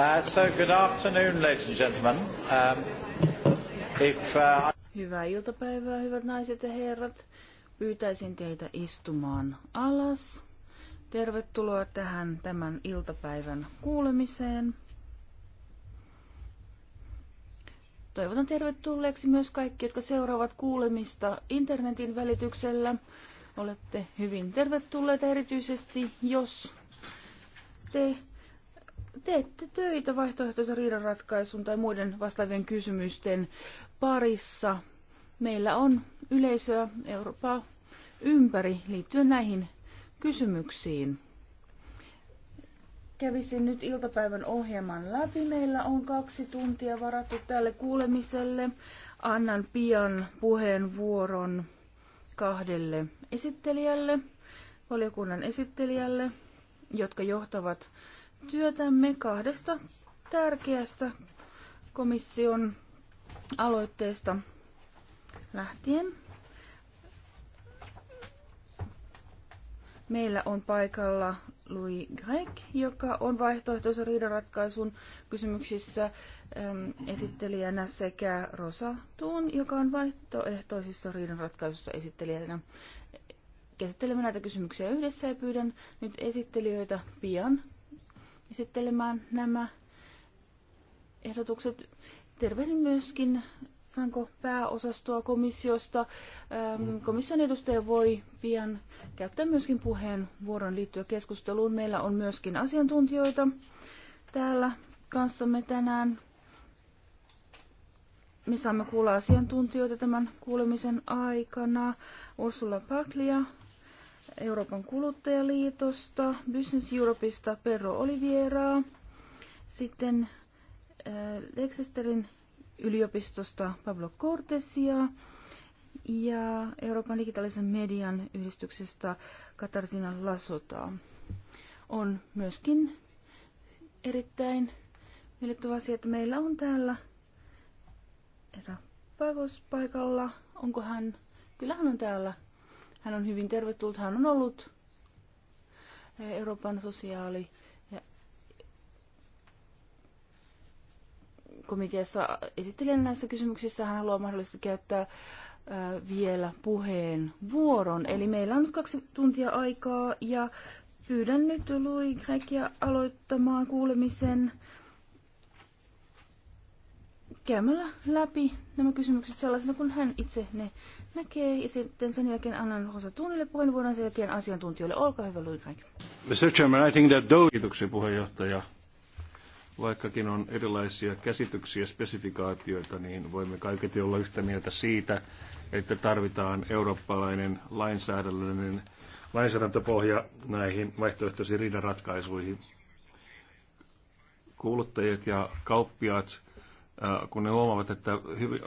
Uh, good afternoon, ladies and gentlemen. Um, uh, Hyvää iltapäivää, hyvät naiset ja herrat. Pyytäisin teitä istumaan alas. Tervetuloa tähän tämän iltapäivän kuulemiseen. Toivotan tervetulleeksi myös kaikki, jotka seuraavat kuulemista internetin välityksellä. Olette hyvin tervetulleita erityisesti, jos te teette töitä vaihtoehtoisen riidanratkaisun tai muiden vastaavien kysymysten parissa. Meillä on yleisöä Eurooppaa ympäri liittyen näihin kysymyksiin. Kävisin nyt iltapäivän ohjelman läpi. Meillä on kaksi tuntia varattu tälle kuulemiselle. Annan pian puheenvuoron kahdelle esittelijälle, valiokunnan esittelijälle, jotka johtavat työtämme kahdesta tärkeästä komission aloitteesta lähtien. Meillä on paikalla Louis Greg, joka on vaihtoehtoisen riidanratkaisun kysymyksissä ähm, esittelijänä sekä Rosa Tuun, joka on vaihtoehtoisissa riidanratkaisussa esittelijänä. Käsittelemme näitä kysymyksiä yhdessä ja pyydän nyt esittelijöitä pian esittelemään nämä ehdotukset. Tervehdin myöskin Sanko pääosastoa komissiosta. Ähm, komission edustaja voi pian käyttää myöskin puheenvuoron liittyä keskusteluun. Meillä on myöskin asiantuntijoita täällä kanssamme tänään. Me saamme kuulla asiantuntijoita tämän kuulemisen aikana. Ursula Paklia Euroopan kuluttajaliitosta, Business Europeista Perro Olivieraa, sitten äh, Leicesterin yliopistosta Pablo Cortesia ja Euroopan digitaalisen median yhdistyksestä Katarsina Lasota. On myöskin erittäin miellyttävä asia, että meillä on täällä erä paikalla. Onko hän? Kyllä hän on täällä hän on hyvin tervetullut. Hän on ollut Euroopan sosiaali- ja komiteassa esittelijänä näissä kysymyksissä. Hän haluaa mahdollisesti käyttää vielä puheen vuoron. Eli meillä on nyt kaksi tuntia aikaa ja pyydän nyt Louis Gregia aloittamaan kuulemisen käymällä läpi nämä kysymykset sellaisena kuin hän itse ne näkee. Ja sitten sen jälkeen annan Rosa Tunnille puheenvuoron sen jälkeen asiantuntijoille. Olkaa hyvä, Luikaik. Mr. Chairman, I think that those... Kiitoksia puheenjohtaja. Vaikkakin on erilaisia käsityksiä ja spesifikaatioita, niin voimme kaiketi olla yhtä mieltä siitä, että tarvitaan eurooppalainen lainsäädännöllinen lainsäädäntöpohja näihin vaihtoehtoisiin riidanratkaisuihin. Kuuluttajat ja kauppiaat, äh, kun ne huomaavat, että hyvin,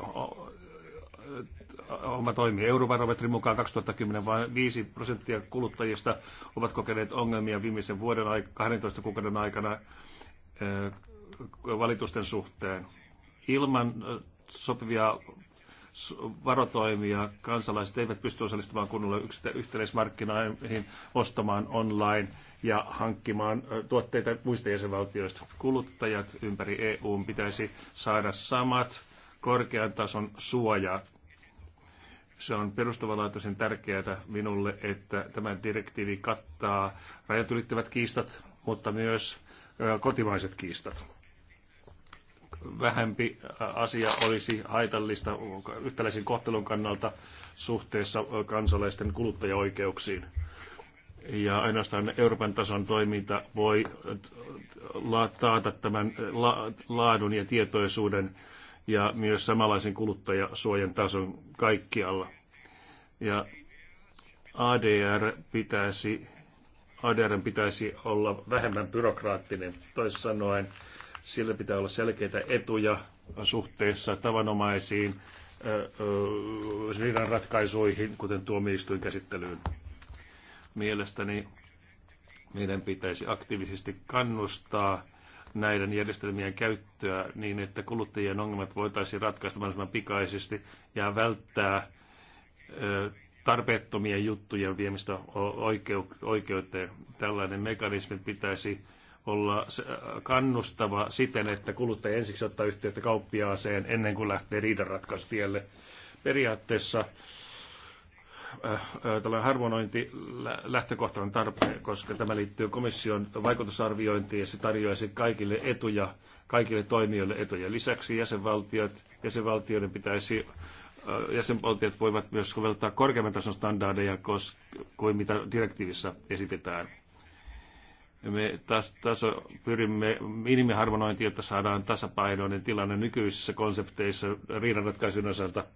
oma toimi. Eurobarometrin mukaan 2010 vain 5 prosenttia kuluttajista ovat kokeneet ongelmia viimeisen vuoden 12 kuukauden aikana valitusten suhteen. Ilman sopivia varotoimia kansalaiset eivät pysty osallistumaan kunnolla yhteismarkkinoihin, ostamaan online ja hankkimaan tuotteita muista jäsenvaltioista. Kuluttajat ympäri EU pitäisi saada samat korkean tason suojat se on perustavanlaatuisen tärkeää minulle, että tämä direktiivi kattaa rajat ylittävät kiistat, mutta myös kotimaiset kiistat. Vähempi asia olisi haitallista yhtäläisen kohtelun kannalta suhteessa kansalaisten kuluttajaoikeuksiin. Ja ainoastaan Euroopan tason toiminta voi taata tämän laadun ja tietoisuuden ja myös samanlaisen kuluttajasuojan tason kaikkialla. Ja ADR pitäisi, ADR pitäisi olla vähemmän byrokraattinen. Toisin sanoen, sillä pitää olla selkeitä etuja suhteessa tavanomaisiin riidan ratkaisuihin, kuten tuomioistuin käsittelyyn Mielestäni meidän pitäisi aktiivisesti kannustaa näiden järjestelmien käyttöä niin, että kuluttajien ongelmat voitaisiin ratkaista mahdollisimman pikaisesti ja välttää tarpeettomien juttujen viemistä oikeuteen. Tällainen mekanismi pitäisi olla kannustava siten, että kuluttaja ensiksi ottaa yhteyttä kauppiaaseen ennen kuin lähtee riidanratkaisutielle. Periaatteessa Äh, äh, tällainen harmonointi lähtökohta on tarpeen, koska tämä liittyy komission vaikutusarviointiin ja se tarjoaisi kaikille etuja, kaikille toimijoille etuja. Lisäksi jäsenvaltiot, jäsenvaltioiden pitäisi äh, jäsenvaltiot voivat myös soveltaa korkeamman tason standardeja kuin mitä direktiivissä esitetään. Me taso, pyrimme minimiharmonointiin, jotta saadaan tasapainoinen tilanne nykyisissä konsepteissa riidanratkaisun osalta –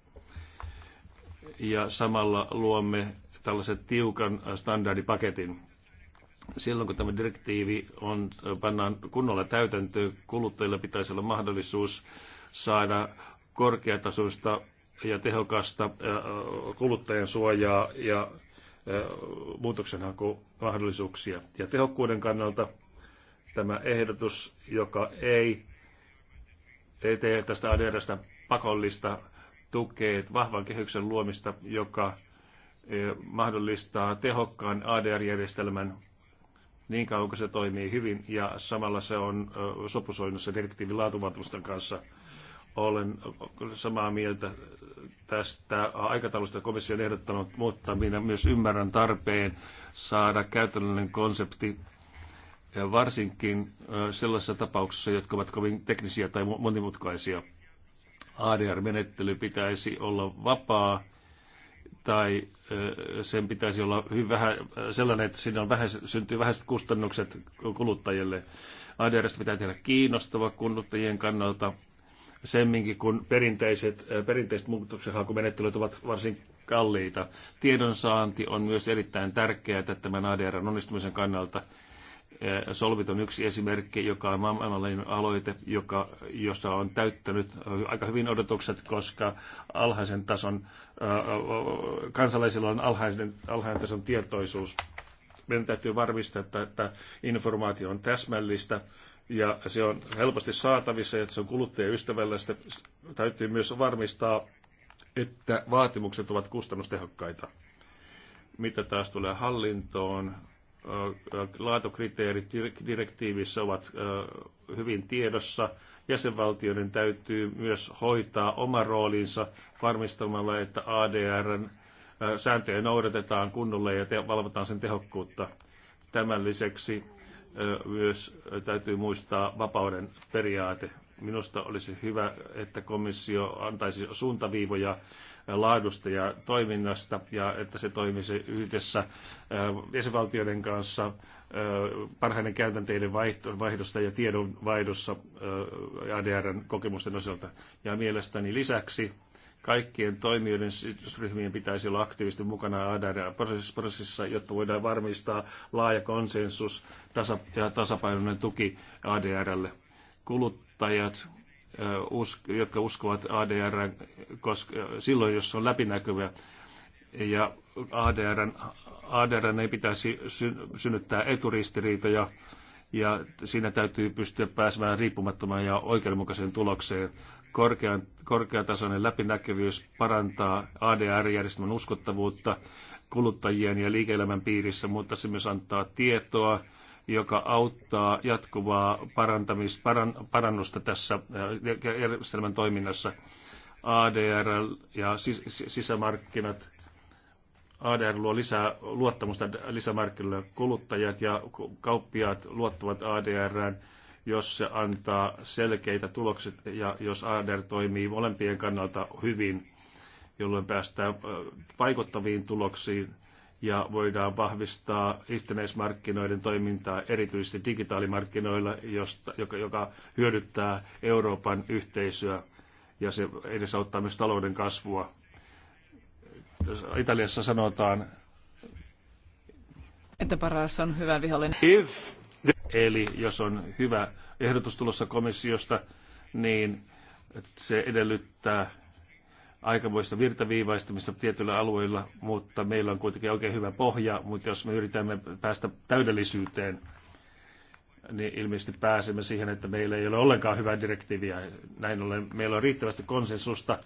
ja samalla luomme tällaisen tiukan standardipaketin. Silloin kun tämä direktiivi on, pannaan kunnolla täytäntöön, kuluttajilla pitäisi olla mahdollisuus saada korkeatasoista ja tehokasta äh, kuluttajan suojaa ja äh, muutoksenhakumahdollisuuksia. Ja tehokkuuden kannalta tämä ehdotus, joka ei, ei tee tästä ADRstä pakollista tukee vahvan kehyksen luomista, joka eh, mahdollistaa tehokkaan ADR-järjestelmän niin kauan kuin se toimii hyvin ja samalla se on eh, sopusoinnussa direktiivin laatuvaatimusten kanssa. Olen samaa mieltä tästä aikataulusta komissio ehdottanut, mutta minä myös ymmärrän tarpeen saada käytännöllinen konsepti ja eh, varsinkin sellaisissa tapauksissa, jotka ovat kovin teknisiä tai monimutkaisia. ADR-menettely pitäisi olla vapaa tai sen pitäisi olla hyvin vähän, sellainen, että siinä on vähän, syntyy vähäiset kustannukset kuluttajille. ADR pitää tehdä kiinnostava kuluttajien kannalta semminkin, kun perinteiset, perinteiset muutoksenhakumenettelyt ovat varsin kalliita. Tiedonsaanti on myös erittäin tärkeää tämän ADR onnistumisen kannalta. Eh, Solvit on yksi esimerkki, joka on maailmanlainen aloite, joka, jossa on täyttänyt eh, aika hyvin odotukset, koska alhaisen tason, eh, kansalaisilla on alhaisen, alhaisen tason tietoisuus. Meidän täytyy varmistaa, että, että informaatio on täsmällistä ja se on helposti saatavissa ja että se on kuluttajaystävällistä. Täytyy myös varmistaa, että vaatimukset ovat kustannustehokkaita. Mitä taas tulee hallintoon, laatukriteerit direktiivissä ovat hyvin tiedossa. Jäsenvaltioiden täytyy myös hoitaa oma roolinsa varmistamalla, että ADRn sääntöjä noudatetaan kunnolla ja valvotaan sen tehokkuutta. Tämän lisäksi myös täytyy muistaa vapauden periaate. Minusta olisi hyvä, että komissio antaisi suuntaviivoja laadusta ja toiminnasta ja että se toimisi yhdessä äh, jäsenvaltioiden kanssa äh, parhaiden käytänteiden vaihdosta ja tiedonvaihdossa äh, ADRn kokemusten osalta. Ja mielestäni lisäksi kaikkien toimijoiden sidosryhmien pitäisi olla aktiivisesti mukana ADR-prosessissa, jotta voidaan varmistaa laaja konsensus ja tasapainoinen tuki ADRlle. Kuluttajat jotka uskovat ADR koska, silloin, jos se on läpinäkyvä. Ja ADR, ADR ei pitäisi synnyttää eturistiriitoja ja siinä täytyy pystyä pääsemään riippumattomaan ja oikeudenmukaiseen tulokseen. Korkean, korkeatasoinen läpinäkyvyys parantaa ADR-järjestelmän uskottavuutta kuluttajien ja liike-elämän piirissä, mutta se myös antaa tietoa joka auttaa jatkuvaa parantamis, paran, parannusta tässä äh, järjestelmän toiminnassa. ADR ja sis, sisämarkkinat. ADR luo lisää luottamusta lisämarkkinoille. Kuluttajat ja kauppiaat luottavat ADRään, jos se antaa selkeitä tulokset ja jos ADR toimii molempien kannalta hyvin, jolloin päästään äh, vaikuttaviin tuloksiin – ja voidaan vahvistaa yhtenäismarkkinoiden toimintaa erityisesti digitaalimarkkinoilla, josta, joka, joka hyödyttää Euroopan yhteisöä ja se edesauttaa myös talouden kasvua. Italiassa sanotaan, että paras on hyvä vihollinen. If Eli jos on hyvä ehdotus tulossa komissiosta, niin se edellyttää aikamoista virtaviivaistamista tietyillä alueilla, mutta meillä on kuitenkin oikein hyvä pohja, mutta jos me yritämme päästä täydellisyyteen, niin ilmeisesti pääsemme siihen, että meillä ei ole ollenkaan hyvää direktiiviä. Näin ollen meillä on riittävästi konsensusta,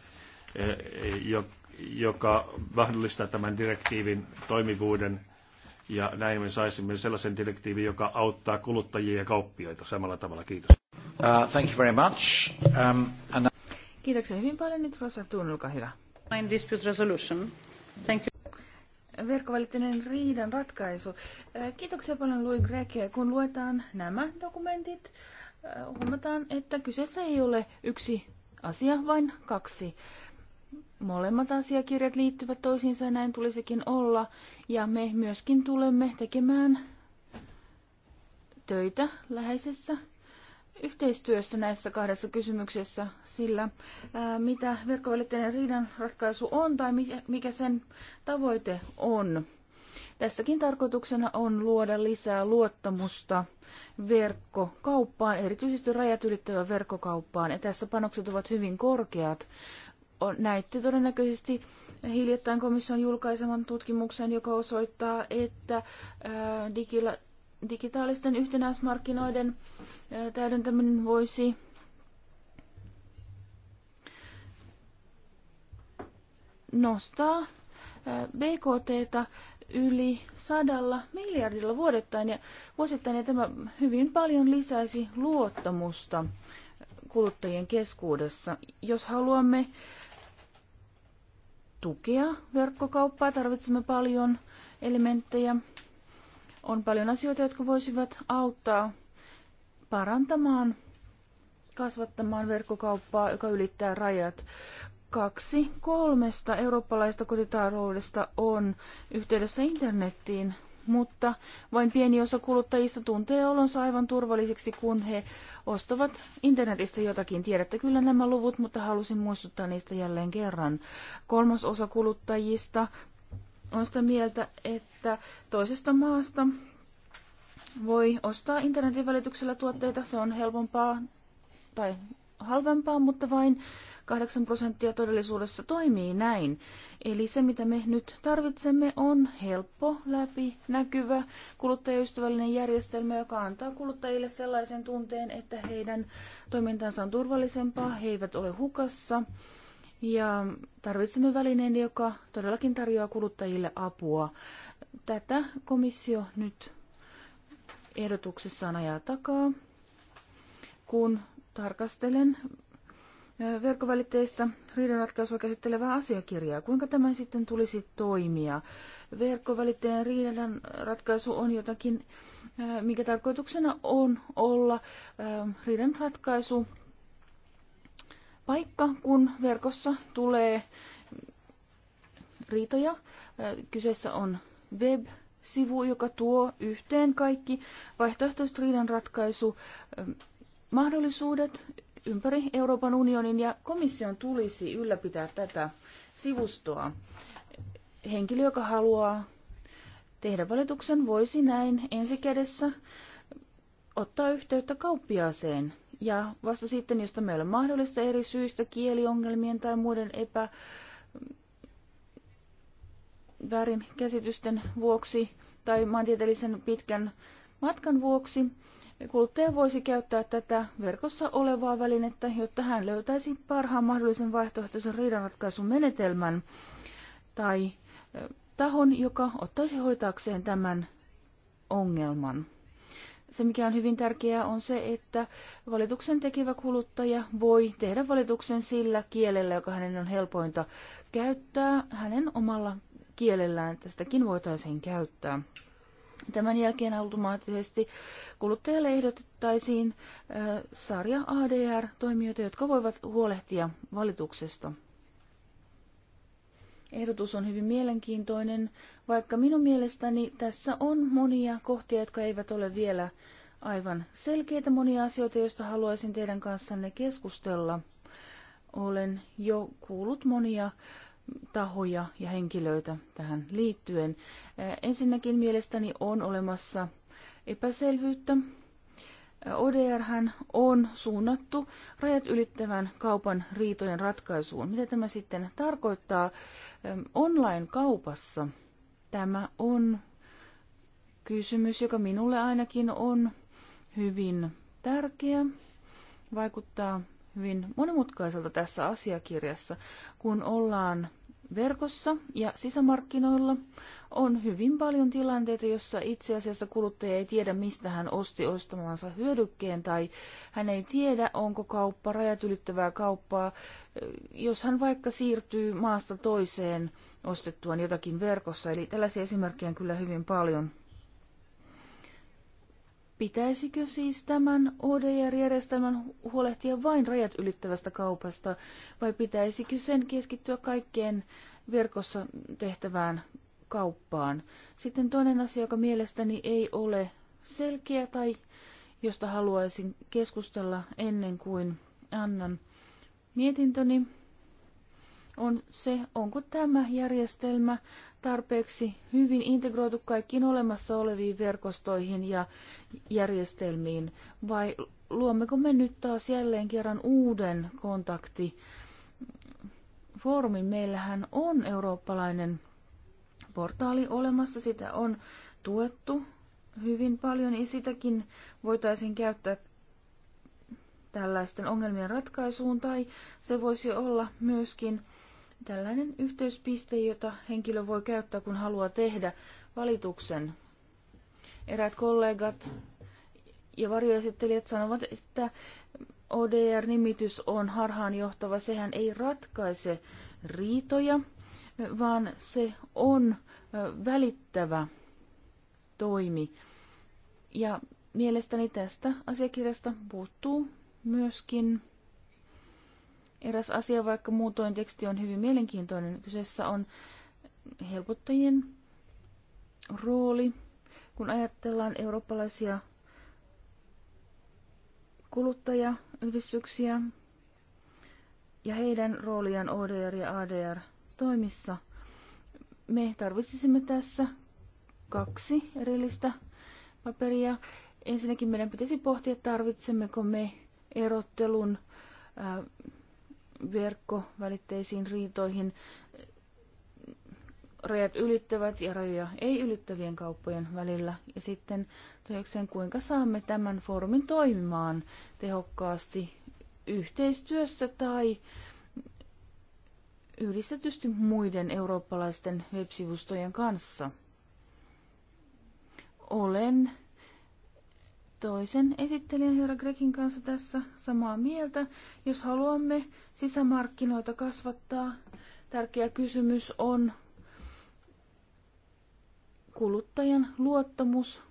eh, joka mahdollistaa tämän direktiivin toimivuuden, ja näin me saisimme sellaisen direktiivin, joka auttaa kuluttajia ja kauppioita samalla tavalla. Kiitos. Uh, thank you very much. Um, and... Kiitoksia hyvin paljon. Nyt Rosa Tuun, olkaa hyvä. dispute resolution. Thank you. riidan ratkaisu. Äh, kiitoksia paljon Louis Greg. Kun luetaan nämä dokumentit, äh, huomataan, että kyseessä ei ole yksi asia, vain kaksi. Molemmat asiakirjat liittyvät toisiinsa ja näin tulisikin olla. Ja me myöskin tulemme tekemään töitä läheisessä yhteistyössä näissä kahdessa kysymyksessä, sillä ää, mitä verkkovälitteinen ratkaisu on tai mikä sen tavoite on. Tässäkin tarkoituksena on luoda lisää luottamusta verkkokauppaan, erityisesti rajat ylittävän verkkokauppaan. Ja tässä panokset ovat hyvin korkeat. Näitte todennäköisesti hiljattain komission julkaiseman tutkimuksen, joka osoittaa, että digila- digitaalisten yhtenäismarkkinoiden täydentäminen voisi nostaa BKTtä yli sadalla miljardilla vuodettain ja vuosittain, ja tämä hyvin paljon lisäisi luottamusta kuluttajien keskuudessa. Jos haluamme tukea verkkokauppaa, tarvitsemme paljon elementtejä on paljon asioita, jotka voisivat auttaa parantamaan, kasvattamaan verkkokauppaa, joka ylittää rajat. Kaksi kolmesta eurooppalaista kotitaloudesta on yhteydessä internettiin, mutta vain pieni osa kuluttajista tuntee olonsa aivan turvalliseksi, kun he ostavat internetistä jotakin. Tiedätte kyllä nämä luvut, mutta halusin muistuttaa niistä jälleen kerran. Kolmas osa kuluttajista on sitä mieltä, että toisesta maasta voi ostaa internetin välityksellä tuotteita. Se on helpompaa tai halvempaa, mutta vain 8 prosenttia todellisuudessa toimii näin. Eli se, mitä me nyt tarvitsemme, on helppo, läpi, näkyvä, kuluttajaystävällinen järjestelmä, joka antaa kuluttajille sellaisen tunteen, että heidän toimintansa on turvallisempaa, he eivät ole hukassa ja tarvitsemme välineen, joka todellakin tarjoaa kuluttajille apua. Tätä komissio nyt ehdotuksessaan ajaa takaa, kun tarkastelen verkkovälitteistä riidanratkaisua käsittelevää asiakirjaa. Kuinka tämän sitten tulisi toimia? Verkkovälitteen riidanratkaisu on jotakin, mikä tarkoituksena on olla riidanratkaisu paikka, kun verkossa tulee riitoja. Kyseessä on web-sivu, joka tuo yhteen kaikki vaihtoehtoiset riidanratkaisu ähm, mahdollisuudet ympäri Euroopan unionin ja komission tulisi ylläpitää tätä sivustoa. Henkilö, joka haluaa tehdä valituksen, voisi näin ensi kädessä ottaa yhteyttä kauppiaaseen ja vasta sitten, jos meillä on mahdollista eri syistä, kieliongelmien tai muiden epä väärin käsitysten vuoksi tai maantieteellisen pitkän matkan vuoksi, kuluttaja voisi käyttää tätä verkossa olevaa välinettä, jotta hän löytäisi parhaan mahdollisen vaihtoehtoisen menetelmän tai eh, tahon, joka ottaisi hoitaakseen tämän ongelman se, mikä on hyvin tärkeää, on se, että valituksen tekevä kuluttaja voi tehdä valituksen sillä kielellä, joka hänen on helpointa käyttää, hänen omalla kielellään. Tästäkin voitaisiin käyttää. Tämän jälkeen automaattisesti kuluttajalle ehdotettaisiin sarja ADR-toimijoita, jotka voivat huolehtia valituksesta. Ehdotus on hyvin mielenkiintoinen, vaikka minun mielestäni tässä on monia kohtia, jotka eivät ole vielä aivan selkeitä, monia asioita, joista haluaisin teidän kanssanne keskustella. Olen jo kuullut monia tahoja ja henkilöitä tähän liittyen. Ensinnäkin mielestäni on olemassa epäselvyyttä ODR on suunnattu rajat ylittävän kaupan riitojen ratkaisuun. Mitä tämä sitten tarkoittaa? Online-kaupassa tämä on kysymys, joka minulle ainakin on hyvin tärkeä. Vaikuttaa hyvin monimutkaiselta tässä asiakirjassa, kun ollaan verkossa ja sisämarkkinoilla on hyvin paljon tilanteita, jossa itse asiassa kuluttaja ei tiedä, mistä hän osti ostamansa hyödykkeen, tai hän ei tiedä, onko kauppa rajat ylittävää kauppaa, jos hän vaikka siirtyy maasta toiseen ostettuaan jotakin verkossa. Eli tällaisia esimerkkejä on kyllä hyvin paljon. Pitäisikö siis tämän ODR-järjestelmän huolehtia vain rajat ylittävästä kaupasta, vai pitäisikö sen keskittyä kaikkeen verkossa tehtävään kauppaan. Sitten toinen asia, joka mielestäni ei ole selkeä tai josta haluaisin keskustella ennen kuin annan mietintöni, on se, onko tämä järjestelmä tarpeeksi hyvin integroitu kaikkiin olemassa oleviin verkostoihin ja järjestelmiin, vai luommeko me nyt taas jälleen kerran uuden kontakti? Foorumin meillähän on eurooppalainen portaali olemassa, sitä on tuettu hyvin paljon ja sitäkin voitaisiin käyttää tällaisten ongelmien ratkaisuun tai se voisi olla myöskin tällainen yhteyspiste, jota henkilö voi käyttää, kun haluaa tehdä valituksen. Eräät kollegat ja varjoesittelijät sanovat, että ODR-nimitys on harhaanjohtava, sehän ei ratkaise riitoja vaan se on välittävä toimi. Ja mielestäni tästä asiakirjasta puuttuu myöskin eräs asia, vaikka muutoin teksti on hyvin mielenkiintoinen. Kyseessä on helpottajien rooli, kun ajatellaan eurooppalaisia kuluttajayhdistyksiä ja heidän rooliaan ODR ja ADR toimissa. Me tarvitsisimme tässä kaksi erillistä paperia. Ensinnäkin meidän pitäisi pohtia, tarvitsemmeko me erottelun verkkovälitteisiin riitoihin rajat ylittävät ja rajoja ei ylittävien kauppojen välillä. Ja sitten toisekseen, kuinka saamme tämän foorumin toimimaan tehokkaasti yhteistyössä tai äh, yhdistetysti muiden eurooppalaisten web-sivustojen kanssa. Olen toisen esittelijän herra Grekin kanssa tässä samaa mieltä. Jos haluamme sisämarkkinoita kasvattaa, tärkeä kysymys on kuluttajan luottamus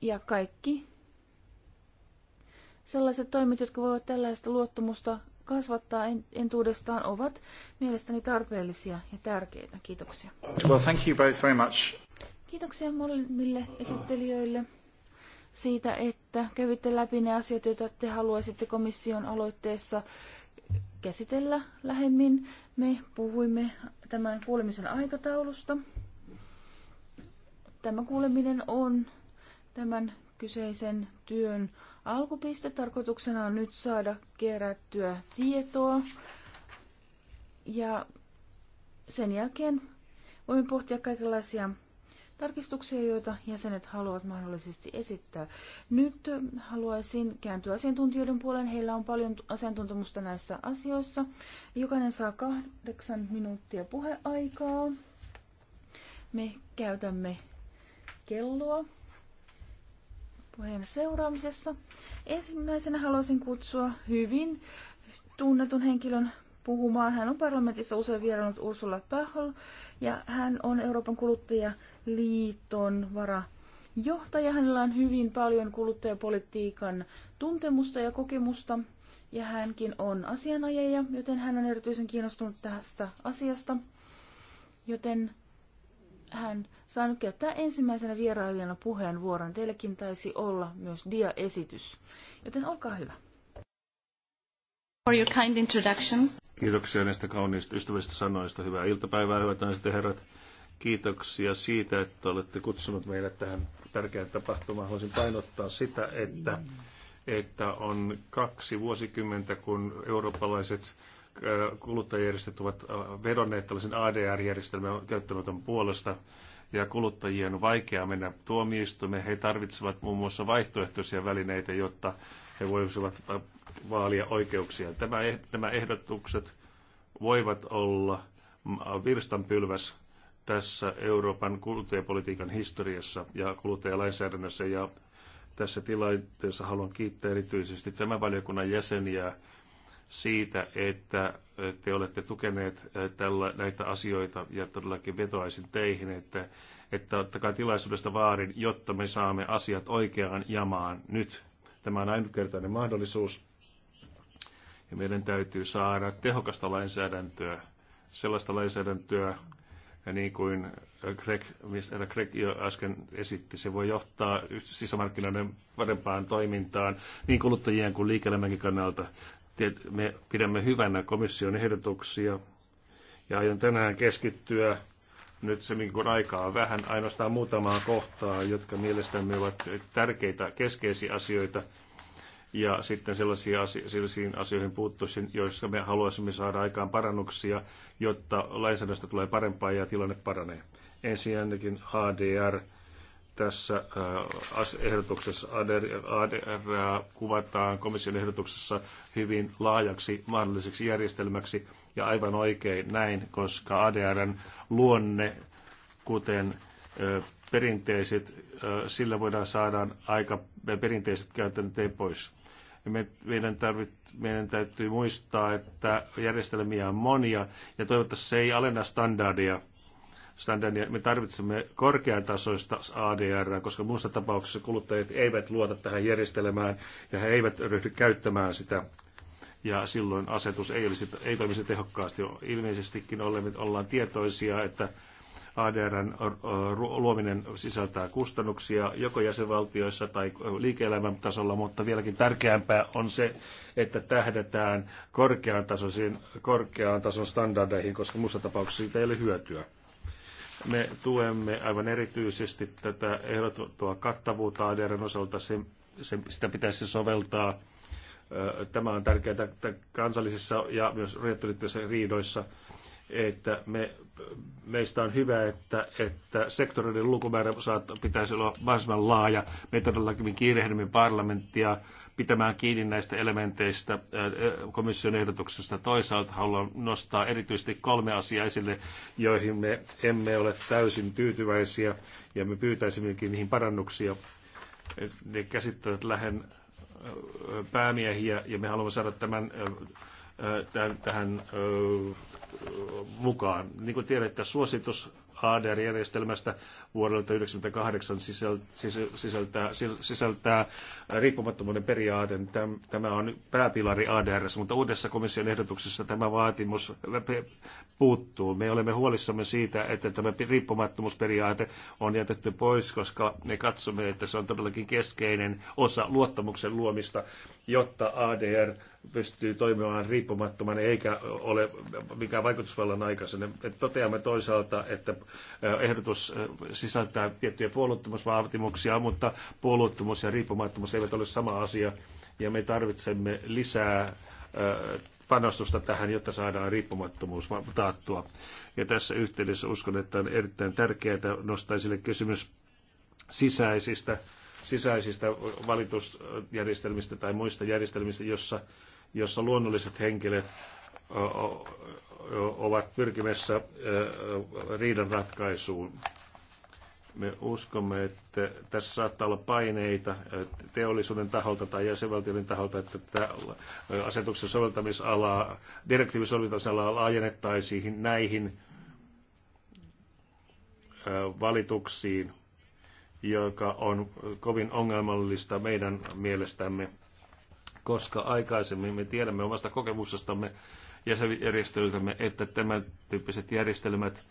ja kaikki sellaiset toimet, jotka voivat tällaista luottamusta kasvattaa entuudestaan ovat mielestäni tarpeellisia ja tärkeitä. Kiitoksia. Well, thank you both very much. Kiitoksia molemmille esittelijöille siitä, että kävitte läpi ne asiat, joita te haluaisitte komission aloitteessa käsitellä lähemmin. Me puhuimme tämän kuulemisen aikataulusta. Tämä kuuleminen on tämän kyseisen työn alkupiste. Tarkoituksena on nyt saada kerättyä tietoa ja sen jälkeen voimme pohtia kaikenlaisia tarkistuksia, joita jäsenet haluavat mahdollisesti esittää. Nyt haluaisin kääntyä asiantuntijoiden puoleen. Heillä on paljon asiantuntemusta näissä asioissa. Jokainen saa kahdeksan minuuttia puheaikaa. Me käytämme kelloa puheen seuraamisessa. Ensimmäisenä haluaisin kutsua hyvin tunnetun henkilön puhumaan. Hän on parlamentissa usein vierannut Ursula Pahol ja hän on Euroopan kuluttajaliiton vara johtaja. Hänellä on hyvin paljon kuluttajapolitiikan tuntemusta ja kokemusta ja hänkin on asianajaja, joten hän on erityisen kiinnostunut tästä asiasta. Joten hän saanut käyttää ensimmäisenä vierailijana puheenvuoron. Teillekin taisi olla myös diaesitys, joten olkaa hyvä. For your kind introduction. Kiitoksia näistä kauniista ystävistä sanoista. Hyvää iltapäivää, hyvät naiset ja herrat. Kiitoksia siitä, että olette kutsunut meidät tähän tärkeään tapahtumaan. Haluaisin painottaa sitä, että, että on kaksi vuosikymmentä, kun eurooppalaiset Äh, kuluttajajärjestöt ovat äh, vedonneet tällaisen ADR-järjestelmän käyttöönoton puolesta ja kuluttajien on vaikea mennä tuomioistuimeen. He tarvitsevat muun muassa vaihtoehtoisia välineitä, jotta he voisivat äh, vaalia oikeuksia. Tämä, eh-, nämä ehdotukset voivat olla mm, virstanpylväs tässä Euroopan kuluttajapolitiikan historiassa ja kuluttajalainsäädännössä. Ja tässä tilanteessa haluan kiittää erityisesti tämän valiokunnan jäseniä siitä, että te olette tukeneet tällä, näitä asioita ja todellakin vetoaisin teihin, että, että ottakaa tilaisuudesta vaarin, jotta me saamme asiat oikeaan jamaan nyt. Tämä on ainutkertainen mahdollisuus ja meidän täytyy saada tehokasta lainsäädäntöä, sellaista lainsäädäntöä, ja niin kuin Greg, mistä Greg jo äsken esitti, se voi johtaa sisämarkkinoiden parempaan toimintaan niin kuluttajien kuin liike kannalta me pidämme hyvänä komission ehdotuksia ja aion tänään keskittyä nyt se, kun aikaa on vähän, ainoastaan muutamaan kohtaa, jotka mielestämme ovat tärkeitä, keskeisiä asioita ja sitten sellaisia asio- sellaisiin asioihin puuttuisin, joissa me haluaisimme saada aikaan parannuksia, jotta lainsäädännöstä tulee parempaa ja tilanne paranee. Ensinnäkin HDR, tässä äh, ehdotuksessa ADR, äh, kuvataan komission ehdotuksessa hyvin laajaksi mahdolliseksi järjestelmäksi ja aivan oikein näin, koska ADRn luonne, kuten perinteiset, sillä voidaan saada aika perinteiset käytännöt pois. meidän, tarvit, meidän täytyy muistaa, että järjestelmiä on monia ja toivottavasti se ei alenna standardia – standardia. Me tarvitsemme korkeatasoista ADR, koska muussa tapauksessa kuluttajat eivät luota tähän järjestelmään ja he eivät ryhdy käyttämään sitä. Ja silloin asetus ei, olisi, ei toimisi tehokkaasti. Ilmeisestikin olemme, ollaan tietoisia, että ADRn luominen sisältää kustannuksia joko jäsenvaltioissa tai liike-elämän tasolla, mutta vieläkin tärkeämpää on se, että tähdetään korkean, korkean tason standardeihin, koska muussa tapauksessa siitä ei ole hyötyä. Me tuemme aivan erityisesti tätä ehdotettua kattavuutta ADRn osalta. Se, se, sitä pitäisi soveltaa Tämä on tärkeää kansallisissa ja myös rajattelyttävissä riidoissa, että me, meistä on hyvä, että, että sektoreiden lukumäärä saat, pitäisi olla mahdollisimman laaja. Me todellakin kiirehdimme parlamenttia pitämään kiinni näistä elementeistä komission ehdotuksesta. Toisaalta haluan nostaa erityisesti kolme asiaa esille, joihin me emme ole täysin tyytyväisiä ja me pyytäisimmekin niihin parannuksia. Ne käsittävät lähen päämiehiä ja me haluamme saada tämän, tämän tähän mukaan. Niin kuin tiedätte, suositus ADR-järjestelmästä vuodelta 1998 sisältää, sisältää riippumattomuuden periaate. Tämä on pääpilari ADRS, mutta uudessa komission ehdotuksessa tämä vaatimus puuttuu. Me olemme huolissamme siitä, että tämä riippumattomuusperiaate on jätetty pois, koska me katsomme, että se on todellakin keskeinen osa luottamuksen luomista, jotta ADR pystyy toimimaan riippumattomana eikä ole mikään vaikutusvallan aikaisena. Toteamme toisaalta, että ehdotus sisältää tiettyjä puolueettomuusvaatimuksia, mutta puolueettomuus ja riippumattomuus eivät ole sama asia, ja me tarvitsemme lisää panostusta tähän, jotta saadaan riippumattomuus taattua. Ja tässä yhteydessä uskon, että on erittäin tärkeää nostaa esille kysymys sisäisistä, sisäisistä valitusjärjestelmistä tai muista järjestelmistä, jossa, jossa luonnolliset henkilöt ovat pyrkimässä riidan ratkaisuun me uskomme, että tässä saattaa olla paineita teollisuuden taholta tai jäsenvaltioiden taholta, että tämä asetuksen soveltamisalaa, direktiivin soveltamisalaa laajennettaisiin näihin valituksiin, joka on kovin ongelmallista meidän mielestämme, koska aikaisemmin me tiedämme omasta kokemuksestamme jäsenjärjestelytämme, että tämän tyyppiset järjestelmät –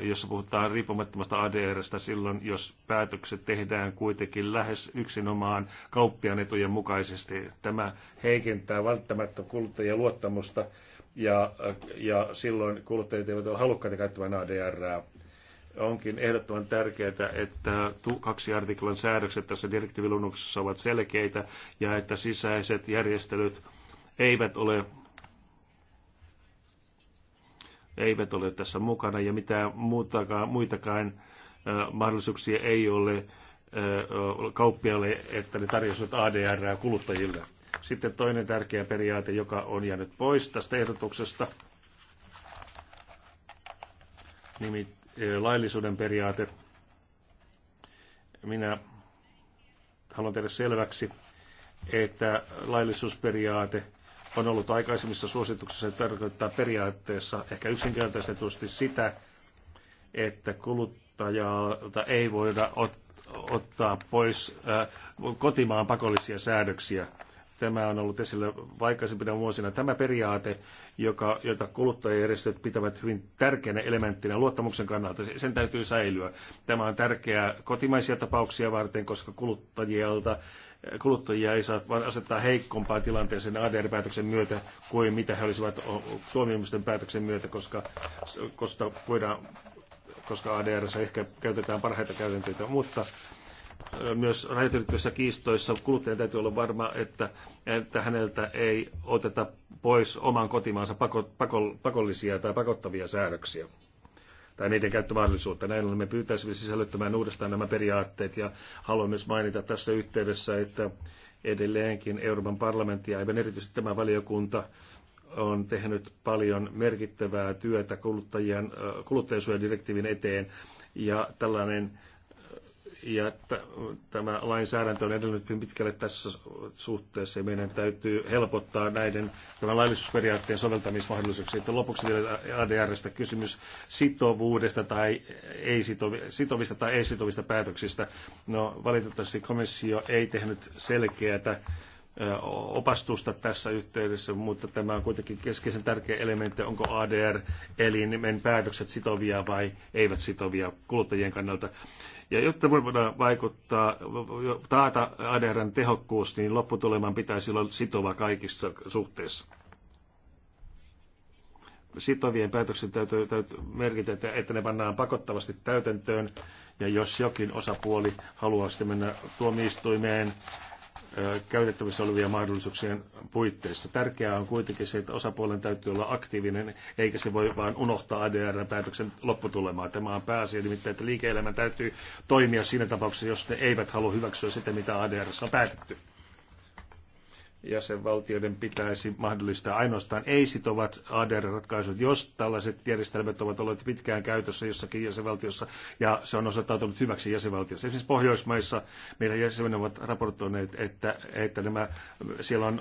jossa puhutaan riippumattomasta ADRstä silloin, jos päätökset tehdään kuitenkin lähes yksinomaan kauppian etujen mukaisesti. Tämä heikentää välttämättä kuluttajien luottamusta ja, ja silloin kuluttajat eivät ole halukkaita käyttämään ADRää. Onkin ehdottoman tärkeää, että kaksi artiklan säädökset tässä direktiivilunnuksessa ovat selkeitä ja että sisäiset järjestelyt eivät ole eivät ole tässä mukana ja mitään muutakaan, muitakaan mahdollisuuksia ei ole kauppialle, että ne tarjosivat ADR kuluttajille. Sitten toinen tärkeä periaate, joka on jäänyt pois tästä ehdotuksesta, nimit laillisuuden periaate. Minä haluan tehdä selväksi, että laillisuusperiaate – on ollut aikaisemmissa suosituksissa, se tarkoittaa periaatteessa ehkä yksinkertaistetusti sitä, että kuluttajalta ei voida ottaa pois kotimaan pakollisia säädöksiä. Tämä on ollut esillä vaikaisempina vuosina. Tämä periaate, joka, jota kuluttajajärjestöt pitävät hyvin tärkeänä elementtinä luottamuksen kannalta, sen täytyy säilyä. Tämä on tärkeää kotimaisia tapauksia varten, koska kuluttajilta kuluttajia ei saa vaan asettaa heikompaan tilanteeseen ADR-päätöksen myötä kuin mitä he olisivat tuomioimisten päätöksen myötä, koska, koska, voidaan, koska ADR ehkä käytetään parhaita käytänteitä, mutta myös rajatylittävissä kiistoissa kuluttajan täytyy olla varma, että, että häneltä ei oteta pois oman kotimaansa pako, pako, pakollisia tai pakottavia säädöksiä tai niiden käyttömahdollisuutta. Näin ollen me pyytäisimme sisällyttämään uudestaan nämä periaatteet ja haluan myös mainita tässä yhteydessä, että edelleenkin Euroopan parlamentti ja aivan erityisesti tämä valiokunta on tehnyt paljon merkittävää työtä kuluttajien, kuluttajien eteen ja tällainen ja tämä lainsäädäntö on edellynyt hyvin pitkälle tässä suhteessa ja meidän täytyy helpottaa näiden tämän laillisuusperiaatteen soveltamismahdollisuuksia. Sitten lopuksi vielä ADRstä kysymys sitovuudesta tai ei sitovi, sitovista tai ei sitovista päätöksistä. No valitettavasti komissio ei tehnyt selkeätä opastusta tässä yhteydessä, mutta tämä on kuitenkin keskeisen tärkeä elementti, onko adr eli nimen päätökset sitovia vai eivät sitovia kuluttajien kannalta. Ja jotta voidaan vaikuttaa, taata ADRn tehokkuus, niin lopputuleman pitäisi olla sitova kaikissa suhteissa. Sitovien päätöksen täytyy, täytyy merkitä, että, että ne pannaan pakottavasti täytäntöön, ja jos jokin osapuoli haluaa sitten mennä tuomioistuimeen käytettävissä olevia mahdollisuuksien puitteissa. Tärkeää on kuitenkin se, että osapuolen täytyy olla aktiivinen, eikä se voi vain unohtaa ADR-päätöksen lopputulemaa. Tämä on pääasia nimittäin, että liike-elämän täytyy toimia siinä tapauksessa, jos ne eivät halua hyväksyä sitä, mitä ADR on päätetty jäsenvaltioiden pitäisi mahdollistaa ainoastaan ei-sitovat ADR-ratkaisut, jos tällaiset järjestelmät ovat olleet pitkään käytössä jossakin jäsenvaltiossa ja se on osoittautunut hyväksi jäsenvaltiossa. Esimerkiksi Pohjoismaissa meidän jäsenet ovat raportoineet, että, että nämä, siellä, on,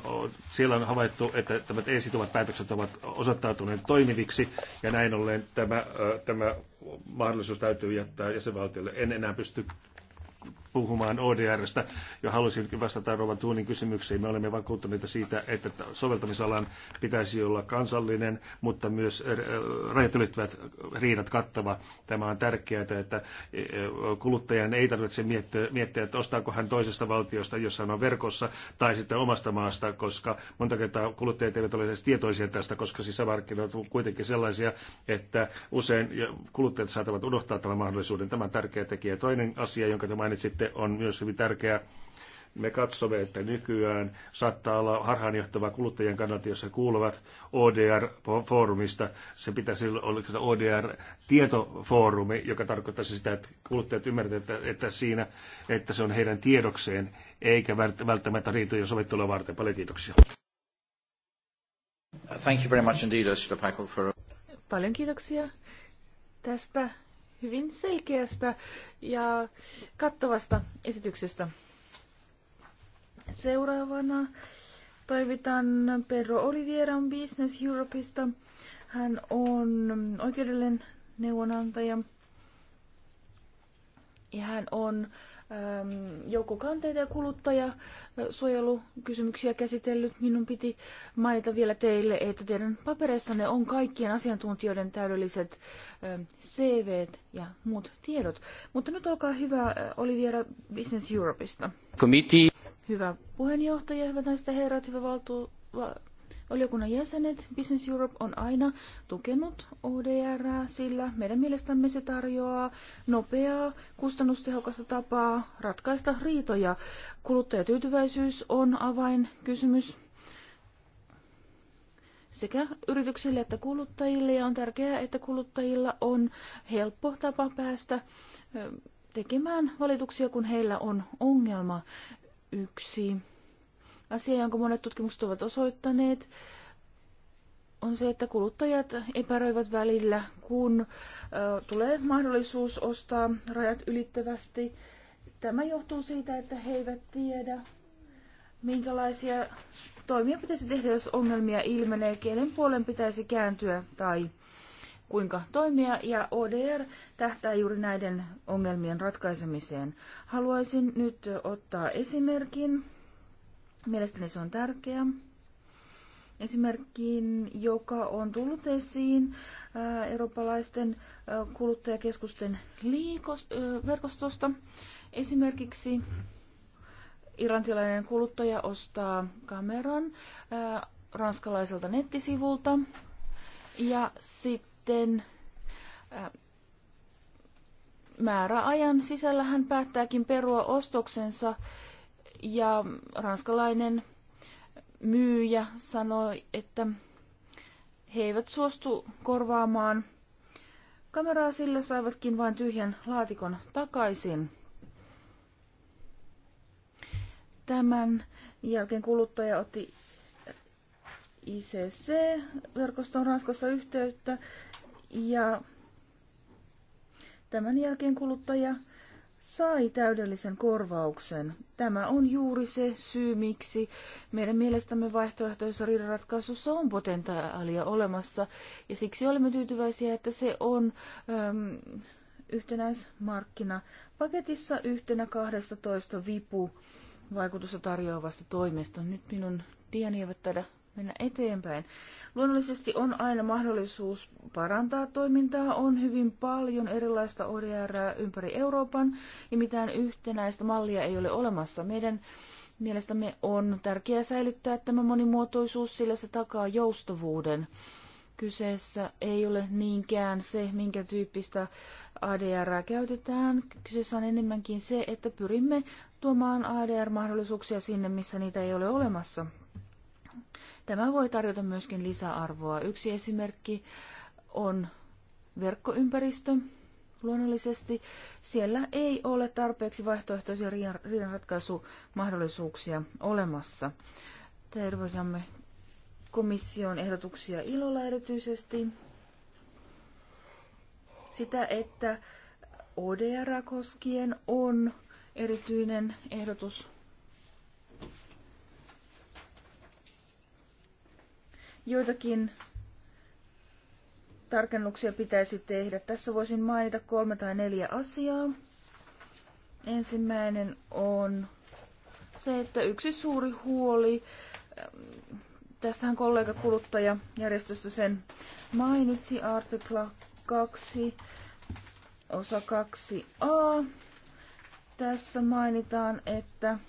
siellä on havaittu, että tämä ei-sitovat päätökset ovat osoittautuneet toimiviksi ja näin ollen tämä, tämä mahdollisuus täytyy jättää jäsenvaltiolle. En enää pysty puhumaan ODRstä ja halusin vastata Rovan Tuunin kysymyksiin. Me olemme vakuuttuneita siitä, että soveltamisalan pitäisi olla kansallinen, mutta myös äh, rajat ylittävät riidat kattava. Tämä on tärkeää, että äh, kuluttajan ei tarvitse miettiä, miettiä, että ostaako hän toisesta valtiosta, jossa hän on verkossa, tai sitten omasta maasta, koska monta kertaa kuluttajat eivät ole edes tietoisia tästä, koska sisämarkkinoita on kuitenkin sellaisia, että usein kuluttajat saattavat unohtaa tämän mahdollisuuden. Tämä on tärkeä tekijä. Toinen asia, jonka te mainitsitte, sitten on myös hyvin tärkeä. Me katsomme, että nykyään saattaa olla harhaanjohtava kuluttajien kannalta, jos he kuuluvat ODR-foorumista. Se pitäisi olla ODR-tietofoorumi, joka tarkoittaisi sitä, että kuluttajat ymmärtävät, että, että, siinä, että se on heidän tiedokseen, eikä välttämättä riitojen sovittelua varten. Paljon kiitoksia. Thank you very much indeed, Paljon kiitoksia tästä hyvin selkeästä ja kattavasta esityksestä. Seuraavana toivitan Pedro Olivieran Business Europeista. Hän on oikeudellinen neuvonantaja ja hän on Ähm, joukkokanteita ja kuluttajasuojelukysymyksiä äh, käsitellyt, minun piti mainita vielä teille, että teidän papereissanne on kaikkien asiantuntijoiden täydelliset ähm, CV ja muut tiedot. Mutta nyt olkaa hyvä, äh, oli vielä Business Europeista. Committee. Hyvä puheenjohtaja, hyvät naiset ja herrat, hyvä valtu, Valiokunnan jäsenet Business Europe on aina tukenut ODR, sillä meidän mielestämme se tarjoaa nopeaa, kustannustehokasta tapaa ratkaista riitoja. Kuluttajatyytyväisyys on avainkysymys sekä yrityksille että kuluttajille ja on tärkeää, että kuluttajilla on helppo tapa päästä tekemään valituksia, kun heillä on ongelma. Yksi Asia, jonka monet tutkimukset ovat osoittaneet, on se, että kuluttajat epäröivät välillä, kun ö, tulee mahdollisuus ostaa rajat ylittävästi. Tämä johtuu siitä, että he eivät tiedä, minkälaisia toimia pitäisi tehdä, jos ongelmia ilmenee, kenen puolen pitäisi kääntyä tai kuinka toimia, ja ODR tähtää juuri näiden ongelmien ratkaisemiseen. Haluaisin nyt ottaa esimerkin Mielestäni se on tärkeä esimerkkiin, joka on tullut esiin eurooppalaisten kuluttajakeskusten liikos, verkostosta. Esimerkiksi irantilainen kuluttaja ostaa kameran ranskalaiselta nettisivulta ja sitten määräajan sisällä hän päättääkin perua ostoksensa ja ranskalainen myyjä sanoi, että he eivät suostu korvaamaan kameraa, sillä saivatkin vain tyhjän laatikon takaisin. Tämän jälkeen kuluttaja otti ICC-verkoston Ranskassa yhteyttä ja tämän jälkeen kuluttaja sai täydellisen korvauksen. Tämä on juuri se syy, miksi meidän mielestämme vaihtoehtoisessa riidanratkaisussa on potentiaalia olemassa, ja siksi olemme tyytyväisiä, että se on ähm, yhtenäismarkkinapaketissa yhtenä 12 vipu vaikutusta tarjoavasta toimesta. Nyt minun tieni eivät taida mennä eteenpäin. Luonnollisesti on aina mahdollisuus parantaa toimintaa. On hyvin paljon erilaista ODR ympäri Euroopan ja mitään yhtenäistä mallia ei ole olemassa. Meidän mielestämme on tärkeää säilyttää tämä monimuotoisuus, sillä se takaa joustavuuden. Kyseessä ei ole niinkään se, minkä tyyppistä ADR käytetään. Kyseessä on enemmänkin se, että pyrimme tuomaan ADR-mahdollisuuksia sinne, missä niitä ei ole olemassa. Tämä voi tarjota myöskin lisäarvoa. Yksi esimerkki on verkkoympäristö. Luonnollisesti siellä ei ole tarpeeksi vaihtoehtoisia riidanratkaisumahdollisuuksia olemassa. Tervehdämme komission ehdotuksia ilolla erityisesti. Sitä, että ODR koskien on erityinen ehdotus Joitakin tarkennuksia pitäisi tehdä. Tässä voisin mainita kolme tai neljä asiaa. Ensimmäinen on se, että yksi suuri huoli, ähm, tässähän kollega kuluttajajärjestöstä sen mainitsi, artikla 2, osa 2a. Tässä mainitaan, että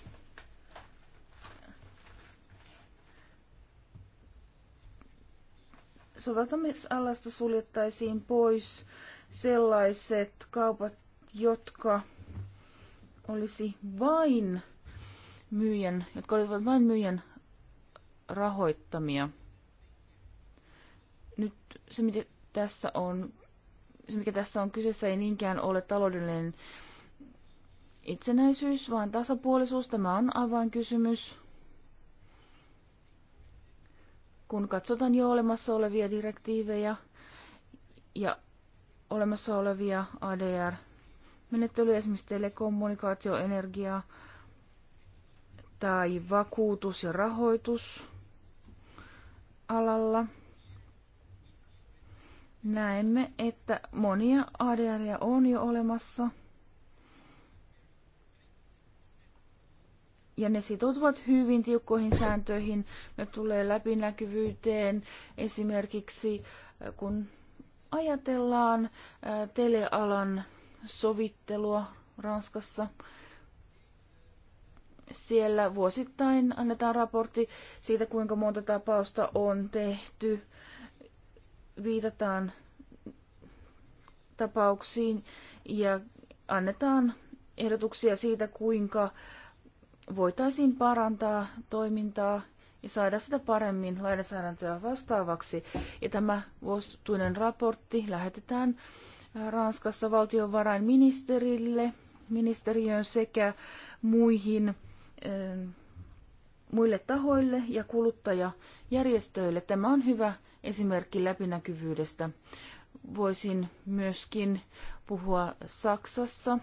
soveltamisalasta suljettaisiin pois sellaiset kaupat, jotka olisi vain myyjän, jotka olivat vain myyjän rahoittamia. Nyt se, mitä tässä on, se mikä tässä on kyseessä, ei niinkään ole taloudellinen itsenäisyys, vaan tasapuolisuus. Tämä on avainkysymys kun katsotaan jo olemassa olevia direktiivejä ja olemassa olevia ADR-menettelyjä, esimerkiksi telekommunikaatio, energia tai vakuutus- ja rahoitusalalla, näemme, että monia ADR on jo olemassa – ja ne sitoutuvat hyvin tiukkoihin sääntöihin. Ne tulee läpinäkyvyyteen esimerkiksi, äh, kun ajatellaan äh, telealan sovittelua Ranskassa. Siellä vuosittain annetaan raportti siitä, kuinka monta tapausta on tehty. Viitataan tapauksiin ja annetaan ehdotuksia siitä, kuinka äh, voitaisiin parantaa toimintaa ja saada sitä paremmin lainsäädäntöä vastaavaksi. Ja tämä vuosituinen raportti lähetetään äh, Ranskassa valtionvarainministerille, ministeriöön sekä muihin ähm, muille tahoille ja kuluttajajärjestöille. Tämä on hyvä esimerkki läpinäkyvyydestä. Voisin myöskin puhua Saksassa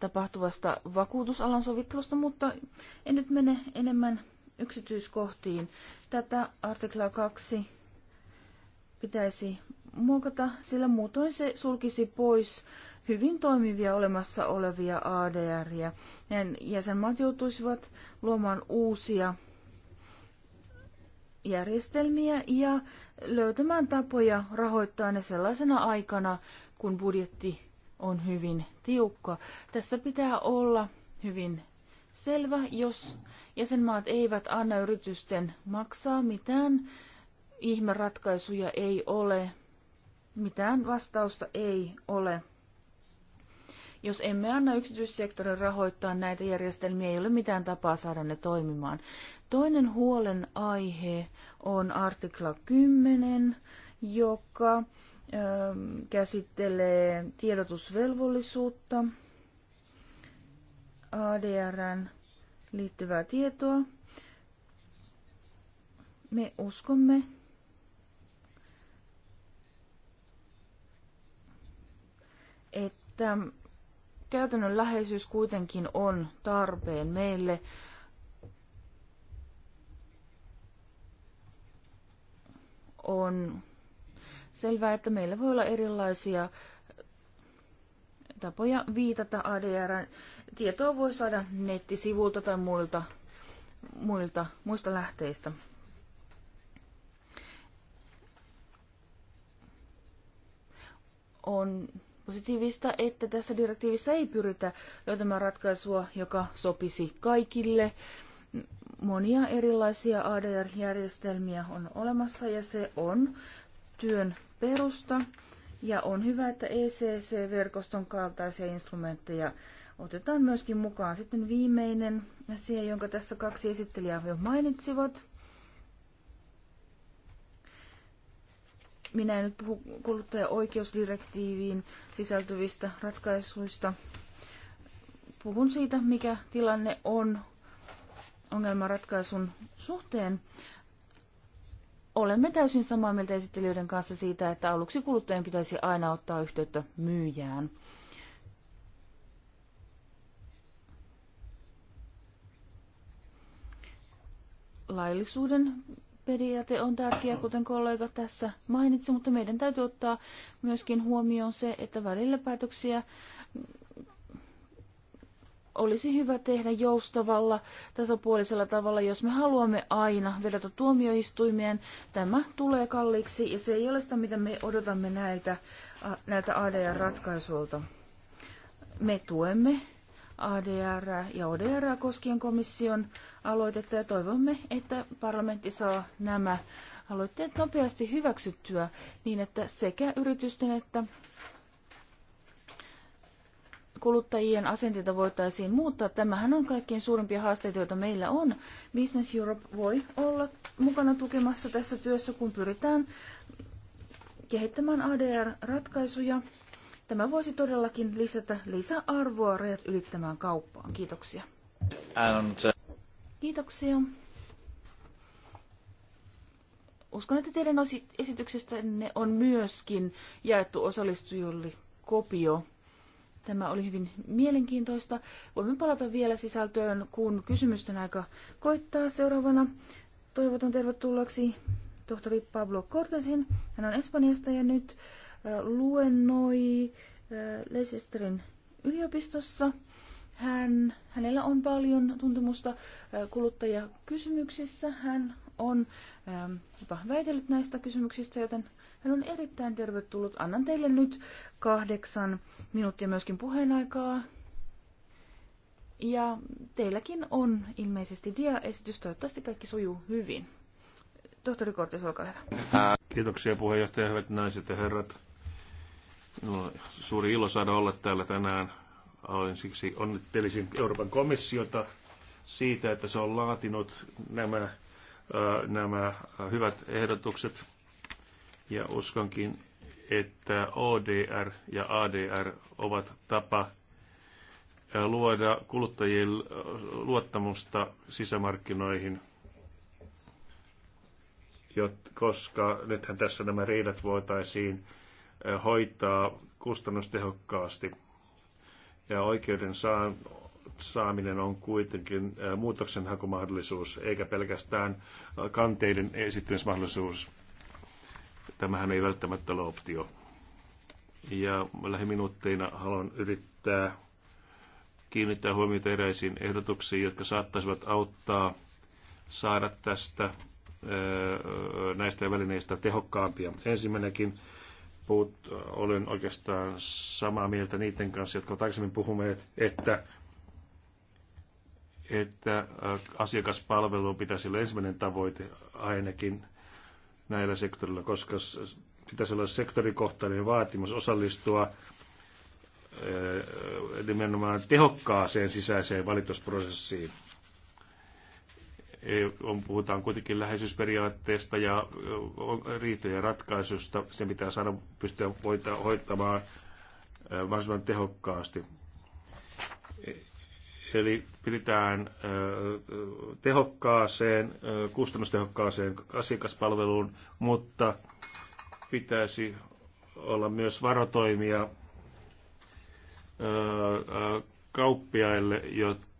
tapahtuvasta vakuutusalan sovittelusta, mutta en nyt mene enemmän yksityiskohtiin. Tätä artiklaa 2 pitäisi muokata, sillä muutoin se sulkisi pois hyvin toimivia olemassa olevia ADR. -jä. jäsenmaat joutuisivat luomaan uusia järjestelmiä ja löytämään tapoja rahoittaa ne sellaisena aikana, kun budjetti on hyvin tiukka. Tässä pitää olla hyvin selvä, jos jäsenmaat eivät anna yritysten maksaa mitään, ihmeratkaisuja ei ole, mitään vastausta ei ole. Jos emme anna yksityissektorin rahoittaa näitä järjestelmiä, ei ole mitään tapaa saada ne toimimaan. Toinen huolen aihe on artikla 10, joka Ähm, käsittelee tiedotusvelvollisuutta, ADRn liittyvää tietoa. Me uskomme, että käytännön läheisyys kuitenkin on tarpeen meille. On selvää, että meillä voi olla erilaisia tapoja viitata ADR. Tietoa voi saada nettisivulta tai muilta, muilta, muista lähteistä. On positiivista, että tässä direktiivissä ei pyritä löytämään ratkaisua, joka sopisi kaikille. Monia erilaisia ADR-järjestelmiä on olemassa ja se on työn perusta ja on hyvä, että ECC-verkoston kaltaisia instrumentteja otetaan myöskin mukaan. Sitten viimeinen asia, jonka tässä kaksi esittelijää jo mainitsivat. Minä en nyt puhu kuluttajaoikeusdirektiiviin sisältyvistä ratkaisuista. Puhun siitä, mikä tilanne on ongelmanratkaisun suhteen, olemme täysin samaa mieltä esittelijöiden kanssa siitä, että aluksi kuluttajan pitäisi aina ottaa yhteyttä myyjään. Laillisuuden periaate on tärkeä, kuten kollega tässä mainitsi, mutta meidän täytyy ottaa myöskin huomioon se, että välillä päätöksiä olisi hyvä tehdä joustavalla, tasapuolisella tavalla, jos me haluamme aina vedota tuomioistuimeen. Tämä tulee kalliiksi ja se ei ole sitä, mitä me odotamme näiltä, näiltä ADR-ratkaisuilta. Me tuemme ADR ja ODR koskien komission aloitetta ja toivomme, että parlamentti saa nämä aloitteet nopeasti hyväksyttyä niin, että sekä yritysten että kuluttajien asenteita voitaisiin muuttaa. Tämähän on kaikkein suurimpia haasteita, joita meillä on. Business Europe voi olla mukana tukemassa tässä työssä, kun pyritään kehittämään ADR-ratkaisuja. Tämä voisi todellakin lisätä lisäarvoa rajat ylittämään kauppaan. Kiitoksia. And, uh... Kiitoksia. Uskon, että teidän esityksestänne on myöskin jaettu osallistujille kopio Tämä oli hyvin mielenkiintoista. Voimme palata vielä sisältöön, kun kysymysten aika koittaa. Seuraavana toivotan tervetulleeksi tohtori Pablo Cortesin. Hän on Espanjasta ja nyt äh, luennoi äh, Leicesterin yliopistossa. Hän, hänellä on paljon tuntemusta äh, kuluttajakysymyksissä. Hän on ähm, jopa väitellyt näistä kysymyksistä, joten hän on erittäin tervetullut. Annan teille nyt kahdeksan minuuttia myöskin puheenaikaa. Ja teilläkin on ilmeisesti diaesitys. Toivottavasti kaikki sujuu hyvin. Tohtori Kortis, olkaa hyvä. Kiitoksia puheenjohtaja, hyvät naiset ja herrat. Minulla no, on suuri ilo saada olla täällä tänään. Olen siksi onnittelisin Euroopan komissiota siitä, että se on laatinut nämä, nämä hyvät ehdotukset ja uskonkin, että ODR ja ADR ovat tapa luoda kuluttajien luottamusta sisämarkkinoihin, koska nythän tässä nämä riidat voitaisiin hoitaa kustannustehokkaasti. Ja oikeuden saaminen on kuitenkin muutoksenhakumahdollisuus, eikä pelkästään kanteiden esittämismahdollisuus. Tämähän ei välttämättä ole optio. Ja lähiminuutteina haluan yrittää kiinnittää huomiota eräisiin ehdotuksiin, jotka saattaisivat auttaa saada tästä näistä välineistä tehokkaampia. Ensimmäinenkin puhut, olen oikeastaan samaa mieltä niiden kanssa, jotka ovat aikaisemmin puhuneet, että, että asiakaspalvelu pitäisi olla ensimmäinen tavoite ainakin näillä sektorilla, koska pitäisi olla sektorikohtainen vaatimus osallistua eh, nimenomaan tehokkaaseen sisäiseen valitusprosessiin. Eh, on, puhutaan kuitenkin läheisyysperiaatteesta ja eh, riitojen ratkaisusta. Se pitää saada pystyä hoitamaan mahdollisimman tehokkaasti. Eli pyritään tehokkaaseen, kustannustehokkaaseen asiakaspalveluun, mutta pitäisi olla myös varotoimia kauppiaille,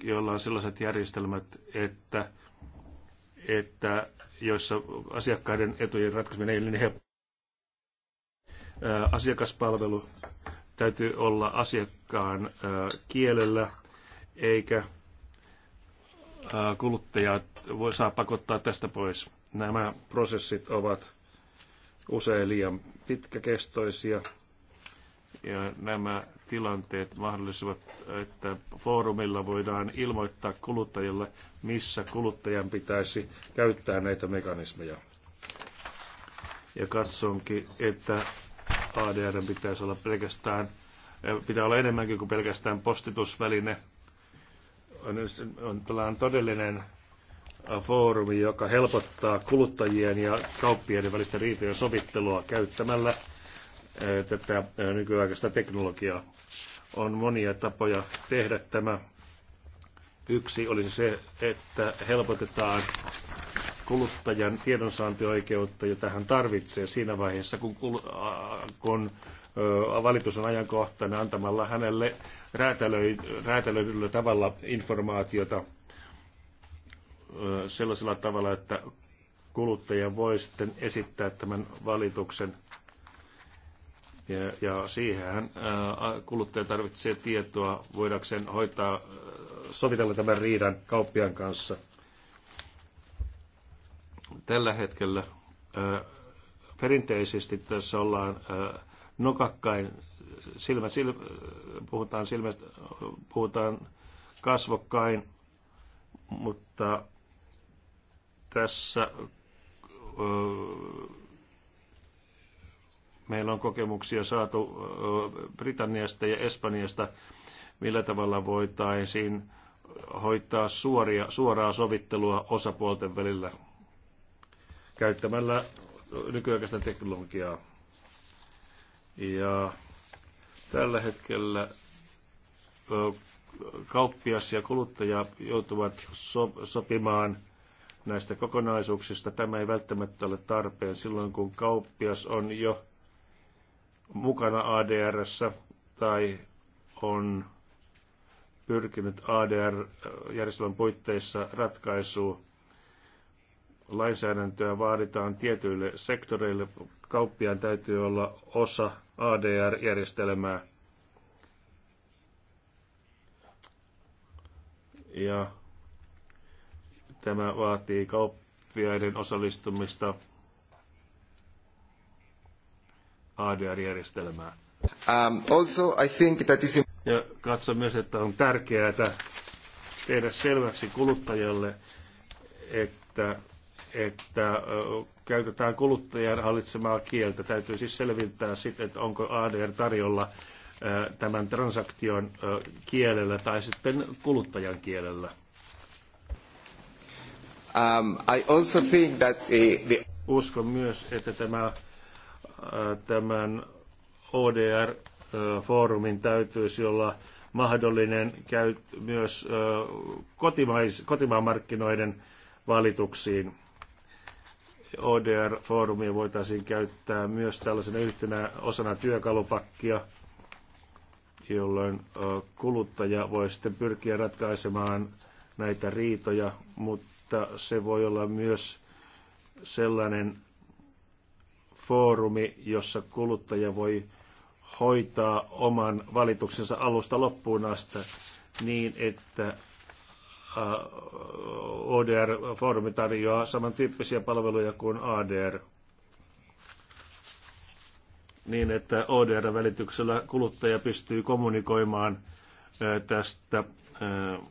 joilla on sellaiset järjestelmät, että, että joissa asiakkaiden etujen ratkaiseminen ei ole niin helppoa. Asiakaspalvelu täytyy olla asiakkaan kielellä eikä kuluttajaa voi saa pakottaa tästä pois. Nämä prosessit ovat usein liian pitkäkestoisia ja nämä tilanteet mahdollisivat, että foorumilla voidaan ilmoittaa kuluttajille, missä kuluttajan pitäisi käyttää näitä mekanismeja. Ja katsonkin, että ADR pitäisi olla pelkästään, pitää olla enemmänkin kuin pelkästään postitusväline – on tällainen todellinen äh, foorumi, joka helpottaa kuluttajien ja kauppien välistä riitojen sovittelua käyttämällä äh, tätä äh, nykyaikaista teknologiaa. On monia tapoja tehdä tämä. Yksi olisi se, että helpotetaan kuluttajan tiedonsaantioikeutta, jota hän tarvitsee siinä vaiheessa, kun, kun valitus on ajankohtainen, antamalla hänelle räätälöidyllä tavalla informaatiota sellaisella tavalla, että kuluttaja voi sitten esittää tämän valituksen. Ja, ja siihen kuluttaja tarvitsee tietoa voidakseen hoitaa, sovitella tämän riidan kauppian kanssa. Tällä hetkellä perinteisesti tässä ollaan nokakkain silmä, silmä, puhutaan, silmä, puhutaan kasvokkain, mutta tässä meillä on kokemuksia saatu Britanniasta ja Espanjasta, millä tavalla voitaisiin hoitaa suoria, suoraa sovittelua osapuolten välillä käyttämällä nykyaikaista teknologiaa. Ja Tällä hetkellä kauppias ja kuluttaja joutuvat sopimaan näistä kokonaisuuksista. Tämä ei välttämättä ole tarpeen silloin, kun kauppias on jo mukana adr tai on pyrkinyt ADR-järjestelmän puitteissa ratkaisuun. Lainsäädäntöä vaaditaan tietyille sektoreille kauppiaan täytyy olla osa ADR-järjestelmää. Ja tämä vaatii kauppiaiden osallistumista ADR-järjestelmään. Um, also, I think that is... Ja katso myös, että on tärkeää tehdä selväksi kuluttajalle, että, että käytetään kuluttajan hallitsemaa kieltä. Täytyy siis selvittää sitten, että onko ADR tarjolla tämän transaktion kielellä tai sitten kuluttajan kielellä. Um, I also think that the, the... Uskon myös, että tämä, tämän ODR-foorumin täytyisi olla mahdollinen käy myös kotimais, kotimaan markkinoiden valituksiin. ODR-foorumia voitaisiin käyttää myös tällaisena yhtenä osana työkalupakkia, jolloin kuluttaja voi sitten pyrkiä ratkaisemaan näitä riitoja, mutta se voi olla myös sellainen foorumi, jossa kuluttaja voi hoitaa oman valituksensa alusta loppuun asti niin, että Äh, ODR-foorumi tarjoaa samantyyppisiä palveluja kuin ADR, niin että ODR-välityksellä kuluttaja pystyy kommunikoimaan äh, tästä äh,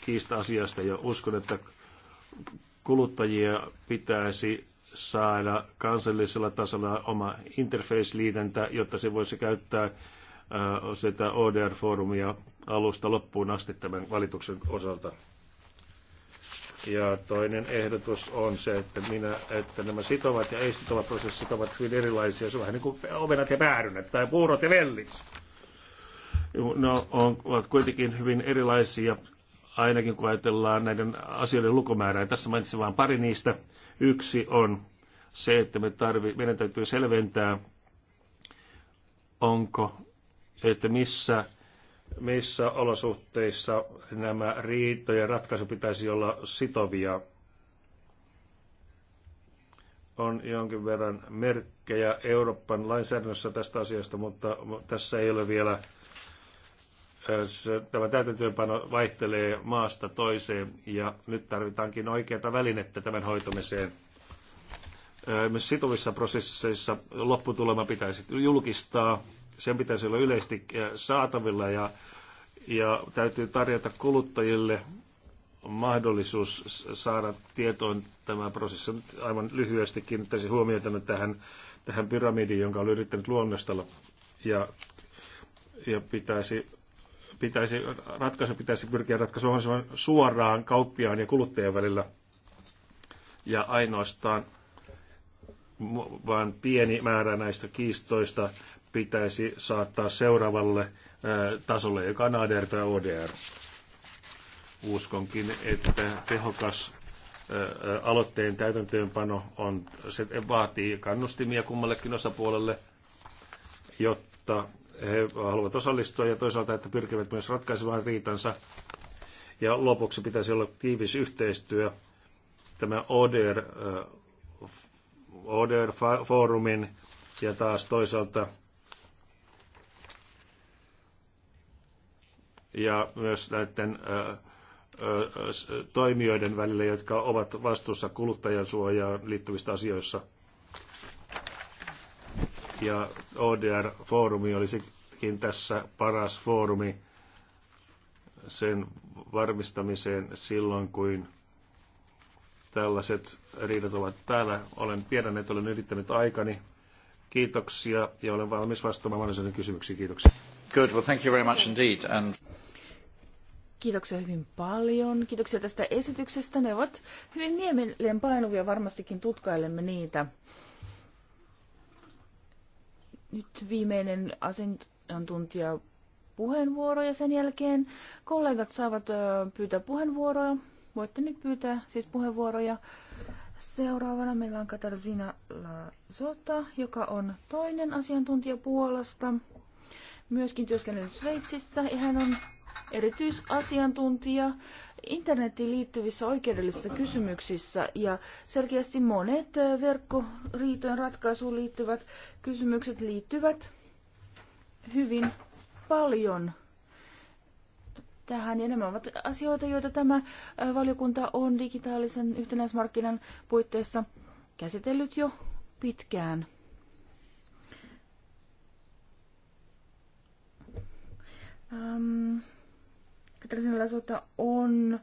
kiista-asiasta ja uskon, että kuluttajia pitäisi saada kansallisella tasolla oma interface-liitäntä, jotta se voisi käyttää sitä ODR-foorumia alusta loppuun asti tämän valituksen osalta. Ja toinen ehdotus on se, että, minä, että nämä sitovat ja ei-sitovat prosessit ovat hyvin erilaisia. Se on vähän niin kuin ovenat ja päärynät tai puurot ja vellit. Ne no, ovat kuitenkin hyvin erilaisia, ainakin kun ajatellaan näiden asioiden lukumäärää. Tässä mainitsin vain pari niistä. Yksi on se, että me tarvi, meidän täytyy selventää, onko että missä, missä olosuhteissa nämä riitojen ratkaisu pitäisi olla sitovia. On jonkin verran merkkejä Euroopan lainsäädännössä tästä asiasta, mutta tässä ei ole vielä tämä täytäntöönpano vaihtelee maasta toiseen ja nyt tarvitaankin oikeata välinettä tämän hoitamiseen. Myös sitovissa prosesseissa lopputulema pitäisi julkistaa sen pitäisi olla yleisesti äh, saatavilla ja, ja täytyy tarjota kuluttajille mahdollisuus saada tietoon tämä prosessi. Aivan lyhyesti kiinnittäisin huomiota tähän, tähän pyramidiin, jonka olen yrittänyt luonnostella. Ja, ja pitäisi, pitäisi, ratkaisu pitäisi pyrkiä ratkaisemaan suoraan kauppiaan ja kuluttajan välillä. Ja ainoastaan vaan pieni määrä näistä kiistoista pitäisi saattaa seuraavalle tasolle, joka on ADR tai ODR. Uskonkin, että tehokas aloitteen täytäntöönpano on, se vaatii kannustimia kummallekin osapuolelle, jotta he haluavat osallistua ja toisaalta, että pyrkivät myös ratkaisemaan riitansa. Ja lopuksi pitäisi olla tiivis yhteistyö. Tämä ODR, ODR-foorumin ja taas toisaalta ja myös näiden toimijoiden välillä, jotka ovat vastuussa kuluttajan suojaan liittyvistä asioissa. Ja ODR-foorumi olisikin tässä paras foorumi sen varmistamiseen silloin, kun tällaiset riidat ovat täällä. Olen, tiedän, että olen yrittänyt aikani. Kiitoksia ja olen valmis vastaamaan monenlaisiin kysymyksiin. Kiitoksia. Good. Well, thank you very much indeed. And... Kiitoksia hyvin paljon. Kiitoksia tästä esityksestä. Ne ovat hyvin niemelleen painuvia. Varmastikin tutkailemme niitä. Nyt viimeinen asiantuntija puheenvuoro ja sen jälkeen kollegat saavat pyytää puheenvuoroja. Voitte nyt pyytää siis puheenvuoroja. Seuraavana meillä on Katarzyna Lazota, joka on toinen asiantuntija Puolasta. Myöskin työskennellyt Sveitsissä ja hän on erityisasiantuntija internetiin liittyvissä oikeudellisissa kysymyksissä ja selkeästi monet äh, verkkoriitojen ratkaisuun liittyvät kysymykset liittyvät hyvin paljon tähän. Ja nämä ovat asioita, joita tämä äh, valiokunta on digitaalisen yhtenäismarkkinan puitteissa käsitellyt jo pitkään. Um digitaalisen alaisuutta on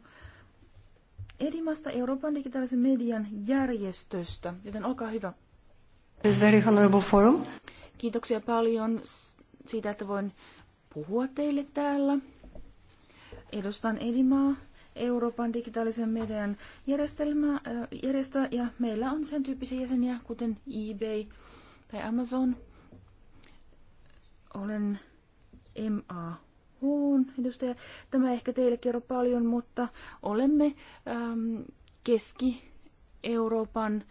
edimasta Euroopan digitaalisen median järjestöstä, joten olkaa hyvä. This very honorable forum. Kiitoksia paljon siitä, että voin puhua teille täällä. Edustan Edimaa, Euroopan digitaalisen median järjestelmää, äh, järjestöä, ja meillä on sen tyyppisiä jäseniä, kuten eBay tai Amazon. Olen MA Uun, edustaja, tämä ehkä teille kerro paljon, mutta olemme äm, Keski-Euroopan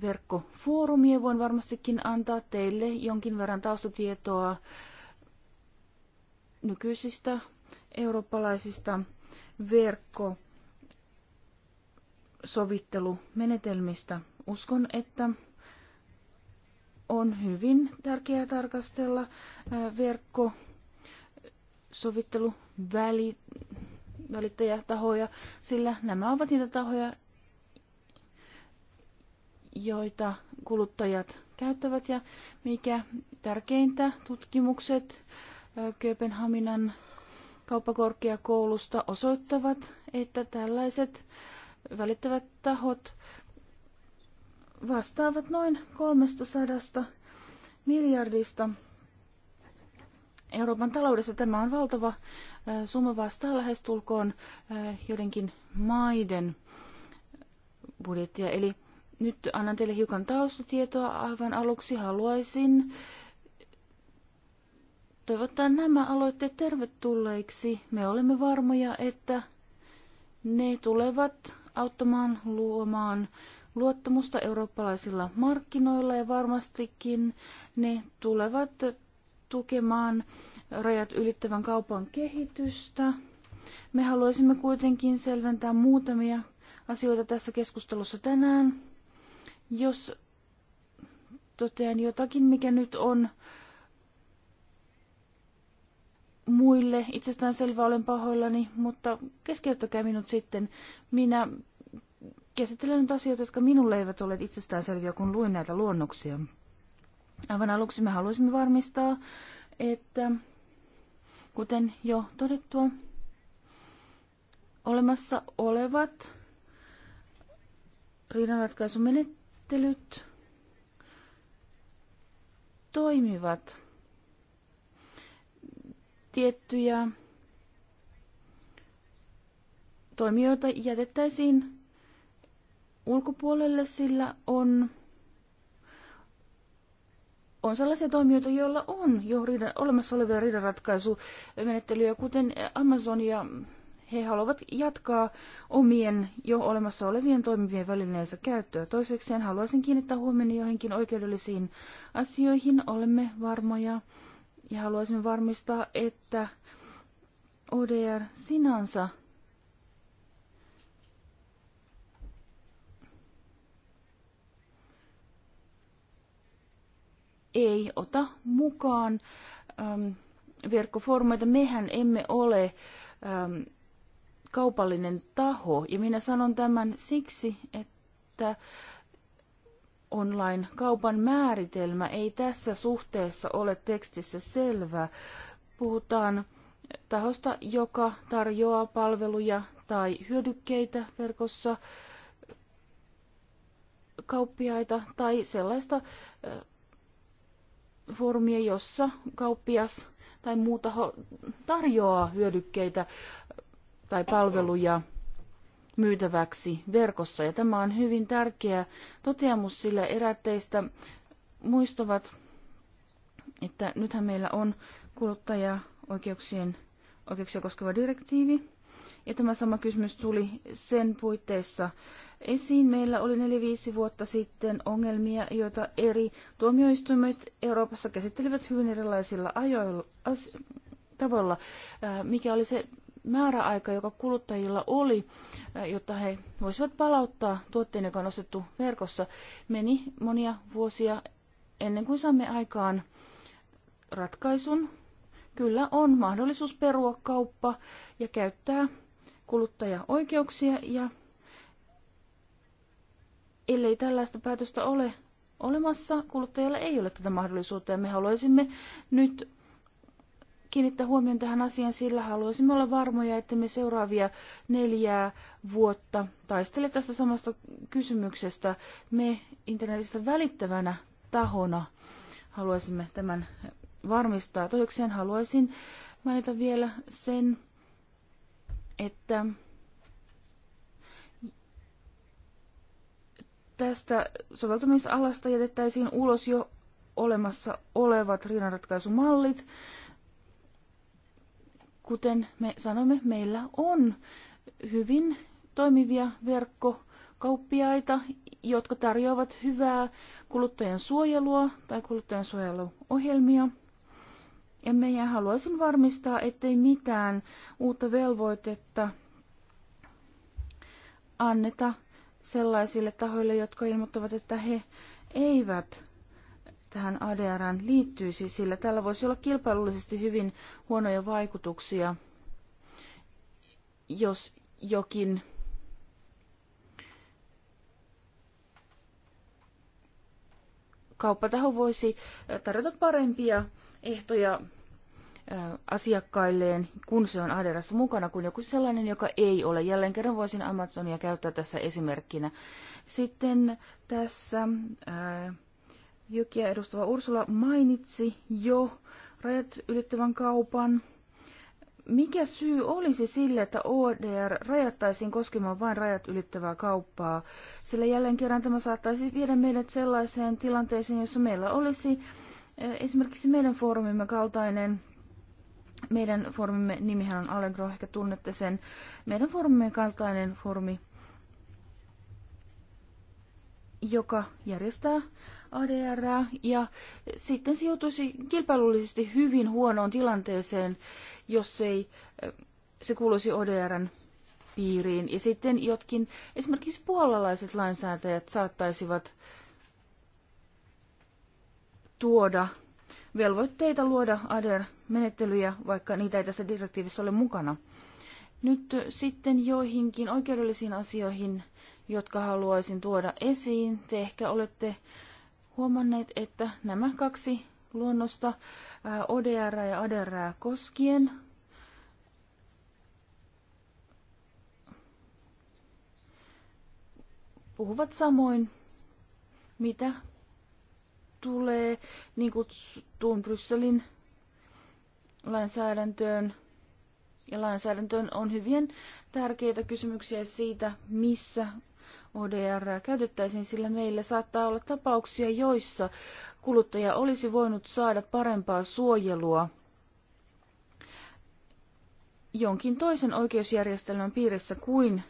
verkkofoorumia. Voin varmastikin antaa teille jonkin verran taustatietoa nykyisistä eurooppalaisista verkkosovittelumenetelmistä. Uskon, että on hyvin tärkeää tarkastella äh, verkko sovitteluvälittäjätahoja, sillä nämä ovat niitä tahoja, joita kuluttajat käyttävät ja mikä tärkeintä, tutkimukset Kööpenhaminan kauppakorkeakoulusta osoittavat, että tällaiset välittävät tahot vastaavat noin 300 miljardista Euroopan taloudessa tämä on valtava summa vastaa lähestulkoon joidenkin maiden budjettia. Eli nyt annan teille hiukan taustatietoa aivan aluksi. Haluaisin toivottaa nämä aloitteet tervetulleiksi. Me olemme varmoja, että ne tulevat auttamaan luomaan luottamusta eurooppalaisilla markkinoilla ja varmastikin ne tulevat tukemaan rajat ylittävän kaupan kehitystä. Me haluaisimme kuitenkin selventää muutamia asioita tässä keskustelussa tänään. Jos totean jotakin, mikä nyt on muille itsestään selvä olen pahoillani, mutta keskeyttäkää minut sitten. Minä käsittelen nyt asioita, jotka minulle eivät ole itsestään selviä, kun luin näitä luonnoksia. Aivan aluksi me haluaisimme varmistaa, että kuten jo todettua, olemassa olevat riidanratkaisumenettelyt toimivat tiettyjä toimijoita jätettäisiin ulkopuolelle, sillä on on sellaisia toimijoita, joilla on jo riida, olemassa olevia riidanratkaisumenettelyjä, kuten Amazon ja he haluavat jatkaa omien jo olemassa olevien toimivien välineensä käyttöä. Toisekseen haluaisin kiinnittää huomioon joihinkin oikeudellisiin asioihin. Olemme varmoja ja haluaisimme varmistaa, että ODR sinänsä ei ota mukaan äm, verkkofoorumeita. Mehän emme ole äm, kaupallinen taho. Ja minä sanon tämän siksi, että online-kaupan määritelmä ei tässä suhteessa ole tekstissä selvä. Puhutaan tahosta, joka tarjoaa palveluja tai hyödykkeitä verkossa, kauppiaita tai sellaista foorumia, jossa kauppias tai muu taho tarjoaa hyödykkeitä tai palveluja myytäväksi verkossa. Ja tämä on hyvin tärkeä toteamus, sillä eräät teistä muistavat, että nythän meillä on kuluttajaoikeuksien oikeuksia koskeva direktiivi, ja tämä sama kysymys tuli sen puitteissa esiin. Meillä oli 4-5 vuotta sitten ongelmia, joita eri tuomioistuimet Euroopassa käsittelivät hyvin erilaisilla ajoilla, as, tavoilla. Äh, mikä oli se määräaika, joka kuluttajilla oli, äh, jotta he voisivat palauttaa tuotteen, joka on ostettu verkossa, meni monia vuosia ennen kuin saamme aikaan ratkaisun, kyllä on mahdollisuus perua kauppa ja käyttää kuluttajaoikeuksia ja ellei tällaista päätöstä ole olemassa, kuluttajalla ei ole tätä mahdollisuutta ja me haluaisimme nyt kiinnittää huomioon tähän asiaan, sillä haluaisimme olla varmoja, että me seuraavia neljää vuotta taistele tästä samasta kysymyksestä. Me internetissä välittävänä tahona haluaisimme tämän varmistaa. Toisekseen haluaisin mainita vielä sen, että tästä soveltamisalasta jätettäisiin ulos jo olemassa olevat riidanratkaisumallit. Kuten me sanomme, meillä on hyvin toimivia verkkokauppiaita, jotka tarjoavat hyvää kuluttajan suojelua tai kuluttajan suojeluohjelmia emme ja haluaisin varmistaa, ettei mitään uutta velvoitetta anneta sellaisille tahoille, jotka ilmoittavat, että he eivät tähän ADRään liittyisi, sillä tällä voisi olla kilpailullisesti hyvin huonoja vaikutuksia, jos jokin kauppataho voisi tarjota parempia ehtoja asiakkailleen, kun se on Aderassa mukana, kuin joku sellainen, joka ei ole. Jälleen kerran voisin Amazonia käyttää tässä esimerkkinä. Sitten tässä Jykiä edustava Ursula mainitsi jo rajat ylittävän kaupan. Mikä syy olisi sille, että ODR rajattaisiin koskemaan vain rajat ylittävää kauppaa? Sillä jälleen kerran tämä saattaisi viedä meidät sellaiseen tilanteeseen, jossa meillä olisi esimerkiksi meidän foorumimme kaltainen meidän foorumimme nimihän on Allegro, ehkä tunnette sen. Meidän foorumimme kaltainen foorumi, joka järjestää ADR ja sitten se joutuisi kilpailullisesti hyvin huonoon tilanteeseen, jos ei eh, se kuuluisi ODRn piiriin. Ja sitten jotkin, esimerkiksi puolalaiset lainsäätäjät saattaisivat tuoda velvoitteita luoda ADR menettelyjä, vaikka niitä ei tässä direktiivissä ole mukana. Nyt sitten joihinkin oikeudellisiin asioihin, jotka haluaisin tuoda esiin. Te ehkä olette huomanneet, että nämä kaksi luonnosta, ODR ja ADR koskien, puhuvat samoin, mitä tulee niin kutsuttuun Brysselin lainsäädäntöön. Ja lainsäädäntöön on hyvin tärkeitä kysymyksiä siitä, missä ODR käytettäisiin, sillä meillä saattaa olla tapauksia, joissa kuluttaja olisi voinut saada parempaa suojelua jonkin toisen oikeusjärjestelmän piirissä kuin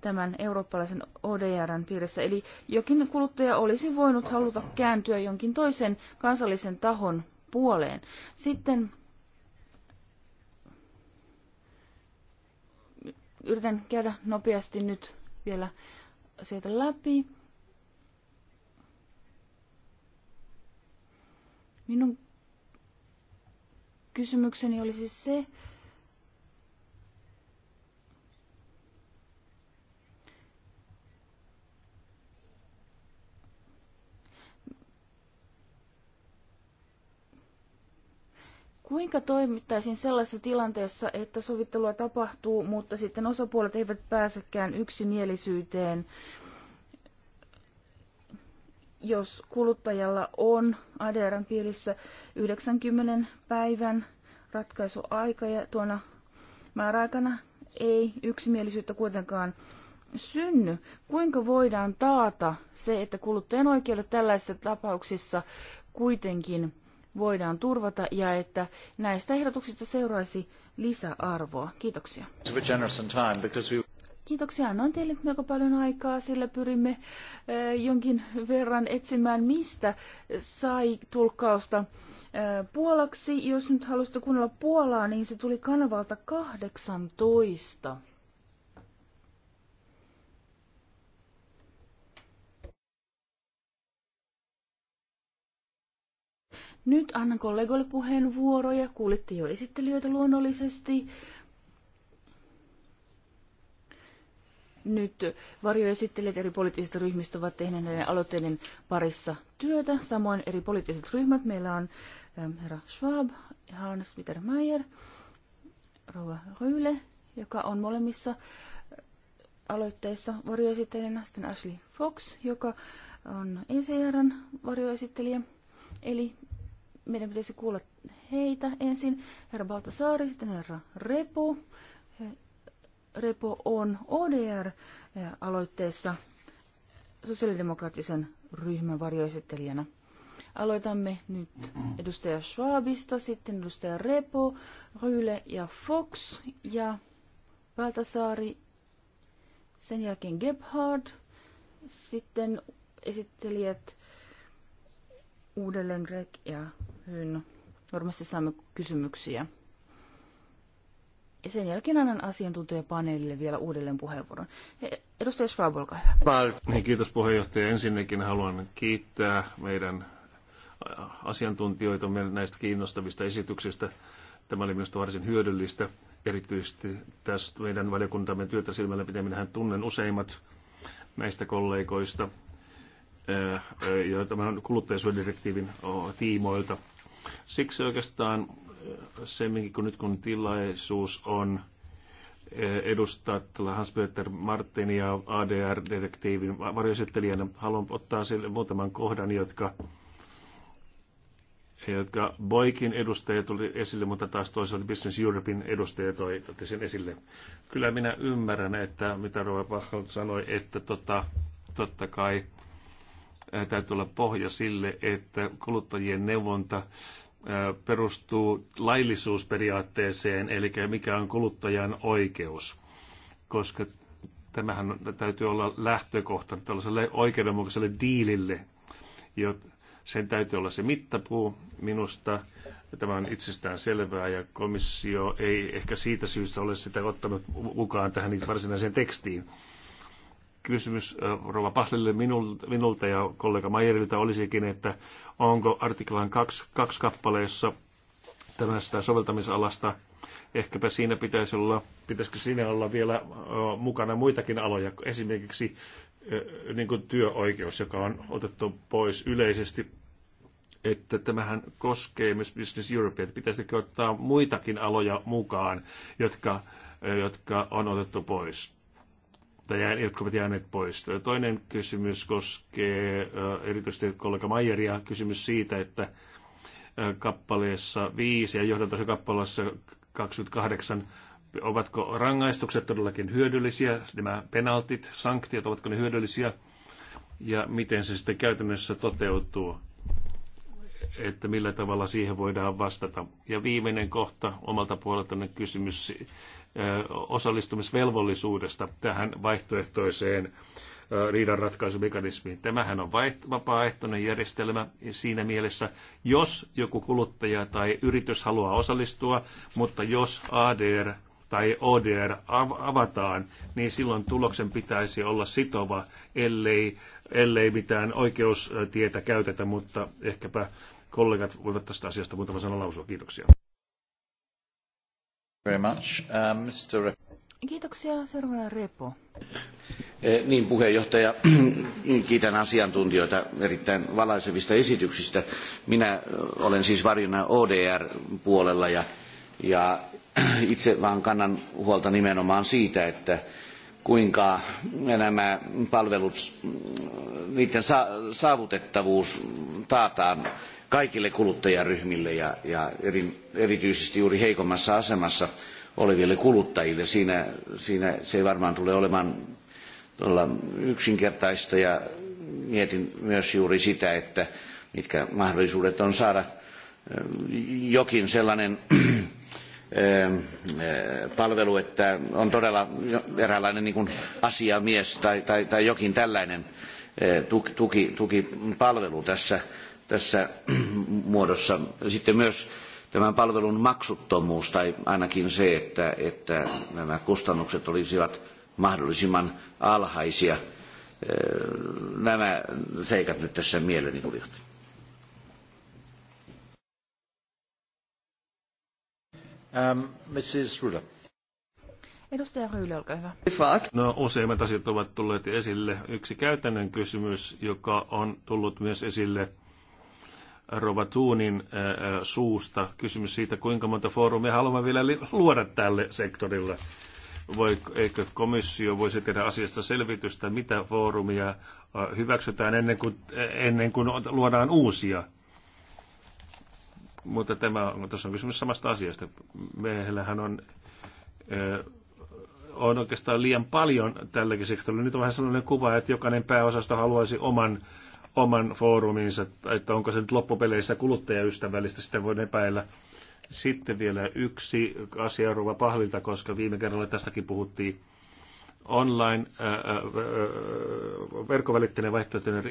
tämän eurooppalaisen ODRn piirissä. Eli jokin kuluttaja olisi voinut haluta kääntyä jonkin toisen kansallisen tahon puoleen. Sitten Yritän käydä nopeasti nyt vielä asioita läpi. Minun kysymykseni oli siis se, Kuinka toimittaisiin sellaisessa tilanteessa, että sovittelua tapahtuu, mutta sitten osapuolet eivät pääsekään yksimielisyyteen, jos kuluttajalla on ADRn piirissä 90 päivän ratkaisuaika ja tuona määräaikana ei yksimielisyyttä kuitenkaan synny. Kuinka voidaan taata se, että kuluttajan oikeudet tällaisissa tapauksissa kuitenkin voidaan turvata ja että näistä ehdotuksista seuraisi lisäarvoa. Kiitoksia. Kiitoksia. Annoin teille melko paljon aikaa, sillä pyrimme eh, jonkin verran etsimään, mistä sai tulkkausta eh, puolaksi. Jos nyt halusitte kuunnella Puolaa, niin se tuli kanavalta 18. Nyt annan kollegoille puheenvuoroja. Kuulitte jo esittelijöitä luonnollisesti. Nyt varjoesittelijät eri poliittisista ryhmistä ovat tehneet näiden aloitteiden parissa työtä. Samoin eri poliittiset ryhmät. Meillä on ähm, herra Schwab, Hans Peter Mayer, Rova Ryle, joka on molemmissa äh, aloitteissa varjoesittelijänä, sitten Ashley Fox, joka on ECRn varjoesittelijä. Eli meidän pitäisi kuulla heitä ensin. Herra Baltasaari, sitten herra Repo. Repo on ODR-aloitteessa sosiaalidemokraattisen ryhmän varjoesittelijänä. Aloitamme nyt edustaja Schwabista, sitten edustaja Repo, Ryle ja Fox ja Valtasaari, sen jälkeen Gebhard, sitten esittelijät uudelleen Greg ja Hyvin. Varmasti saamme kysymyksiä. Ja sen jälkeen annan asiantuntijapaneelille vielä uudelleen puheenvuoron. E, edustaja Schwab, olkaa hyvä. Niin, kiitos puheenjohtaja. Ensinnäkin haluan kiittää meidän asiantuntijoita näistä kiinnostavista esityksistä. Tämä oli minusta varsin hyödyllistä, erityisesti tässä meidän valiokuntamme työtä silmällä pitäminen. tunnen useimmat näistä kollegoista, joita tämän kuluttajasuojadirektiivin tiimoilta – Siksi oikeastaan eh, se, kun nyt kun tilaisuus on eh, edustaa tällä Hans-Peter Martinia ADR-detektiivin varjoesittelijänä, haluan ottaa sille muutaman kohdan, jotka jotka Boikin edustaja tuli esille, mutta taas toisaalta Business Europein edustaja toi otti sen esille. Kyllä minä ymmärrän, että mitä Rova Pahal sanoi, että tota, totta kai täytyy olla pohja sille, että kuluttajien neuvonta perustuu laillisuusperiaatteeseen, eli mikä on kuluttajan oikeus, koska tämähän täytyy olla lähtökohta tällaiselle oikeudenmukaiselle diilille, sen täytyy olla se mittapuu minusta. Tämä on itsestään selvää ja komissio ei ehkä siitä syystä ole sitä ottanut mukaan tähän varsinaiseen tekstiin kysymys Rova Pahlille minulta ja kollega Mayerilta olisikin, että onko artiklan kaksi, kaksi kappaleessa tämästä soveltamisalasta, ehkäpä siinä pitäisi olla, pitäisikö siinä olla vielä mukana muitakin aloja, esimerkiksi niin kuin työoikeus, joka on otettu pois yleisesti, että tämähän koskee myös Business Europe, että pitäisikö ottaa muitakin aloja mukaan, jotka, jotka on otettu pois tai jotka ovat jääneet pois. Toinen kysymys koskee erityisesti kollega Maijeria, kysymys siitä, että kappaleessa 5 ja johdantaisen kappaleessa 28, ovatko rangaistukset todellakin hyödyllisiä, nämä penaltit, sanktiot, ovatko ne hyödyllisiä, ja miten se sitten käytännössä toteutuu että millä tavalla siihen voidaan vastata. Ja viimeinen kohta omalta puoleltani kysymys osallistumisvelvollisuudesta tähän vaihtoehtoiseen riidanratkaisumekanismiin. Tämähän on vapaaehtoinen järjestelmä siinä mielessä, jos joku kuluttaja tai yritys haluaa osallistua, mutta jos ADR tai ODR avataan, niin silloin tuloksen pitäisi olla sitova, ellei, ellei mitään oikeustietä käytetä, mutta ehkäpä kollegat voivat tästä asiasta muutaman sanan lausua. Kiitoksia. Very much. Uh, Mr. Kiitoksia. Seuraavana Repo. Eh, niin, puheenjohtaja, kiitän asiantuntijoita erittäin valaisevista esityksistä. Minä eh, olen siis varjona ODR-puolella ja, ja itse vaan kannan huolta nimenomaan siitä, että kuinka nämä palvelut, mm, niiden saavutettavuus taataan kaikille kuluttajaryhmille ja, ja eri, erityisesti juuri heikommassa asemassa oleville kuluttajille. Siinä, siinä se ei varmaan tule olemaan yksinkertaista ja mietin myös juuri sitä, että mitkä mahdollisuudet on saada jokin sellainen palvelu, että on todella eräänlainen niin kuin asiamies tai, tai, tai jokin tällainen tuki, tuki, tukipalvelu tässä tässä muodossa. Sitten myös tämän palvelun maksuttomuus tai ainakin se, että, että nämä kustannukset olisivat mahdollisimman alhaisia. Nämä seikat nyt tässä mieleeni tulivat. Um, Mrs. Rula. Edustaja Ryyli, olkaa hyvä. No, useimmat asiat ovat tulleet esille. Yksi käytännön kysymys, joka on tullut myös esille – Rova Tuunin suusta kysymys siitä, kuinka monta foorumia haluamme vielä luoda tälle sektorille. Voi, eikö komissio voisi tehdä asiasta selvitystä, mitä foorumia hyväksytään ennen kuin, ennen kuin luodaan uusia? Mutta tämä, tässä on kysymys samasta asiasta. Meillähän on, on oikeastaan liian paljon tälläkin sektorilla. Nyt on vähän sellainen kuva, että jokainen pääosasto haluaisi oman oman foorumiinsa, että onko se nyt loppupeleissä kuluttajaystävällistä, sitä voi epäillä. Sitten vielä yksi asia Ruva pahvilta, koska viime kerralla tästäkin puhuttiin online ää, äh, äh, äh, verkkovälitteinen vaihtoehtoinen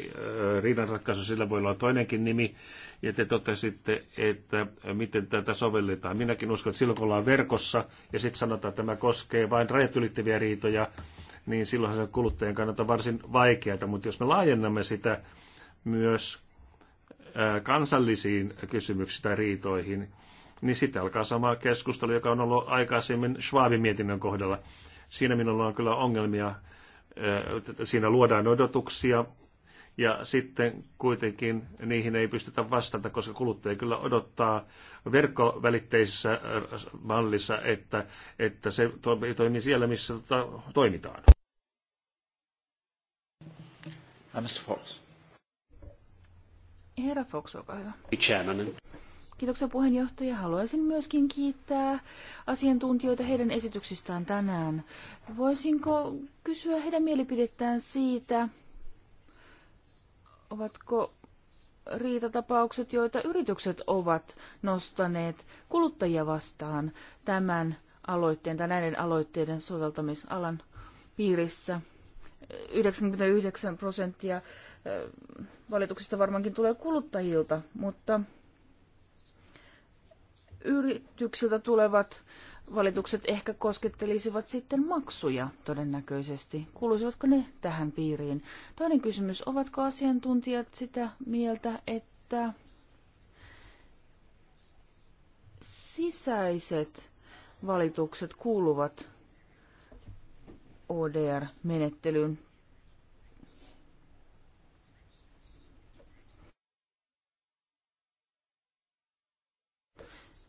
riidanratkaisu, sillä voi olla toinenkin nimi, ja te totesitte, että miten tätä sovelletaan. Minäkin uskon, että silloin kun ollaan verkossa, ja sitten sanotaan, että tämä koskee vain rajat ylittäviä riitoja, niin silloinhan se kuluttajan kannalta varsin vaikeaa, mutta jos me laajennamme sitä myös kansallisiin kysymyksiin tai riitoihin, niin sitten alkaa sama keskustelu, joka on ollut aikaisemmin Schwabin mietinnön kohdalla. Siinä minulla on kyllä ongelmia. Siinä luodaan odotuksia ja sitten kuitenkin niihin ei pystytä vastata, koska kuluttaja kyllä odottaa verkkovälitteisessä mallissa, että, että se toimii siellä, missä tota, toimitaan. Uh, Mr. Fox. Herra Fox, olkaa hyvä. Kiitoksia puheenjohtaja. Haluaisin myöskin kiittää asiantuntijoita heidän esityksistään tänään. Voisinko kysyä heidän mielipidettään siitä, ovatko riitatapaukset, joita yritykset ovat nostaneet kuluttajia vastaan tämän aloitteen tai näiden aloitteiden soveltamisalan piirissä. 99 prosenttia valituksista varmaankin tulee kuluttajilta, mutta yrityksiltä tulevat valitukset ehkä koskettelisivat sitten maksuja todennäköisesti. Kuuluisivatko ne tähän piiriin? Toinen kysymys, ovatko asiantuntijat sitä mieltä, että sisäiset valitukset kuuluvat ODR-menettelyyn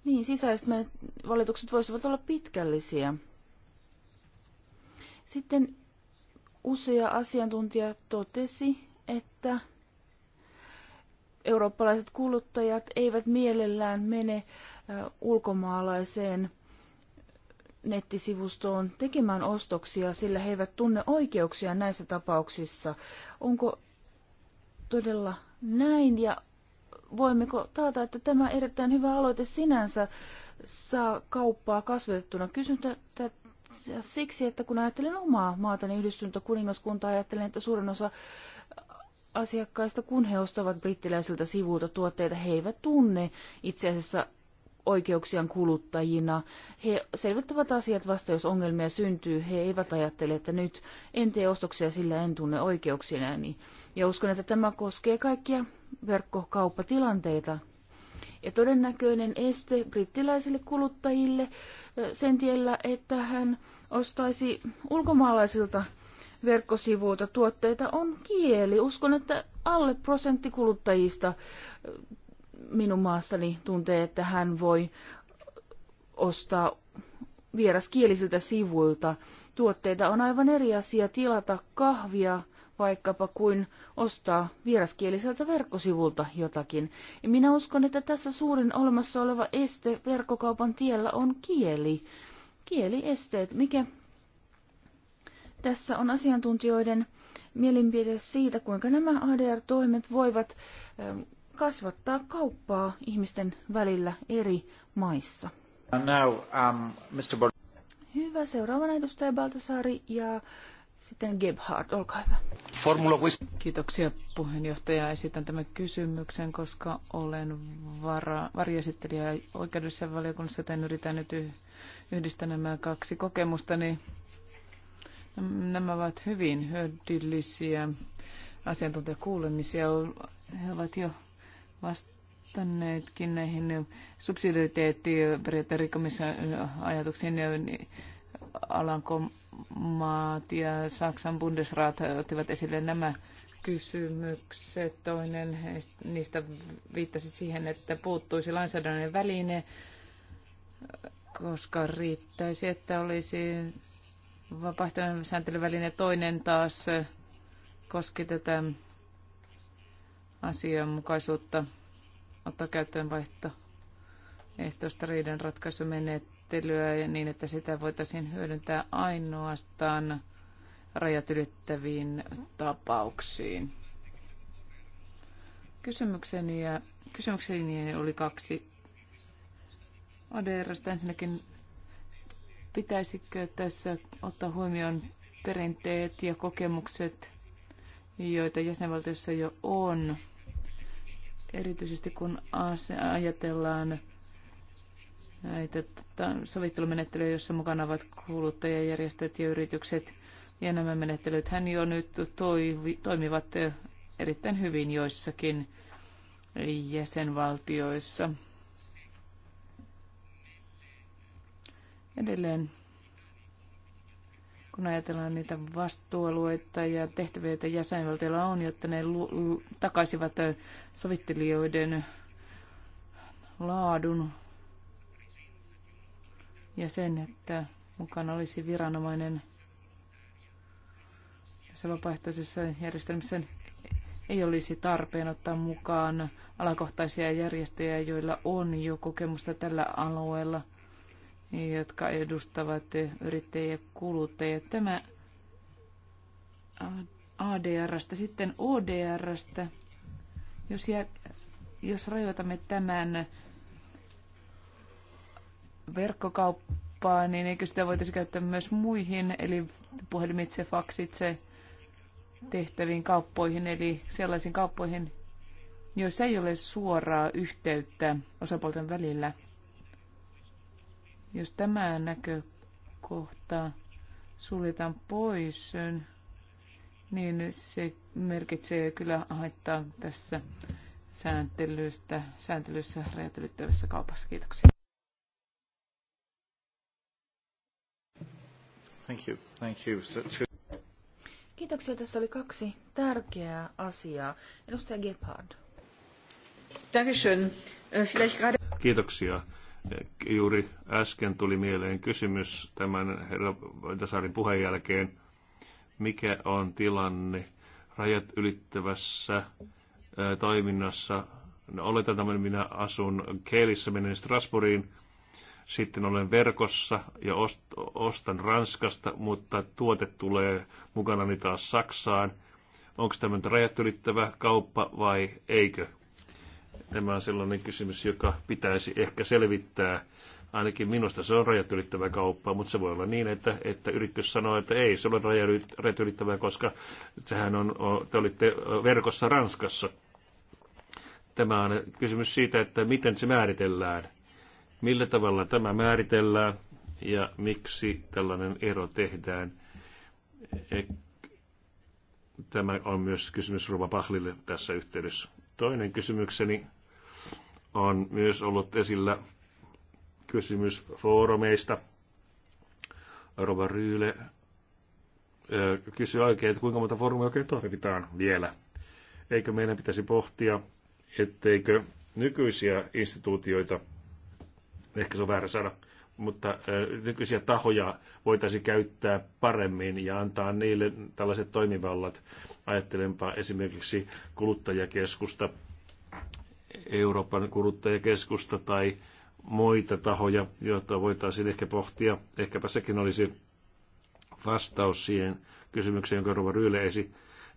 Niin, sisäiset valitukset voisivat olla pitkällisiä. Sitten usea asiantuntija totesi, että eurooppalaiset kuluttajat eivät mielellään mene ulkomaalaiseen nettisivustoon tekemään ostoksia, sillä he eivät tunne oikeuksia näissä tapauksissa. Onko todella näin ja voimmeko taata, että tämä erittäin hyvä aloite sinänsä saa kauppaa kasvatettuna kysyntä siksi, että kun ajattelen omaa maatani yhdistyntä kuningaskuntaa, ajattelen, että suurin osa asiakkaista, kun he ostavat brittiläisiltä sivuilta tuotteita, he eivät tunne itse asiassa Oikeuksien kuluttajina. He selvittävät asiat vasta, jos ongelmia syntyy. He eivät ajattele, että nyt en tee ostoksia, sillä en tunne oikeuksiani. Ja uskon, että tämä koskee kaikkia verkkokauppatilanteita. Ja todennäköinen este brittiläisille kuluttajille sen tiellä, että hän ostaisi ulkomaalaisilta verkkosivuilta tuotteita on kieli. Uskon, että alle prosentti kuluttajista minun maassani tuntee, että hän voi ostaa vieraskielisiltä sivuilta tuotteita. On aivan eri asia tilata kahvia vaikkapa kuin ostaa vieraskieliseltä verkkosivulta jotakin. Ja minä uskon, että tässä suurin olemassa oleva este verkkokaupan tiellä on kieli. Kieliesteet, mikä tässä on asiantuntijoiden mielipide siitä, kuinka nämä ADR-toimet voivat kasvattaa kauppaa ihmisten välillä eri maissa. Now, um, Mr. Bol- hyvä, seuraavana edustaja Baltasari ja sitten Gebhard, olkaa hyvä. Formula Kiitoksia puheenjohtaja. Esitän tämän kysymyksen, koska olen vara, varjesittelijä oikeudellisessa valiokunnassa, joten yritän nyt yhdistää nämä kaksi kokemustani. Nämä ovat hyvin hyödyllisiä asiantuntijakuulemisia. He ovat jo vastanneetkin näihin subsidiariteettiperiaatteen rikkomisajatuksiin Alankomaat ja Saksan Bundesrat ottivat esille nämä kysymykset. Toinen niistä viittasi siihen, että puuttuisi lainsäädännön väline, koska riittäisi, että olisi vapaaehtoinen sääntelyväline. Toinen taas koski tätä asianmukaisuutta ottaa käyttöön vaihto ehtoista riidanratkaisumenettelyä ja niin, että sitä voitaisiin hyödyntää ainoastaan rajat ylittäviin tapauksiin. Kysymykseni, ja, kysymykseni oli kaksi ADRstä. Ensinnäkin, pitäisikö tässä ottaa huomioon perinteet ja kokemukset, joita jäsenvaltiossa jo on? erityisesti kun ajatellaan näitä sovittelumenettelyjä, joissa mukana ovat kuluttajajärjestöt ja yritykset. Ja nämä menettelyt hän jo nyt toivi, toimivat erittäin hyvin joissakin jäsenvaltioissa. Edelleen kun ajatellaan niitä vastuualueita ja tehtäviä, joita jäsenvaltiolla on, jotta ne takaisivat sovittelijoiden laadun ja sen, että mukana olisi viranomainen tässä vapaaehtoisessa järjestelmässä ei olisi tarpeen ottaa mukaan alakohtaisia järjestöjä, joilla on jo kokemusta tällä alueella – jotka edustavat yrittäjiä kuluttajia. Tämä ADRstä, sitten ODRstä. Jos, jä, jos rajoitamme tämän verkkokauppaan, niin eikö sitä voitaisi käyttää myös muihin, eli puhelimitse, faksitse, tehtäviin kauppoihin, eli sellaisiin kauppoihin, joissa ei ole suoraa yhteyttä osapuolten välillä – jos tämä näkökohta suljetaan pois, niin se merkitsee kyllä haittaa tässä sääntelystä, sääntelyssä rajat ylittävässä kaupassa. Kiitoksia. Thank you. Thank you. Kiitoksia. Tässä oli kaksi tärkeää asiaa. Edustaja Gebhard. Äh, Kiitoksia. Juuri äsken tuli mieleen kysymys tämän herra Vintasaarin puheen jälkeen. Mikä on tilanne rajat ylittävässä toiminnassa? No, oletan, että minä asun Keelissä, menen Strasbourgiin. Sitten olen verkossa ja ostan Ranskasta, mutta tuote tulee mukana taas Saksaan. Onko tämä rajat ylittävä kauppa vai eikö? Tämä on sellainen kysymys, joka pitäisi ehkä selvittää. Ainakin minusta se on rajat ylittävää kauppaa, mutta se voi olla niin, että, että yritys sanoo, että ei, se on rajat ylittävää, koska sehän on, te olitte verkossa Ranskassa. Tämä on kysymys siitä, että miten se määritellään, millä tavalla tämä määritellään ja miksi tällainen ero tehdään. Tämä on myös kysymys Ruva Pahlille tässä yhteydessä. Toinen kysymykseni on myös ollut esillä kysymys foorumeista. Rova Ryyle kysyi oikein, että kuinka monta foorumia oikein tarvitaan vielä. Eikö meidän pitäisi pohtia, etteikö nykyisiä instituutioita, ehkä se on väärä sana, mutta nykyisiä tahoja voitaisiin käyttää paremmin ja antaa niille tällaiset toimivallat. Ajattelenpa esimerkiksi kuluttajakeskusta, Euroopan kuluttajakeskusta tai muita tahoja, joita voitaisiin ehkä pohtia. Ehkäpä sekin olisi vastaus siihen kysymykseen, jonka Rova Ryyle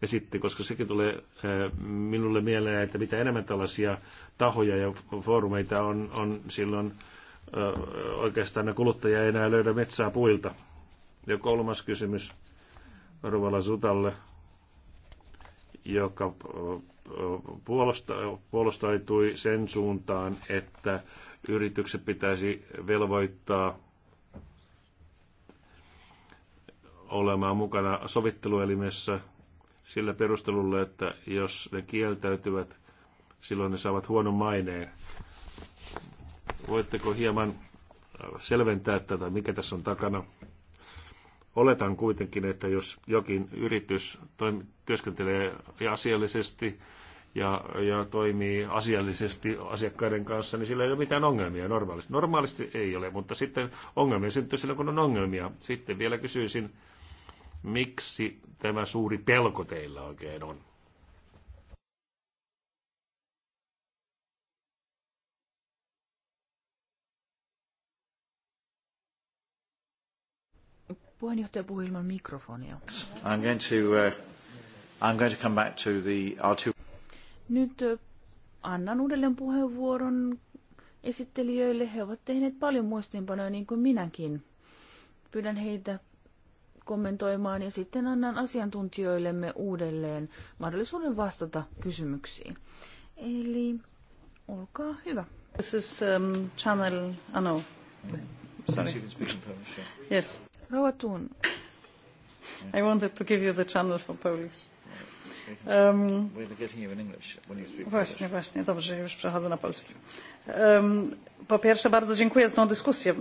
esitti, koska sekin tulee eh, minulle mieleen, että mitä enemmän tällaisia tahoja ja foorumeita on, on silloin eh, oikeastaan ne kuluttaja ei enää löydä metsää puilta. Ja kolmas kysymys Rovala Sutalle – joka puolustautui sen suuntaan, että yritykset pitäisi velvoittaa olemaan mukana sovitteluelimessä sillä perustelulla, että jos ne kieltäytyvät, silloin ne saavat huonon maineen. Voitteko hieman selventää tätä, mikä tässä on takana? Oletan kuitenkin, että jos jokin yritys toimi, työskentelee asiallisesti ja, ja toimii asiallisesti asiakkaiden kanssa, niin sillä ei ole mitään ongelmia normaalisti. Normaalisti ei ole, mutta sitten ongelmia syntyy silloin, kun on ongelmia. Sitten vielä kysyisin, miksi tämä suuri pelko teillä oikein on? Puheenjohtaja puhui ilman mikrofonia. I'm going to, uh, I'm going to come back to the, R2. Nyt uh, annan uudelleen puheenvuoron esittelijöille. He ovat tehneet paljon muistiinpanoja niin kuin minäkin. Pyydän heitä kommentoimaan ja sitten annan asiantuntijoillemme uudelleen mahdollisuuden vastata kysymyksiin. Eli olkaa hyvä. This is um, Channel Ano. Oh, sorry. Yes. Rouva I wanted to give you the channel for Polish. Um, właśnie, właśnie, dobrze, już przechodzę na polski. Um, po pierwsze, bardzo dziękuję za tą dyskusję,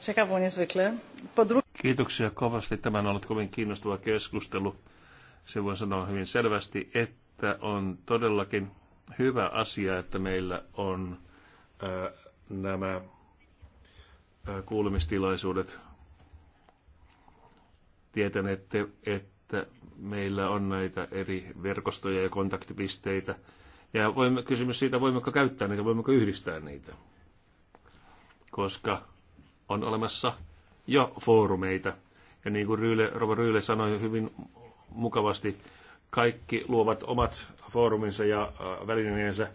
ciekawą niezwykle. Po drugie... Kiitoksia kovasti. Tämä on ollut kovin kiinnostava keskustelu. Se voi sanoa hyvin selvästi, että on todellakin hyvä asia, että meillä on äh, nämä äh, kuulemistilaisuudet Tietän, että, että meillä on näitä eri verkostoja ja kontaktipisteitä. Ja voimme, kysymys siitä, voimmeko käyttää niitä, voimmeko yhdistää niitä. Koska on olemassa jo foorumeita. Ja niin kuin Ryyle, Robert Ryyle sanoi hyvin mukavasti, kaikki luovat omat fooruminsa ja välineensä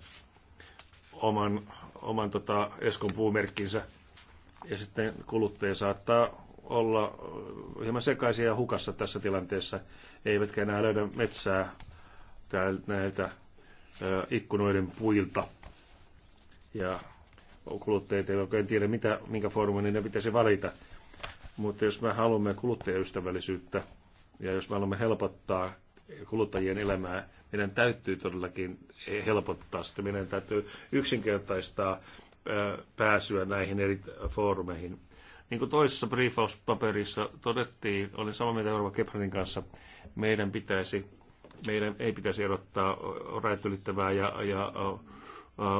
oman, oman tota Eskon puumerkkinsä. Ja sitten kuluttaja saattaa olla äh, hieman sekaisia ja hukassa tässä tilanteessa, eivätkä enää löydä metsää näiltä äh, ikkunoiden puilta. Ja kuluttajat eivät oikein tiedä, mitä, minkä foorumin ne pitäisi valita. Mutta jos me haluamme kuluttajaystävällisyyttä ja jos me haluamme helpottaa kuluttajien elämää, meidän täytyy todellakin helpottaa sitä. Meidän täytyy yksinkertaistaa äh, pääsyä näihin eri foorumeihin. Niin kuin toisessa briefauspaperissa todettiin, olen samaa mieltä Euroopan Kepranin kanssa, meidän, pitäisi, meidän ei pitäisi erottaa rajat ylittävää ja, ja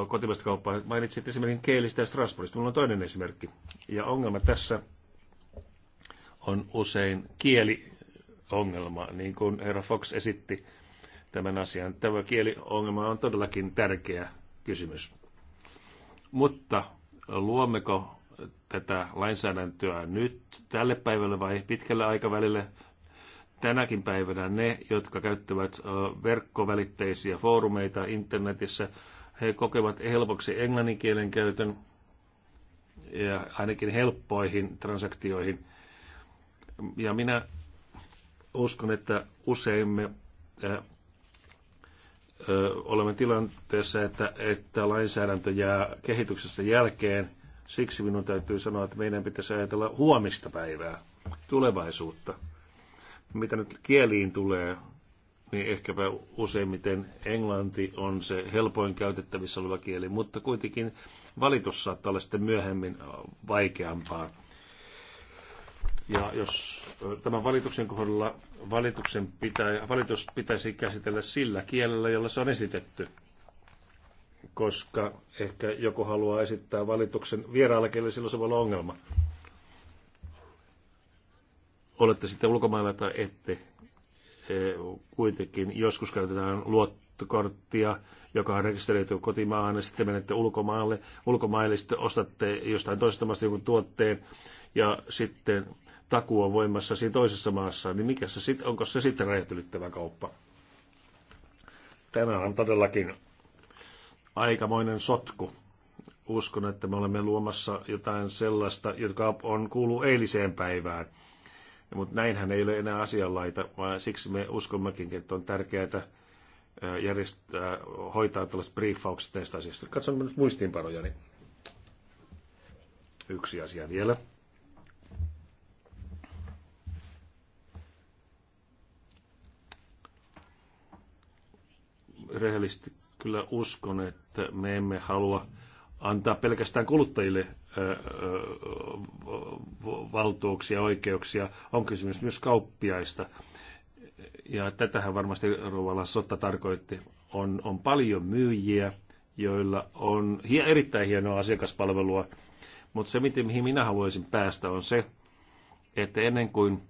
kotimaista kauppaa. Mainitsit esimerkiksi Keelistä ja Strasbourgista. Minulla on toinen esimerkki. Ja ongelma tässä on usein kieliongelma, niin kuin herra Fox esitti tämän asian. Tämä kieliongelma on todellakin tärkeä kysymys. Mutta luommeko tätä lainsäädäntöä nyt tälle päivälle vai pitkälle aikavälille. Tänäkin päivänä ne, jotka käyttävät verkkovälitteisiä foorumeita internetissä, he kokevat helpoksi englanninkielen käytön ja ainakin helppoihin transaktioihin. Ja minä uskon, että usein me olemme tilanteessa, että, että lainsäädäntö jää kehityksessä jälkeen Siksi minun täytyy sanoa, että meidän pitäisi ajatella huomista päivää, tulevaisuutta. Mitä nyt kieliin tulee, niin ehkäpä useimmiten englanti on se helpoin käytettävissä oleva kieli, mutta kuitenkin valitus saattaa olla sitten myöhemmin äh, vaikeampaa. Ja jos äh, tämän valituksen kohdalla valituksen pitä, valitus pitäisi käsitellä sillä kielellä, jolla se on esitetty, koska ehkä joku haluaa esittää valituksen vieraalle, kelle silloin se voi olla ongelma. Olette sitten ulkomailla tai ette. E, kuitenkin joskus käytetään luottokorttia, joka on rekisteröity kotimaahan, ja sitten menette ulkomaalle, ulkomaille, sitten ostatte jostain toisesta maasta jonkun tuotteen, ja sitten takuu on voimassa siinä toisessa maassa, niin mikä se sitten, onko se sitten rajat ylittävä kauppa? Tämä on todellakin aikamoinen sotku. Uskon, että me olemme luomassa jotain sellaista, joka on kuulu eiliseen päivään. Mutta näinhän ei ole enää asianlaita, vaan siksi me uskommekin, että on tärkeää järjestää, hoitaa tällaiset briefaukset näistä asioista. Katson nyt muistiinpanojani. Yksi asia vielä. rehellisesti kyllä uskon, että me emme halua antaa pelkästään kuluttajille valtuuksia, oikeuksia. On kysymys myös kauppiaista. Ja tätähän varmasti Rovalla Sotta tarkoitti. On, on paljon myyjiä, joilla on erittäin hienoa asiakaspalvelua, mutta se, miten, mihin minä haluaisin päästä, on se, että ennen kuin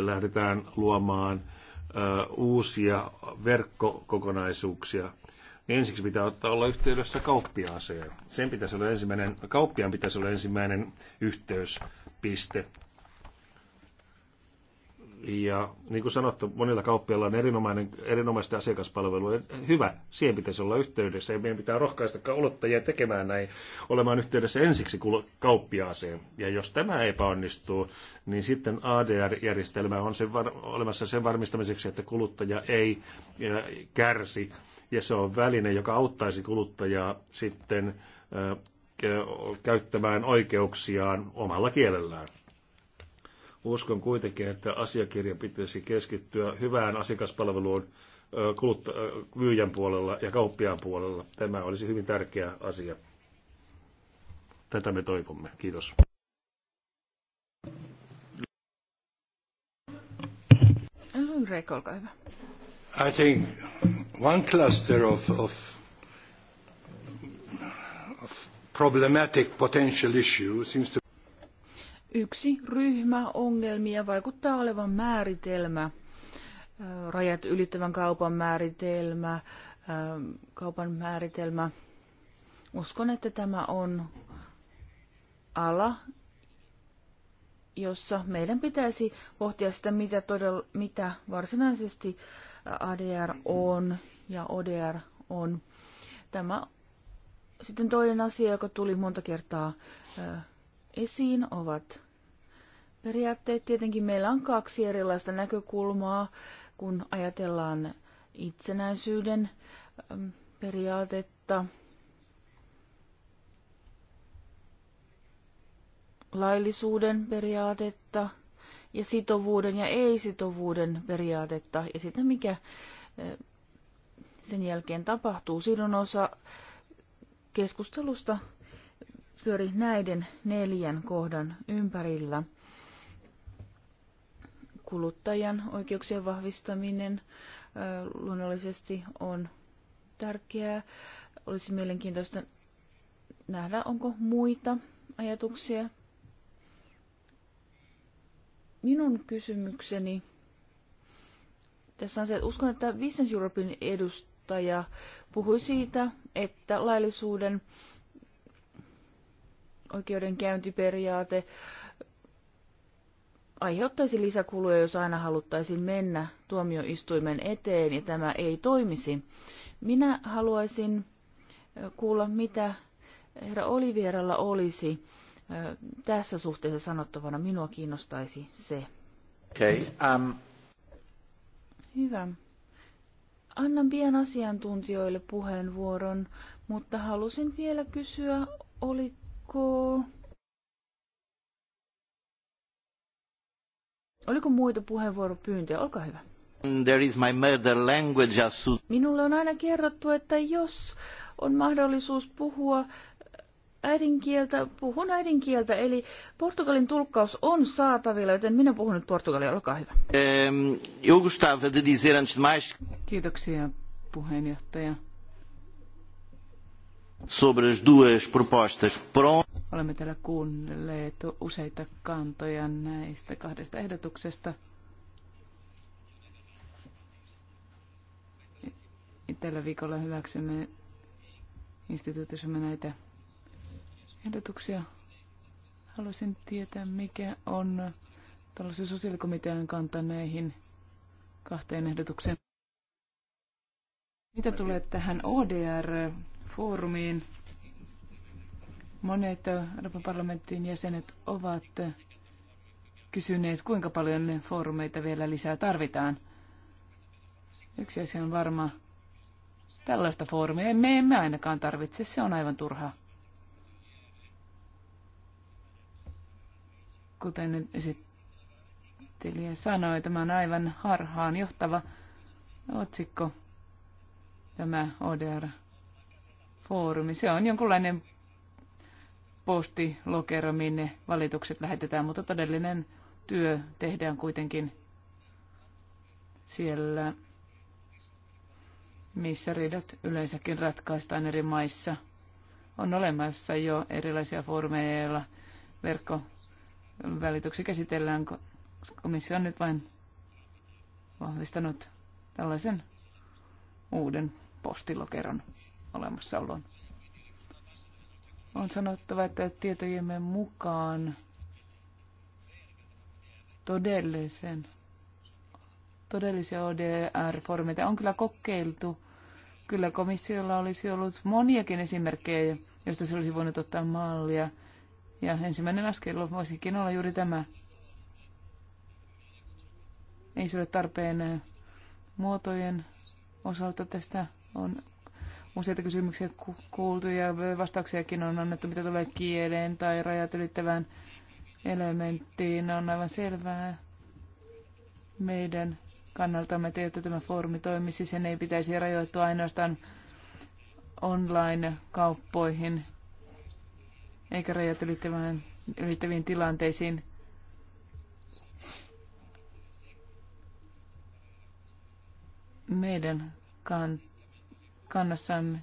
lähdetään luomaan uusia verkkokokonaisuuksia, niin ensiksi pitää ottaa olla yhteydessä kauppiaaseen. Sen pitäisi olla ensimmäinen, kauppiaan pitäisi olla ensimmäinen yhteyspiste. Ja niin kuin sanottu, monilla kauppiailla on erinomainen, erinomaista asiakaspalvelua. Hyvä, siihen pitäisi olla yhteydessä ja meidän pitää rohkaista kuluttajia tekemään näin, olemaan yhteydessä ensiksi kauppiaaseen. Ja jos tämä epäonnistuu, niin sitten ADR-järjestelmä on sen var- olemassa sen varmistamiseksi, että kuluttaja ei kärsi. Ja se on väline, joka auttaisi kuluttajaa sitten käyttämään oikeuksiaan omalla kielellään. Uskon kuitenkin, että asiakirja pitäisi keskittyä hyvään asiakaspalveluun kulut- myyjän puolella ja kauppiaan puolella. Tämä olisi hyvin tärkeä asia. Tätä me toivomme. Kiitos. Ulrich, olkaa hyvä. I think one cluster of, of, of problematic potential issue seems to yksi ryhmä ongelmia vaikuttaa olevan määritelmä, rajat ylittävän kaupan määritelmä, kaupan määritelmä. Uskon, että tämä on ala, jossa meidän pitäisi pohtia sitä, mitä, todella, mitä varsinaisesti ADR on ja ODR on. Tämä sitten toinen asia, joka tuli monta kertaa esiin, ovat periaatteet. Tietenkin meillä on kaksi erilaista näkökulmaa, kun ajatellaan itsenäisyyden periaatetta. laillisuuden periaatetta ja sitovuuden ja ei-sitovuuden periaatetta ja sitä, mikä sen jälkeen tapahtuu. Sinun osa keskustelusta pyöri näiden neljän kohdan ympärillä kuluttajan oikeuksien vahvistaminen luonnollisesti on tärkeää. Olisi mielenkiintoista nähdä, onko muita ajatuksia. Minun kysymykseni tässä on se, että uskon, että Business Europein edustaja puhui siitä, että laillisuuden oikeudenkäyntiperiaate äh, aiheuttaisi lisäkuluja, jos aina haluttaisiin mennä tuomioistuimen eteen ja tämä ei toimisi. Minä haluaisin kuulla, mitä herra Olivieralla olisi tässä suhteessa sanottavana. Minua kiinnostaisi se. Okay, um... Hyvä. Annan pian asiantuntijoille puheenvuoron, mutta halusin vielä kysyä, oliko Oliko muita puheenvuoropyyntöjä? Olkaa hyvä. There is my murder language. Minulle on aina kerrottu, että jos on mahdollisuus puhua äidinkieltä, puhun äidinkieltä, eli portugalin tulkkaus on saatavilla, joten minä puhun nyt portugalia, olkaa hyvä. Eu gostava de dizer antes de mais... Kiitoksia puheenjohtaja sobre as duas propostas. Olemme täällä kuunnelleet useita kantoja näistä kahdesta ehdotuksesta. Tällä viikolla hyväksymme instituutissamme näitä ehdotuksia. Haluaisin tietää, mikä on tällaisen sosiaalikomitean kanta näihin kahteen ehdotukseen. Mitä tulee tähän ODR foorumiin. Monet Euroopan parlamentin jäsenet ovat kysyneet, kuinka paljon foorumeita vielä lisää tarvitaan. Yksi asia on varma. Tällaista foorumia me emme ainakaan tarvitse, se on aivan turha. Kuten esittelijä sanoi, tämä on aivan harhaan johtava otsikko, tämä ODR foorumi. Se on jonkunlainen postilokero, minne valitukset lähetetään, mutta todellinen työ tehdään kuitenkin siellä, missä riidat yleensäkin ratkaistaan eri maissa. On olemassa jo erilaisia foorumeja, joilla verkkovälityksi käsitellään. Komissio on nyt vain vahvistanut tällaisen uuden postilokeron olemassaolon. On sanottava, että tietojemme mukaan todellisen, todellisia ODR-formeita on kyllä kokeiltu. Kyllä komissiolla olisi ollut moniakin esimerkkejä, joista se olisi voinut ottaa mallia. Ja ensimmäinen askel voisikin olla juuri tämä. Ei se ole tarpeen muotojen osalta tästä on useita kysymyksiä kuultu ja vastauksiakin on annettu, mitä tulee kieleen tai rajat ylittävään elementtiin. On aivan selvää meidän kannaltamme, että tämä foorumi toimisi. Sen ei pitäisi rajoittua ainoastaan online-kauppoihin eikä rajat ylittävään, ylittäviin tilanteisiin. Meidän kantamme kannassamme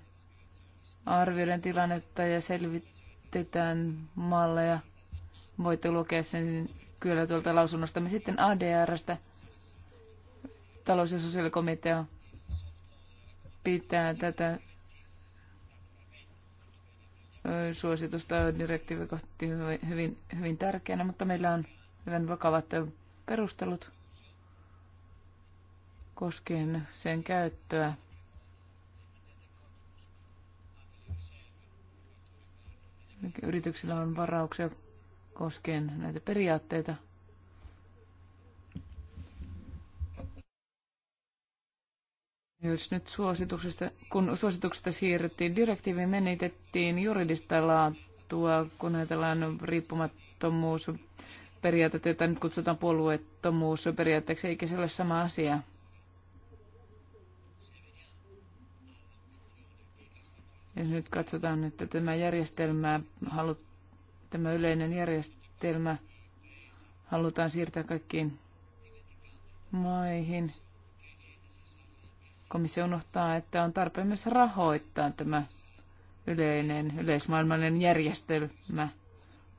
arvioiden tilannetta ja selvitetään malleja. Voitte lukea sen kyllä tuolta lausunnosta. Me sitten ADRstä talous- ja sosiaalikomitea pitää tätä suositusta direktiivi kohti hyvin, hyvin tärkeänä, mutta meillä on hyvin vakavat perustelut koskien sen käyttöä yrityksillä on varauksia koskien näitä periaatteita. Jos nyt suosituksesta, kun suosituksesta siirrettiin direktiiviin, menitettiin juridista laatua, kun ajatellaan riippumattomuus joita nyt kutsutaan puolueettomuusperiaatteeksi, eikä se ole sama asia. Jos nyt katsotaan, että tämä järjestelmä, halu, tämä yleinen järjestelmä halutaan siirtää kaikkiin maihin, komissio unohtaa, että on tarpeen myös rahoittaa tämä yleinen, yleismaailmallinen järjestelmä.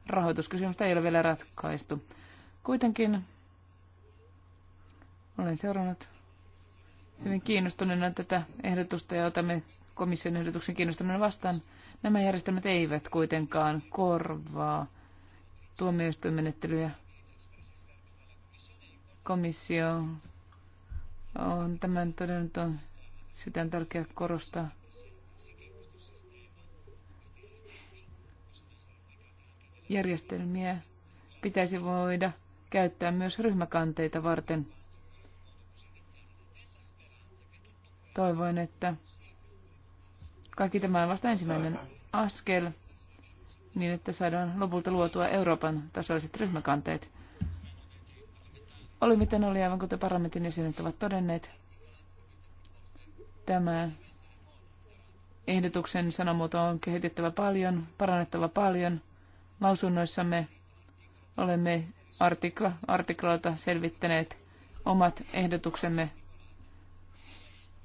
Rahoituskysymystä ei ole vielä ratkaistu. Kuitenkin olen seurannut hyvin kiinnostuneena tätä ehdotusta ja otamme komission ehdotuksen kiinnostaminen vastaan. Nämä järjestelmät eivät kuitenkaan korvaa tuomioistuinmenettelyjä. Komissio on tämän todennut, on sitä on tärkeää korostaa. Järjestelmiä pitäisi voida käyttää myös ryhmäkanteita varten. Toivoin, että kaikki tämä on vasta ensimmäinen askel niin, että saadaan lopulta luotua Euroopan tasoiset ryhmäkanteet. Oli miten oli, aivan kuten parlamentin jäsenet ovat todenneet, tämä ehdotuksen sanamuoto on kehitettävä paljon, parannettava paljon. Lausunnoissamme olemme artikla, artiklalta selvittäneet omat ehdotuksemme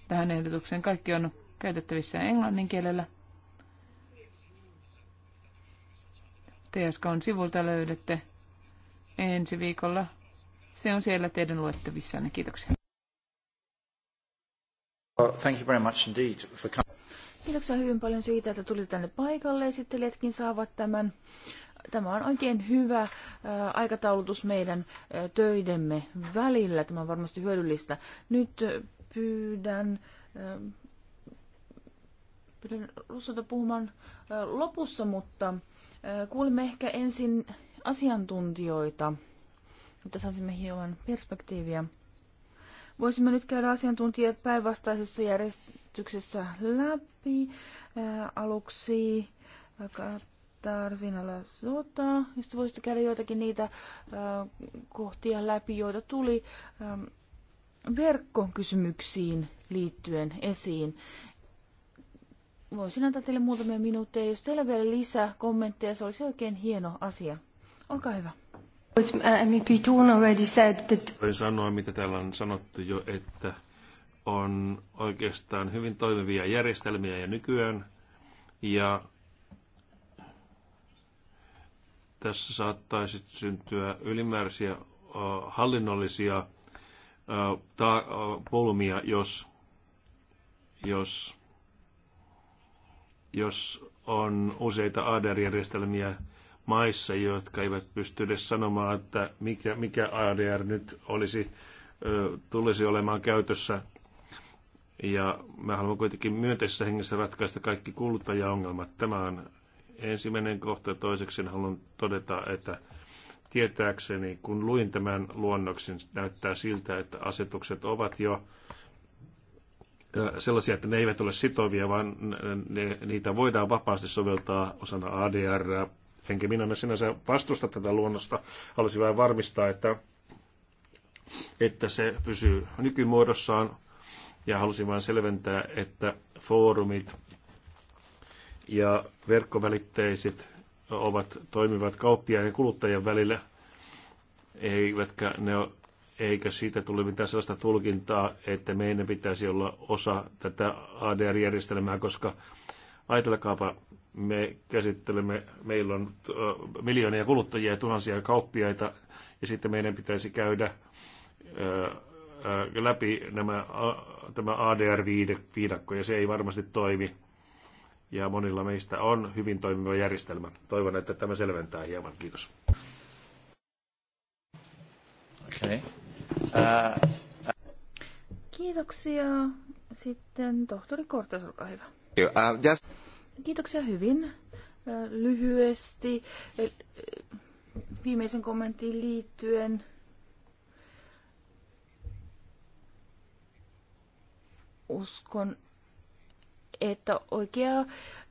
tähän ehdotukseen. Kaikki on käytettävissä englannin kielellä. TSKn sivulta löydätte ensi viikolla. Se on siellä teidän luettavissanne. Kiitoksia. Thank you very much indeed for Kiitoksia hyvin paljon siitä, että tulit tänne paikalle. Esittelijätkin saavat tämän. Tämä on oikein hyvä aikataulutus meidän töidemme välillä. Tämä on varmasti hyödyllistä. Nyt pyydän pyydän Russolta puhumaan lopussa, mutta kuulemme ehkä ensin asiantuntijoita, mutta saisimme hieman perspektiiviä. Voisimme nyt käydä asiantuntijat päinvastaisessa järjestyksessä läpi. aluksi Katarsinala Sota, josta voisitte käydä joitakin niitä kohtia läpi, joita tuli verkkokysymyksiin liittyen esiin voisin antaa teille muutamia minuutteja. Jos teillä on vielä lisää kommentteja, se olisi oikein hieno asia. Olkaa hyvä. Uh, MEP already said that... Voin sanoa, mitä täällä on sanottu jo, että on oikeastaan hyvin toimivia järjestelmiä ja nykyään. Ja tässä saattaisi syntyä ylimääräisiä hallinnollisia pulmia, jos, jos jos on useita ADR-järjestelmiä maissa, jotka eivät pysty edes sanomaan, että mikä, mikä ADR nyt olisi, tulisi olemaan käytössä. Ja me haluamme kuitenkin myönteisessä hengessä ratkaista kaikki kuluttajaongelmat. Tämä on ensimmäinen kohta. Toiseksi haluan todeta, että tietääkseni, kun luin tämän luonnoksen, näyttää siltä, että asetukset ovat jo sellaisia, että ne eivät ole sitovia, vaan ne, niitä voidaan vapaasti soveltaa osana ADR. Enkä minä sinänsä vastusta tätä luonnosta. Haluaisin vain varmistaa, että, että se pysyy nykymuodossaan. Ja halusin vain selventää, että foorumit ja verkkovälitteiset ovat, toimivat kauppiaan ja kuluttajan välillä, eivätkä ne eikä siitä tule mitään sellaista tulkintaa, että meidän pitäisi olla osa tätä ADR-järjestelmää, koska ajatelkaapa, me käsittelemme, meillä on miljoonia kuluttajia ja tuhansia kauppiaita, ja sitten meidän pitäisi käydä läpi nämä, tämä ADR-viidakko, ja se ei varmasti toimi. Ja monilla meistä on hyvin toimiva järjestelmä. Toivon, että tämä selventää hieman. Kiitos. Okay. Kiitoksia. Sitten tohtori Kortes, olkaa hyvä. Kiitoksia hyvin. Lyhyesti viimeisen kommenttiin liittyen. Uskon, että oikeaa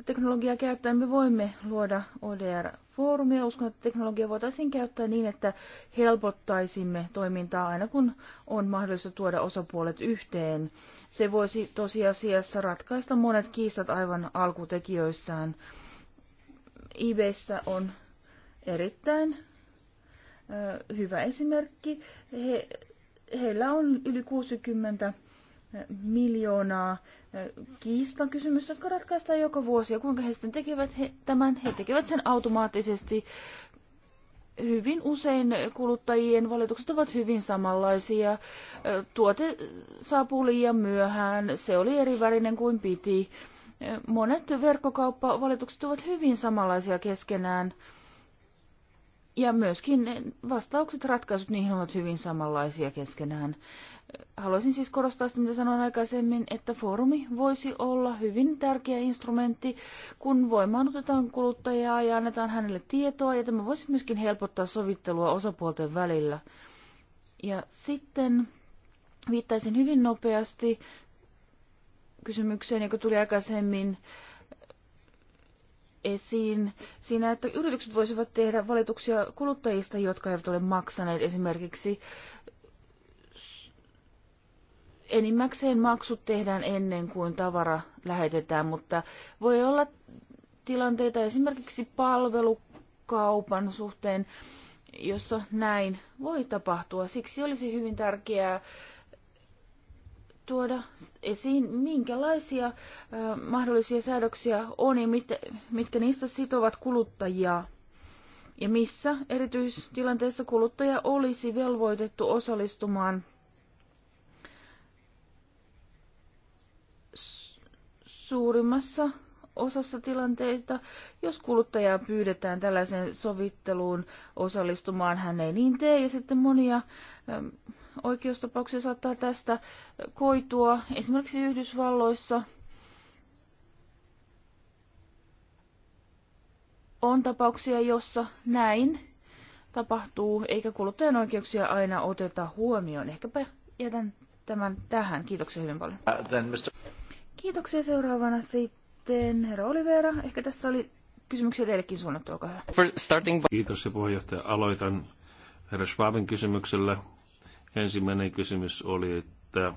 teknologiaa käyttäen me voimme luoda ODR-foorumia. Uskon, että teknologiaa voitaisiin käyttää niin, että helpottaisimme toimintaa aina kun on mahdollista tuoda osapuolet yhteen. Se voisi tosiasiassa ratkaista monet kiistat aivan alkutekijöissään. IBEissä on erittäin hyvä esimerkki. He, heillä on yli 60 miljoonaa kysymystä jotka ratkaistaan joka vuosi. Ja kuinka he sitten tekevät he, tämän? He tekevät sen automaattisesti. Hyvin usein kuluttajien valitukset ovat hyvin samanlaisia. Tuote saapuu liian myöhään, se oli eri värinen kuin piti. Monet verkkokauppavalitukset ovat hyvin samanlaisia keskenään. Ja myöskin vastaukset, ratkaisut niihin ovat hyvin samanlaisia keskenään. Haluaisin siis korostaa sitä, mitä sanoin aikaisemmin, että foorumi voisi olla hyvin tärkeä instrumentti, kun voimaanotetaan kuluttajaa ja annetaan hänelle tietoa, ja tämä voisi myöskin helpottaa sovittelua osapuolten välillä. Ja sitten viittaisin hyvin nopeasti kysymykseen, joka tuli aikaisemmin esiin siinä, että yritykset voisivat tehdä valituksia kuluttajista, jotka eivät ole maksaneet esimerkiksi enimmäkseen maksut tehdään ennen kuin tavara lähetetään, mutta voi olla tilanteita esimerkiksi palvelukaupan suhteen, jossa näin voi tapahtua. Siksi olisi hyvin tärkeää tuoda esiin, minkälaisia ö, mahdollisia säädöksiä on ja mit, mitkä niistä sitovat kuluttajia Ja missä erityistilanteessa kuluttaja olisi velvoitettu osallistumaan – suurimmassa osassa tilanteita, jos kuluttajaa pyydetään tällaiseen sovitteluun osallistumaan, hän ei niin tee. Ja sitten monia ähm, oikeustapauksia saattaa tästä koitua. Esimerkiksi Yhdysvalloissa on tapauksia, jossa näin tapahtuu, eikä kuluttajan oikeuksia aina oteta huomioon. Ehkäpä jätän tämän tähän. Kiitoksia hyvin paljon. Uh, Kiitoksia seuraavana sitten herra Olivera. Ehkä tässä oli kysymyksiä teillekin suunnattu, olkaa hyvä. First starting... Kiitos ja puheenjohtaja. Aloitan herra Schwabin kysymyksellä. Ensimmäinen kysymys oli, että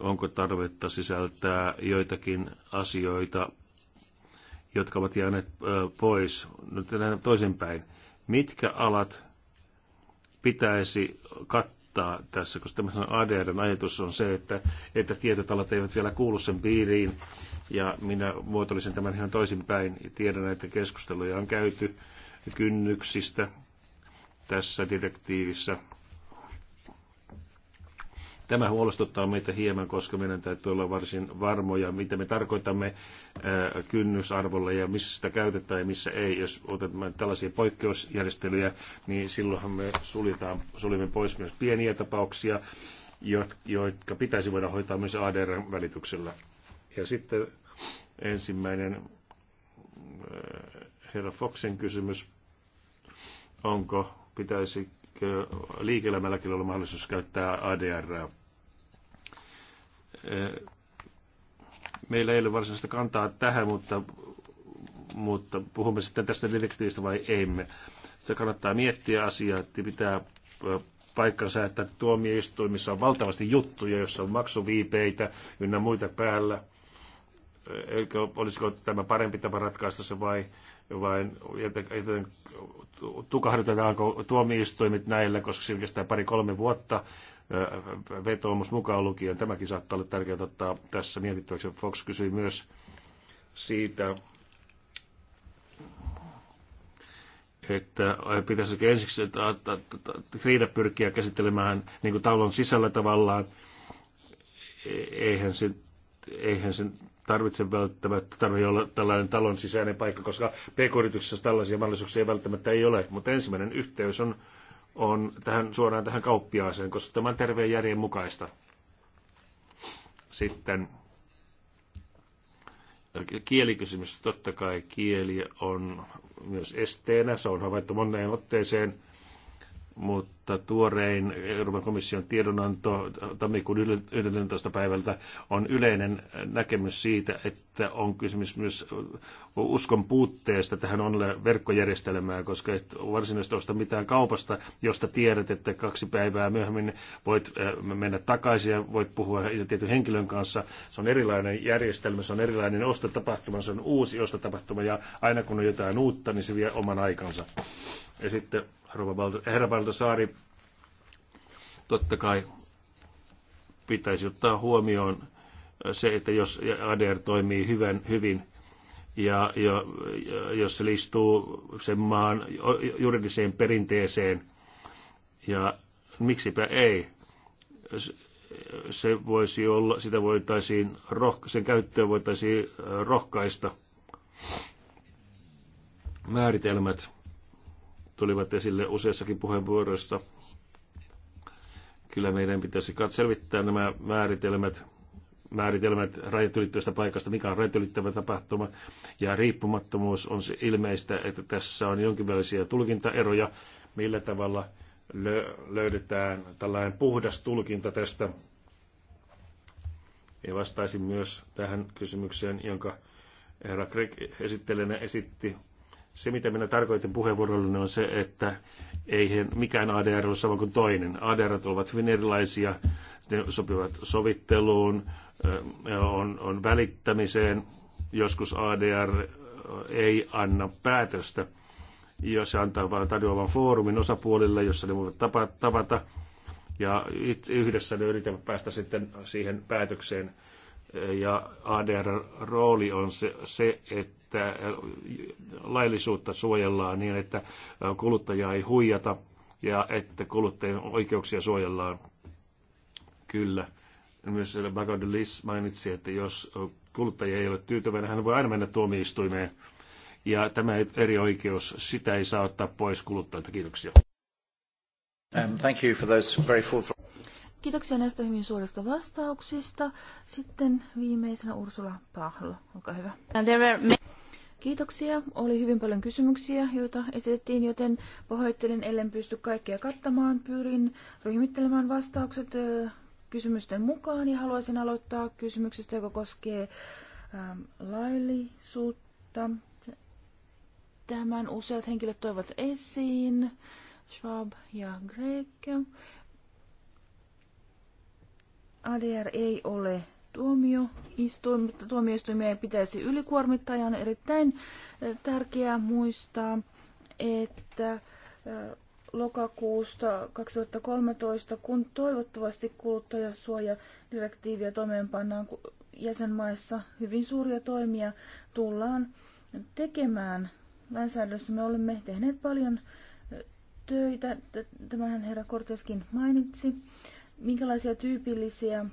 onko tarvetta sisältää joitakin asioita, jotka ovat jääneet pois. Nyt toisinpäin. Mitkä alat pitäisi katsoa? ottaa tässä, koska tämmöisen ADRn ajatus on se, että, että tietotalot eivät vielä kuulu sen piiriin, ja minä muotoilisin tämän ihan toisinpäin. Tiedän, että keskusteluja on käyty kynnyksistä tässä direktiivissä Tämä huolestuttaa meitä hieman, koska meidän täytyy olla varsin varmoja, mitä me tarkoitamme äh, kynnysarvolla ja missä sitä käytetään ja missä ei. Jos otetaan tällaisia poikkeusjärjestelyjä, niin silloinhan me suljetaan, suljemme pois myös pieniä tapauksia, jotka pitäisi voida hoitaa myös ADR-välityksellä. Ja sitten ensimmäinen äh, herra Foxin kysymys, onko, pitäisikö liike olla mahdollisuus käyttää ADR. Meillä ei ole varsinaista kantaa tähän, mutta, mutta puhumme sitten tästä direktiivistä vai emme. Se kannattaa miettiä asiaa, että pitää paikkansa, että tuomioistuimissa on valtavasti juttuja, joissa on maksuviipeitä ynnä muita päällä. Eikö, olisiko tämä parempi tapa ratkaista se vai, vai tukahdutetaanko tuomioistuimet näillä, koska se kestää pari-kolme vuotta, vetoomus mukaan lukien. Tämäkin saattaa olla tärkeää ottaa tässä mietittäväksi. Fox kysyi myös siitä, että pitäisikö ensiksi riida pyrkiä käsittelemään niin kuin taulun sisällä tavallaan. E- eihän sen, eihän sen tarvitse välttämättä tarvitse olla tällainen talon sisäinen paikka, koska pk-yrityksessä tällaisia mahdollisuuksia ei välttämättä ei ole. Mutta ensimmäinen yhteys on on tähän, suoraan tähän kauppiaaseen, koska tämä on terveen järjen mukaista. Sitten kielikysymys. Totta kai kieli on myös esteenä, se on havaittu moneen otteeseen mutta tuorein Euroopan komission tiedonanto tammikuun 11. päivältä on yleinen näkemys siitä, että on kysymys myös uskon puutteesta tähän on verkkojärjestelmään, koska et varsinaisesti osta mitään kaupasta, josta tiedät, että kaksi päivää myöhemmin voit äh, mennä takaisin ja voit puhua tietyn henkilön kanssa. Se on erilainen järjestelmä, se on erilainen ostotapahtuma, se on uusi ostotapahtuma ja aina kun on jotain uutta, niin se vie oman aikansa. Ja sitten herra Baltasaari, totta kai pitäisi ottaa huomioon äh, se, että jos ADR toimii hyvän, hyvin ja, ja, ja jos se listuu sen maan juridiseen perinteeseen, ja miksipä ei, se voisi olla, sitä voitaisiin, sen käyttöä voitaisiin rohkaista. Määritelmät tulivat esille useissakin puheenvuoroissa. Kyllä meidän pitäisi selvittää nämä määritelmät, määritelmät rajat ylittävästä paikasta, mikä on rajat ylittävä tapahtuma. Ja riippumattomuus on se ilmeistä, että tässä on jonkinlaisia tulkintaeroja, millä tavalla löydetään tällainen puhdas tulkinta tästä. Ja vastaisin myös tähän kysymykseen, jonka herra Greg esittelijänä esitti se, mitä minä tarkoitin puheenvuorollani, on se, että ei mikään ADR ole sama kuin toinen. ADR ovat hyvin erilaisia. Ne sopivat sovitteluun, on, on välittämiseen. Joskus ADR ei anna päätöstä, jos se antaa vain tarjoavan foorumin osapuolille, jossa ne voivat tavata. Ja yhdessä ne yritävät päästä sitten siihen päätökseen ja ADR-rooli on se, se, että laillisuutta suojellaan niin, että kuluttajaa ei huijata ja että kuluttajien oikeuksia suojellaan. Kyllä. Myös Bagodelis mainitsi, että jos kuluttaja ei ole tyytyväinen, hän voi aina mennä tuomioistuimeen. Ja tämä eri oikeus, sitä ei saa ottaa pois kuluttajilta. Kiitoksia. Um, thank you for those very forthright. Kiitoksia näistä hyvin suorista vastauksista. Sitten viimeisenä Ursula Pahlo, olkaa hyvä. Kiitoksia. Oli hyvin paljon kysymyksiä, joita esitettiin, joten pahoittelen, ellen pysty kaikkia kattamaan. Pyrin ryhmittelemään vastaukset kysymysten mukaan ja haluaisin aloittaa kysymyksestä, joka koskee ähm, laillisuutta. Tämän useat henkilöt toivat esiin, Schwab ja Greg. ADR ei ole tuomioistuin, mutta tuomioistuimia ei pitäisi ylikuormittaa ja on erittäin tärkeää muistaa, että lokakuusta 2013, kun toivottavasti kuluttajasuojadirektiiviä toimeenpannaan jäsenmaissa, hyvin suuria toimia tullaan tekemään. Lainsäädännössä me olemme tehneet paljon töitä, tämähän herra Korteskin mainitsi minkälaisia tyypillisiä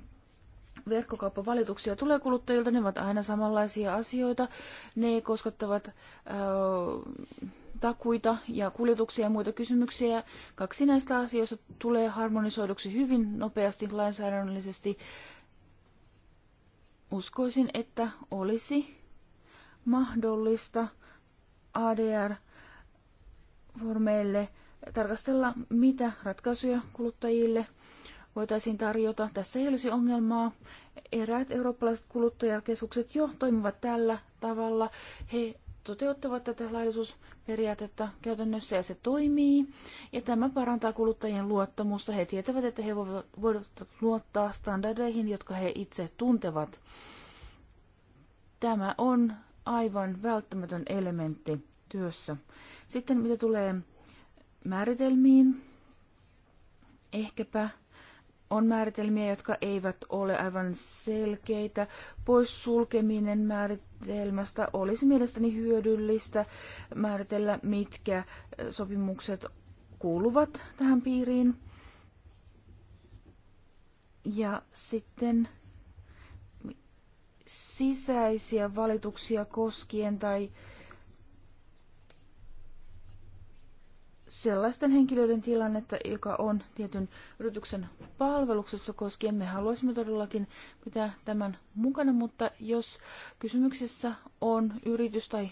verkkokauppavalituksia tulee kuluttajilta, ne ovat aina samanlaisia asioita. Ne koskettavat takuita ja kuljetuksia ja muita kysymyksiä. Kaksi näistä asioista tulee harmonisoiduksi hyvin nopeasti lainsäädännöllisesti. Uskoisin, että olisi mahdollista ADR-formeille tarkastella, mitä ratkaisuja kuluttajille voitaisiin tarjota. Tässä ei olisi ongelmaa. Eräät eurooppalaiset kuluttajakeskukset jo toimivat tällä tavalla. He toteuttavat tätä laillisuusperiaatetta käytännössä ja se toimii. Ja tämä parantaa kuluttajien luottamusta. He tietävät, että he voivat luottaa standardeihin, jotka he itse tuntevat. Tämä on aivan välttämätön elementti työssä. Sitten mitä tulee määritelmiin, ehkäpä on määritelmiä, jotka eivät ole aivan selkeitä. Poissulkeminen määritelmästä olisi mielestäni hyödyllistä määritellä, mitkä sopimukset kuuluvat tähän piiriin. Ja sitten sisäisiä valituksia koskien tai sellaisten henkilöiden tilannetta, joka on tietyn yrityksen palveluksessa koskien. Me haluaisimme todellakin pitää tämän mukana, mutta jos kysymyksessä on yritys tai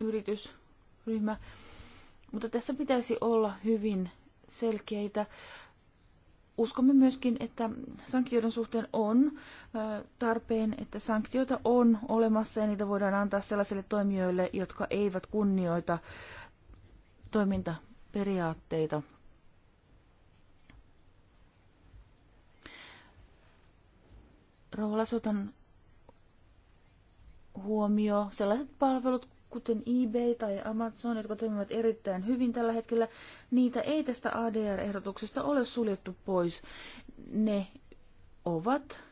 yritysryhmä, mutta tässä pitäisi olla hyvin selkeitä. Uskomme myöskin, että sanktioiden suhteen on tarpeen, että sanktioita on olemassa ja niitä voidaan antaa sellaisille toimijoille, jotka eivät kunnioita toimintaperiaatteita. Rauhalasotan huomio, sellaiset palvelut kuten eBay tai Amazon, jotka toimivat erittäin hyvin tällä hetkellä, niitä ei tästä ADR-ehdotuksesta ole suljettu pois. Ne ovat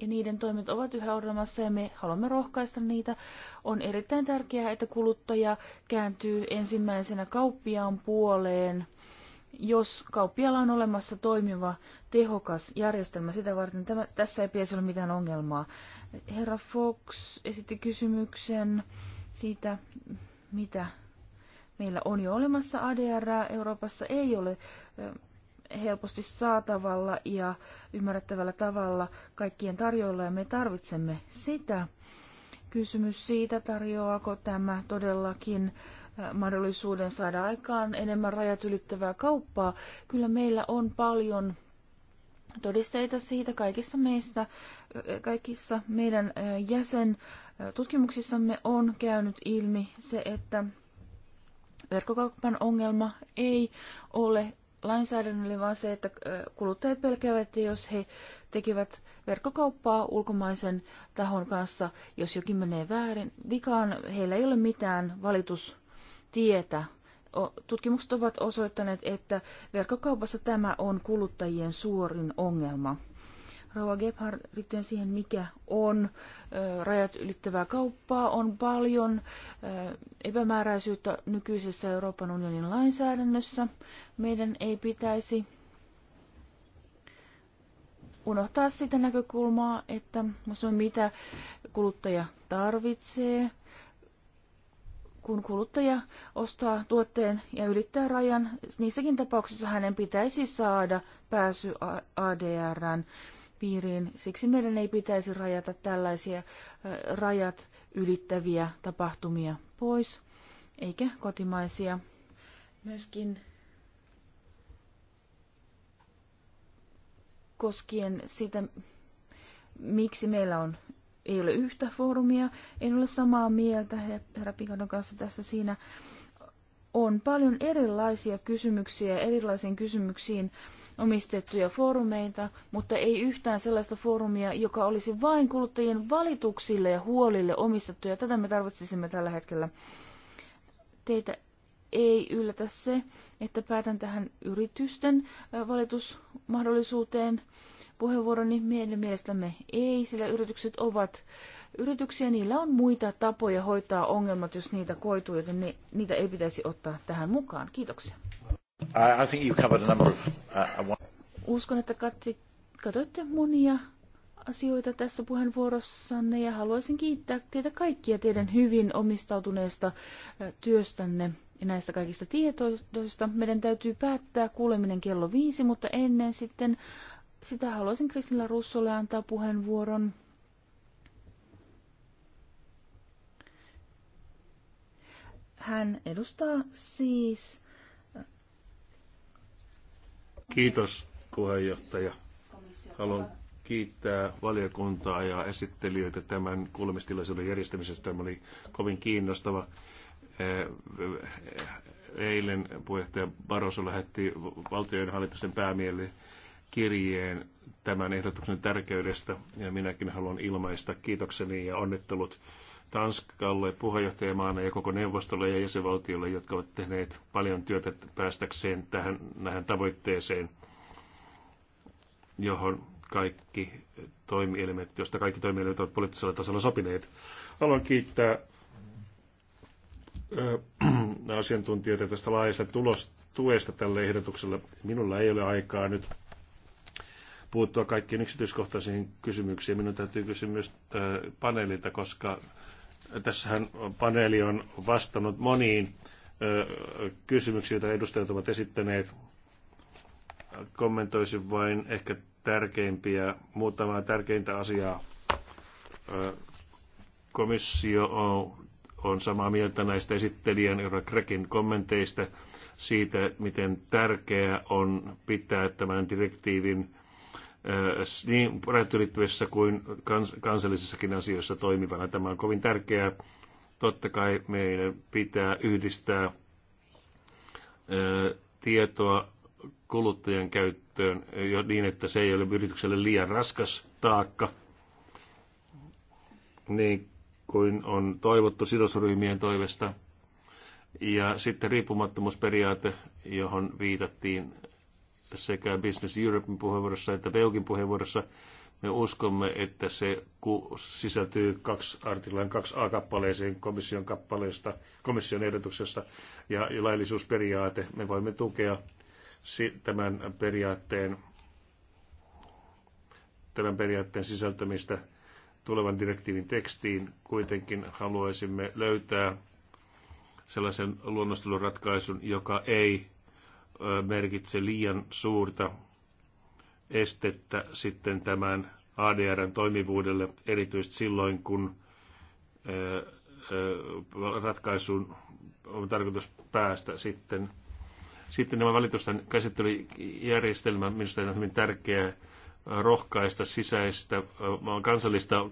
ja niiden toimet ovat yhä olemassa ja me haluamme rohkaista niitä. On erittäin tärkeää, että kuluttaja kääntyy ensimmäisenä kauppiaan puoleen. Jos kauppialla on olemassa toimiva, tehokas järjestelmä, sitä varten tämä, tässä ei pitäisi olla mitään ongelmaa. Herra Fox esitti kysymyksen siitä, mitä meillä on jo olemassa ADR. Euroopassa ei ole helposti saatavalla ja ymmärrettävällä tavalla kaikkien tarjolla ja me tarvitsemme sitä. Kysymys siitä, tarjoaako tämä todellakin mahdollisuuden saada aikaan enemmän rajat ylittävää kauppaa. Kyllä meillä on paljon todisteita siitä kaikissa meistä, kaikissa meidän jäsen tutkimuksissamme on käynyt ilmi se, että verkkokaupan ongelma ei ole lainsäädännölle, vaan se, että kuluttajat pelkäävät, että jos he tekevät verkkokauppaa ulkomaisen tahon kanssa, jos jokin menee väärin, vikaan heillä ei ole mitään valitustietä. Tutkimukset ovat osoittaneet, että verkkokaupassa tämä on kuluttajien suorin ongelma. Rauha Gebhard liittyen siihen, mikä on rajat ylittävää kauppaa. On paljon epämääräisyyttä nykyisessä Euroopan unionin lainsäädännössä. Meidän ei pitäisi unohtaa sitä näkökulmaa, että mitä kuluttaja tarvitsee, kun kuluttaja ostaa tuotteen ja ylittää rajan, niissäkin tapauksissa hänen pitäisi saada pääsy ADRn piiriin. Siksi meidän ei pitäisi rajata tällaisia rajat ylittäviä tapahtumia pois, eikä kotimaisia. Myöskin koskien sitä, miksi meillä on, ei ole yhtä foorumia. En ole samaa mieltä herra Pikadon kanssa tässä siinä on paljon erilaisia kysymyksiä, erilaisiin kysymyksiin omistettuja foorumeita, mutta ei yhtään sellaista foorumia, joka olisi vain kuluttajien valituksille ja huolille omistettu, ja tätä me tarvitsisimme tällä hetkellä. Teitä ei yllätä se, että päätän tähän yritysten äh, valitusmahdollisuuteen puheenvuoroni. Meidän mielestämme ei, sillä yritykset ovat yrityksiä, niillä on muita tapoja hoitaa ongelmat, jos niitä koituu, joten ne, niitä ei pitäisi ottaa tähän mukaan. Kiitoksia. I, I think you covered a number of, uh, one... Uskon, että Katri, katsoitte monia asioita tässä puheenvuorossanne ja haluaisin kiittää teitä kaikkia teidän hyvin omistautuneesta työstänne ja näistä kaikista tietoista. Meidän täytyy päättää kuuleminen kello viisi, mutta ennen sitten sitä haluaisin Kristilla Russolle antaa puheenvuoron. Hän edustaa siis... Äh, Kiitos puheenjohtaja. Haluan kiittää valiokuntaa ja esittelijöitä tämän kuulemistilaisuuden järjestämisestä. Tämä oli kovin kiinnostava. Äh, eilen puheenjohtaja Barroso lähetti valtioiden hallitusten päämielle kirjeen tämän ehdotuksen tärkeydestä ja minäkin haluan ilmaista kiitokseni ja onnittelut Tanskalle, puheenjohtajamaana ja koko neuvostolle ja jäsenvaltiolle, jotka ovat tehneet paljon työtä päästäkseen tähän, tähän tavoitteeseen, johon kaikki toimielimet, josta kaikki toimielimet ovat poliittisella tasolla sopineet. Haluan kiittää asiantuntijoita tästä laajasta tulostuesta tälle ehdotukselle. Minulla ei ole aikaa nyt puuttua kaikkiin yksityiskohtaisiin kysymyksiin. Minun täytyy kysyä myös paneelilta, koska Tässähän paneeli on vastannut moniin kysymyksiin, joita edustajat ovat esittäneet. Kommentoisin vain ehkä tärkeimpiä, muutamaa tärkeintä asiaa. Komissio on on samaa mieltä näistä esittelijän ja Krekin kommenteista siitä, miten tärkeää on pitää tämän direktiivin niin rajat ylittävissä kuin kans- kansallisissakin asioissa toimivana. Tämä on kovin tärkeää. Totta kai meidän pitää yhdistää tietoa kuluttajan käyttöön jo niin, että se ei ole yritykselle liian raskas taakka, niin kuin on toivottu sidosryhmien toivesta. Ja sitten riippumattomuusperiaate, johon viitattiin sekä Business Europein puheenvuorossa että Beukin puheenvuorossa. Me uskomme, että se sisältyy kaksi artiklan 2a-kappaleeseen komission kappaleesta, komission ehdotuksesta ja laillisuusperiaate. Me voimme tukea tämän periaatteen, tämän periaatteen sisältämistä tulevan direktiivin tekstiin. Kuitenkin haluaisimme löytää sellaisen luonnosteluratkaisun, joka ei merkitse liian suurta estettä sitten tämän ADRn toimivuudelle, erityisesti silloin, kun ratkaisuun on tarkoitus päästä sitten. Sitten nämä valitusten käsittelyjärjestelmä minusta on hyvin tärkeää rohkaista sisäistä kansallista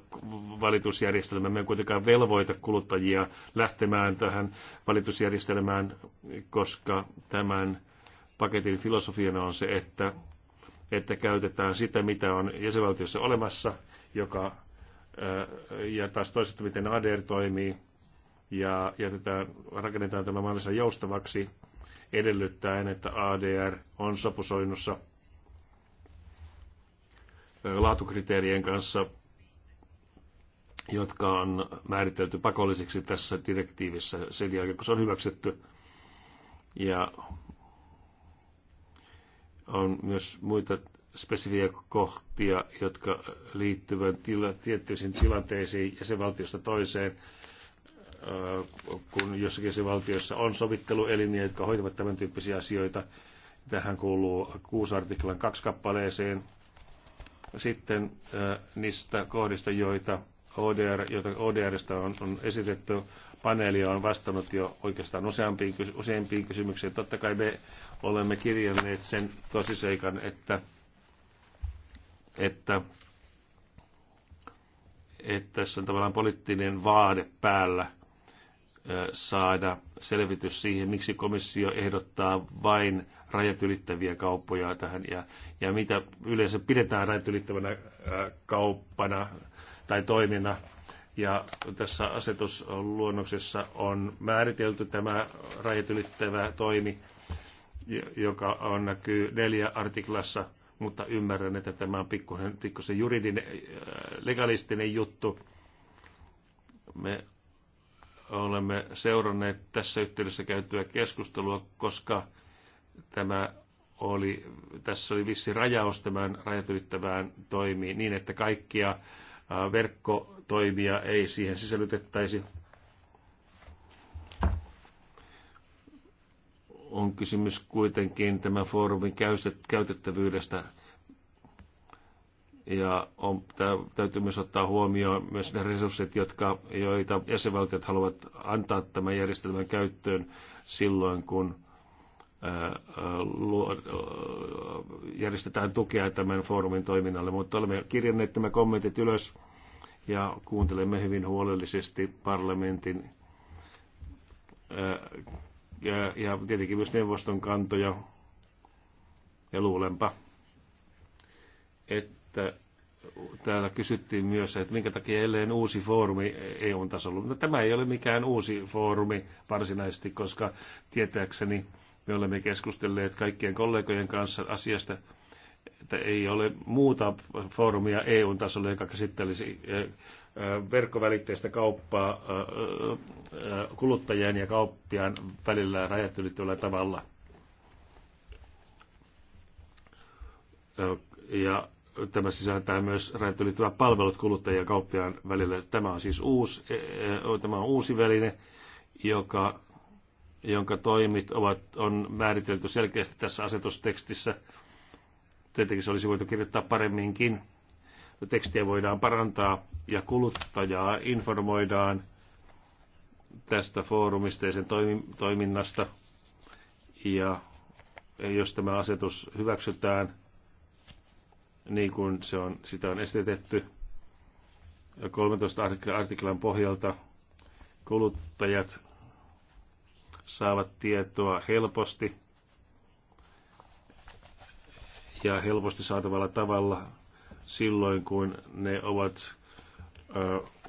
valitusjärjestelmää. Me ei kuitenkaan velvoita kuluttajia lähtemään tähän valitusjärjestelmään, koska tämän paketin filosofiana on se, että, että käytetään sitä, mitä on jäsenvaltiossa olemassa, joka, ja taas toisaalta, miten ADR toimii, ja jätetään, rakennetaan tämä mahdollisimman joustavaksi edellyttäen, että ADR on sopusoinnussa laatukriteerien kanssa, jotka on määritelty pakollisiksi tässä direktiivissä sen jälkeen, kun se on hyväksytty. Ja on myös muita spesifiä kohtia, jotka liittyvät tila, tiettyisiin tilanteisiin valtiosta toiseen, äh, kun jossakin valtiossa on sovitteluelimiä, jotka hoitavat tämän tyyppisiä asioita. Tähän kuuluu kuusartiklan kaksi kappaleeseen. Sitten äh, niistä kohdista, joita ODR, jota ODRista on, on esitetty. Paneeli on vastannut jo oikeastaan useampiin, useampiin kysymyksiin. Totta kai me olemme kirjanneet sen tosiseikan, että, että, että tässä on tavallaan poliittinen vaade päällä saada selvitys siihen, miksi komissio ehdottaa vain rajat ylittäviä kauppoja tähän ja, ja mitä yleensä pidetään rajat ylittävänä kauppana tai toimina. Ja tässä asetusluonnoksessa on määritelty tämä rajat ylittävä toimi, joka on näkyy neljä artiklassa, mutta ymmärrän, että tämä on pikkusen, pikkusen juridinen, äh, legalistinen juttu. Me olemme seuranneet tässä yhteydessä käytyä keskustelua, koska tämä oli, tässä oli vissi rajaus tämän rajat ylittävään toimiin niin, että kaikkia verkkotoimia ei siihen sisällytettäisi. On kysymys kuitenkin tämän foorumin käytettävyydestä ja on, täytyy myös ottaa huomioon myös ne resurssit, jotka, joita jäsenvaltiot haluavat antaa tämän järjestelmän käyttöön silloin, kun järjestetään tukea tämän foorumin toiminnalle, mutta olemme kirjanneet nämä kommentit ylös ja kuuntelemme hyvin huolellisesti parlamentin ja tietenkin myös neuvoston kantoja. Ja luulenpa, että täällä kysyttiin myös, että minkä takia ellei uusi foorumi eu tasolla. No, tämä ei ole mikään uusi foorumi varsinaisesti, koska tietääkseni me olemme keskustelleet kaikkien kollegojen kanssa asiasta, että ei ole muuta foorumia EU-tasolla, joka käsittelisi eh, eh, verkkovälitteistä kauppaa eh, kuluttajien ja kauppiaan välillä rajat ylittävällä tavalla. Ja tämä sisältää myös rajat ylittävät palvelut kuluttajien ja kauppiaan välillä. Tämä on siis uusi, tämä on uusi väline, joka jonka toimit ovat, on määritelty selkeästi tässä asetustekstissä. Tietenkin se olisi voitu kirjoittaa paremminkin. Tekstiä voidaan parantaa ja kuluttajaa informoidaan tästä foorumista ja sen toiminnasta. Ja jos tämä asetus hyväksytään niin kuin se on, sitä on esitetty 13 artiklan pohjalta, kuluttajat saavat tietoa helposti ja helposti saatavalla tavalla silloin, kun ne ovat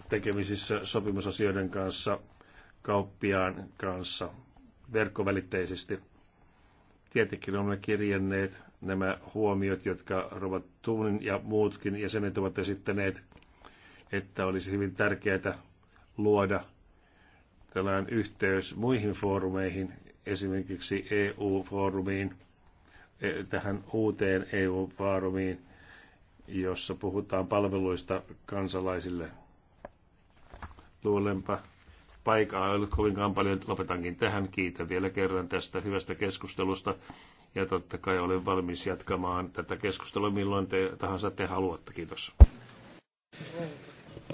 tekemisissä sopimusasioiden kanssa, kauppiaan kanssa verkkovälitteisesti. Tietenkin olemme kirjanneet nämä huomiot, jotka Robert Tuunin ja muutkin jäsenet ovat esittäneet, että olisi hyvin tärkeää luoda tällainen yhteys muihin foorumeihin, esimerkiksi EU-foorumiin, e, tähän uuteen EU-foorumiin, jossa puhutaan palveluista kansalaisille. Luulenpa paikaa ei ollut kovinkaan paljon. Lopetankin tähän. Kiitän vielä kerran tästä hyvästä keskustelusta. Ja totta kai olen valmis jatkamaan tätä keskustelua milloin te, tahansa te haluatte. Kiitos.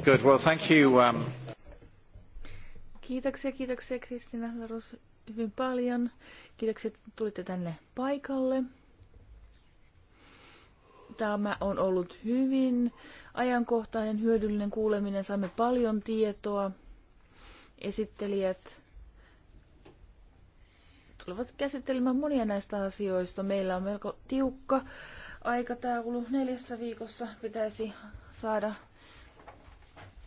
Good. Well, thank you. Um... Kiitoksia, kiitoksia Kristina Larus hyvin paljon. Kiitoksia, että tulitte tänne paikalle. Tämä on ollut hyvin ajankohtainen, hyödyllinen kuuleminen. Saimme paljon tietoa. Esittelijät tulevat käsittelemään monia näistä asioista. Meillä on melko tiukka aikataulu. Neljässä viikossa pitäisi saada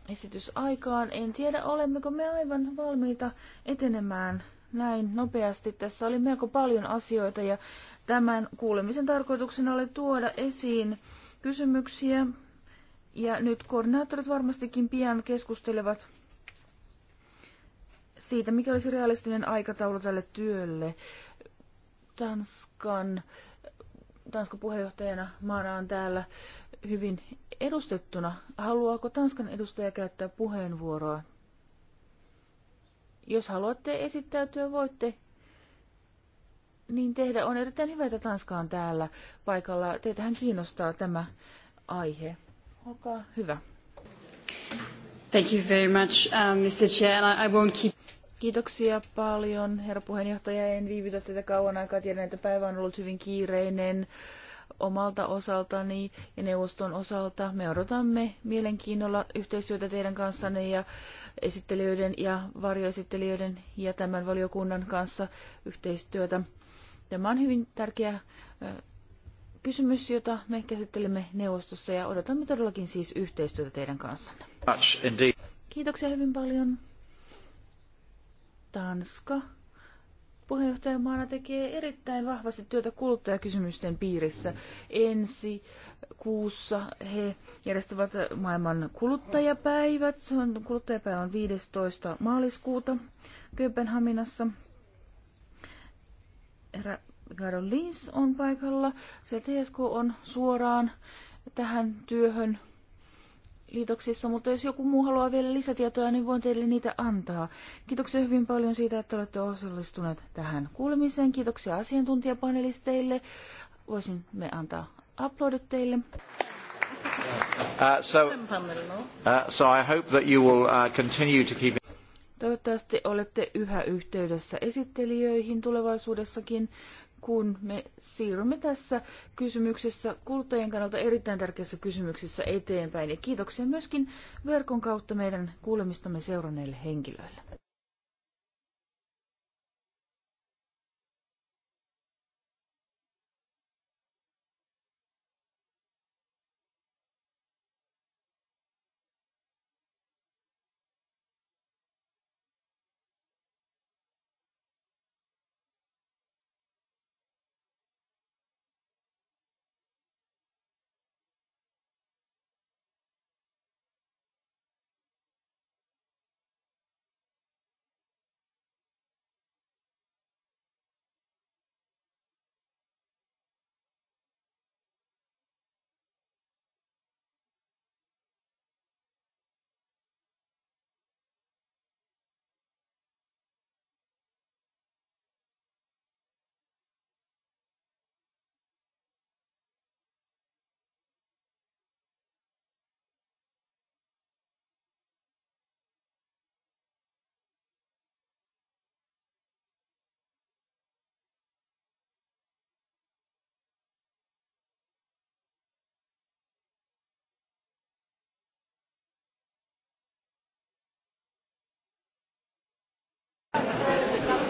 esitysaikaan. En tiedä, olemmeko me aivan valmiita etenemään näin nopeasti. Tässä oli melko paljon asioita ja tämän kuulemisen tarkoituksena oli tuoda esiin kysymyksiä. Ja nyt koordinaattorit varmastikin pian keskustelevat siitä, mikä olisi realistinen aikataulu tälle työlle. Tanskan Tanskan puheenjohtajana maana on täällä hyvin edustettuna. Haluaako Tanskan edustaja käyttää puheenvuoroa? Jos haluatte esittäytyä, voitte niin tehdä. On erittäin hyvä, että Tanska on täällä paikalla. Teitähän kiinnostaa tämä aihe. Olkaa hyvä. Thank you very much, uh, Mr. Chair. I, I won't keep... Kiitoksia paljon, herra puheenjohtaja. En viivytä tätä kauan aikaa. Tiedän, että päivä on ollut hyvin kiireinen omalta osaltani ja neuvoston osalta. Me odotamme mielenkiinnolla yhteistyötä teidän kanssanne ja esittelijöiden ja varjoesittelijöiden ja tämän valiokunnan kanssa yhteistyötä. Tämä on hyvin tärkeä kysymys, jota me käsittelemme neuvostossa ja odotamme todellakin siis yhteistyötä teidän kanssanne. Kiitoksia hyvin paljon. Tanska puheenjohtajamaana tekee erittäin vahvasti työtä kuluttajakysymysten piirissä. Ensi kuussa he järjestävät maailman kuluttajapäivät. Se on, kuluttajapäivä on 15. maaliskuuta Kööpenhaminassa. Herra Garo Lins on paikalla. Se TSK on suoraan tähän työhön liitoksissa, mutta jos joku muu haluaa vielä lisätietoja, niin voin teille niitä antaa. Kiitoksia hyvin paljon siitä, että olette osallistuneet tähän kuulemiseen. Kiitoksia asiantuntijapanelisteille. Voisin me antaa uploadit teille. Uh, uh, so I hope that you will uh, continue to keep... Toivottavasti olette yhä yhteydessä esittelijöihin tulevaisuudessakin kun me siirrymme tässä kysymyksessä kuluttajien kannalta erittäin tärkeässä kysymyksessä eteenpäin. Ja kiitoksia myöskin verkon kautta meidän kuulemistamme seuranneille henkilöille.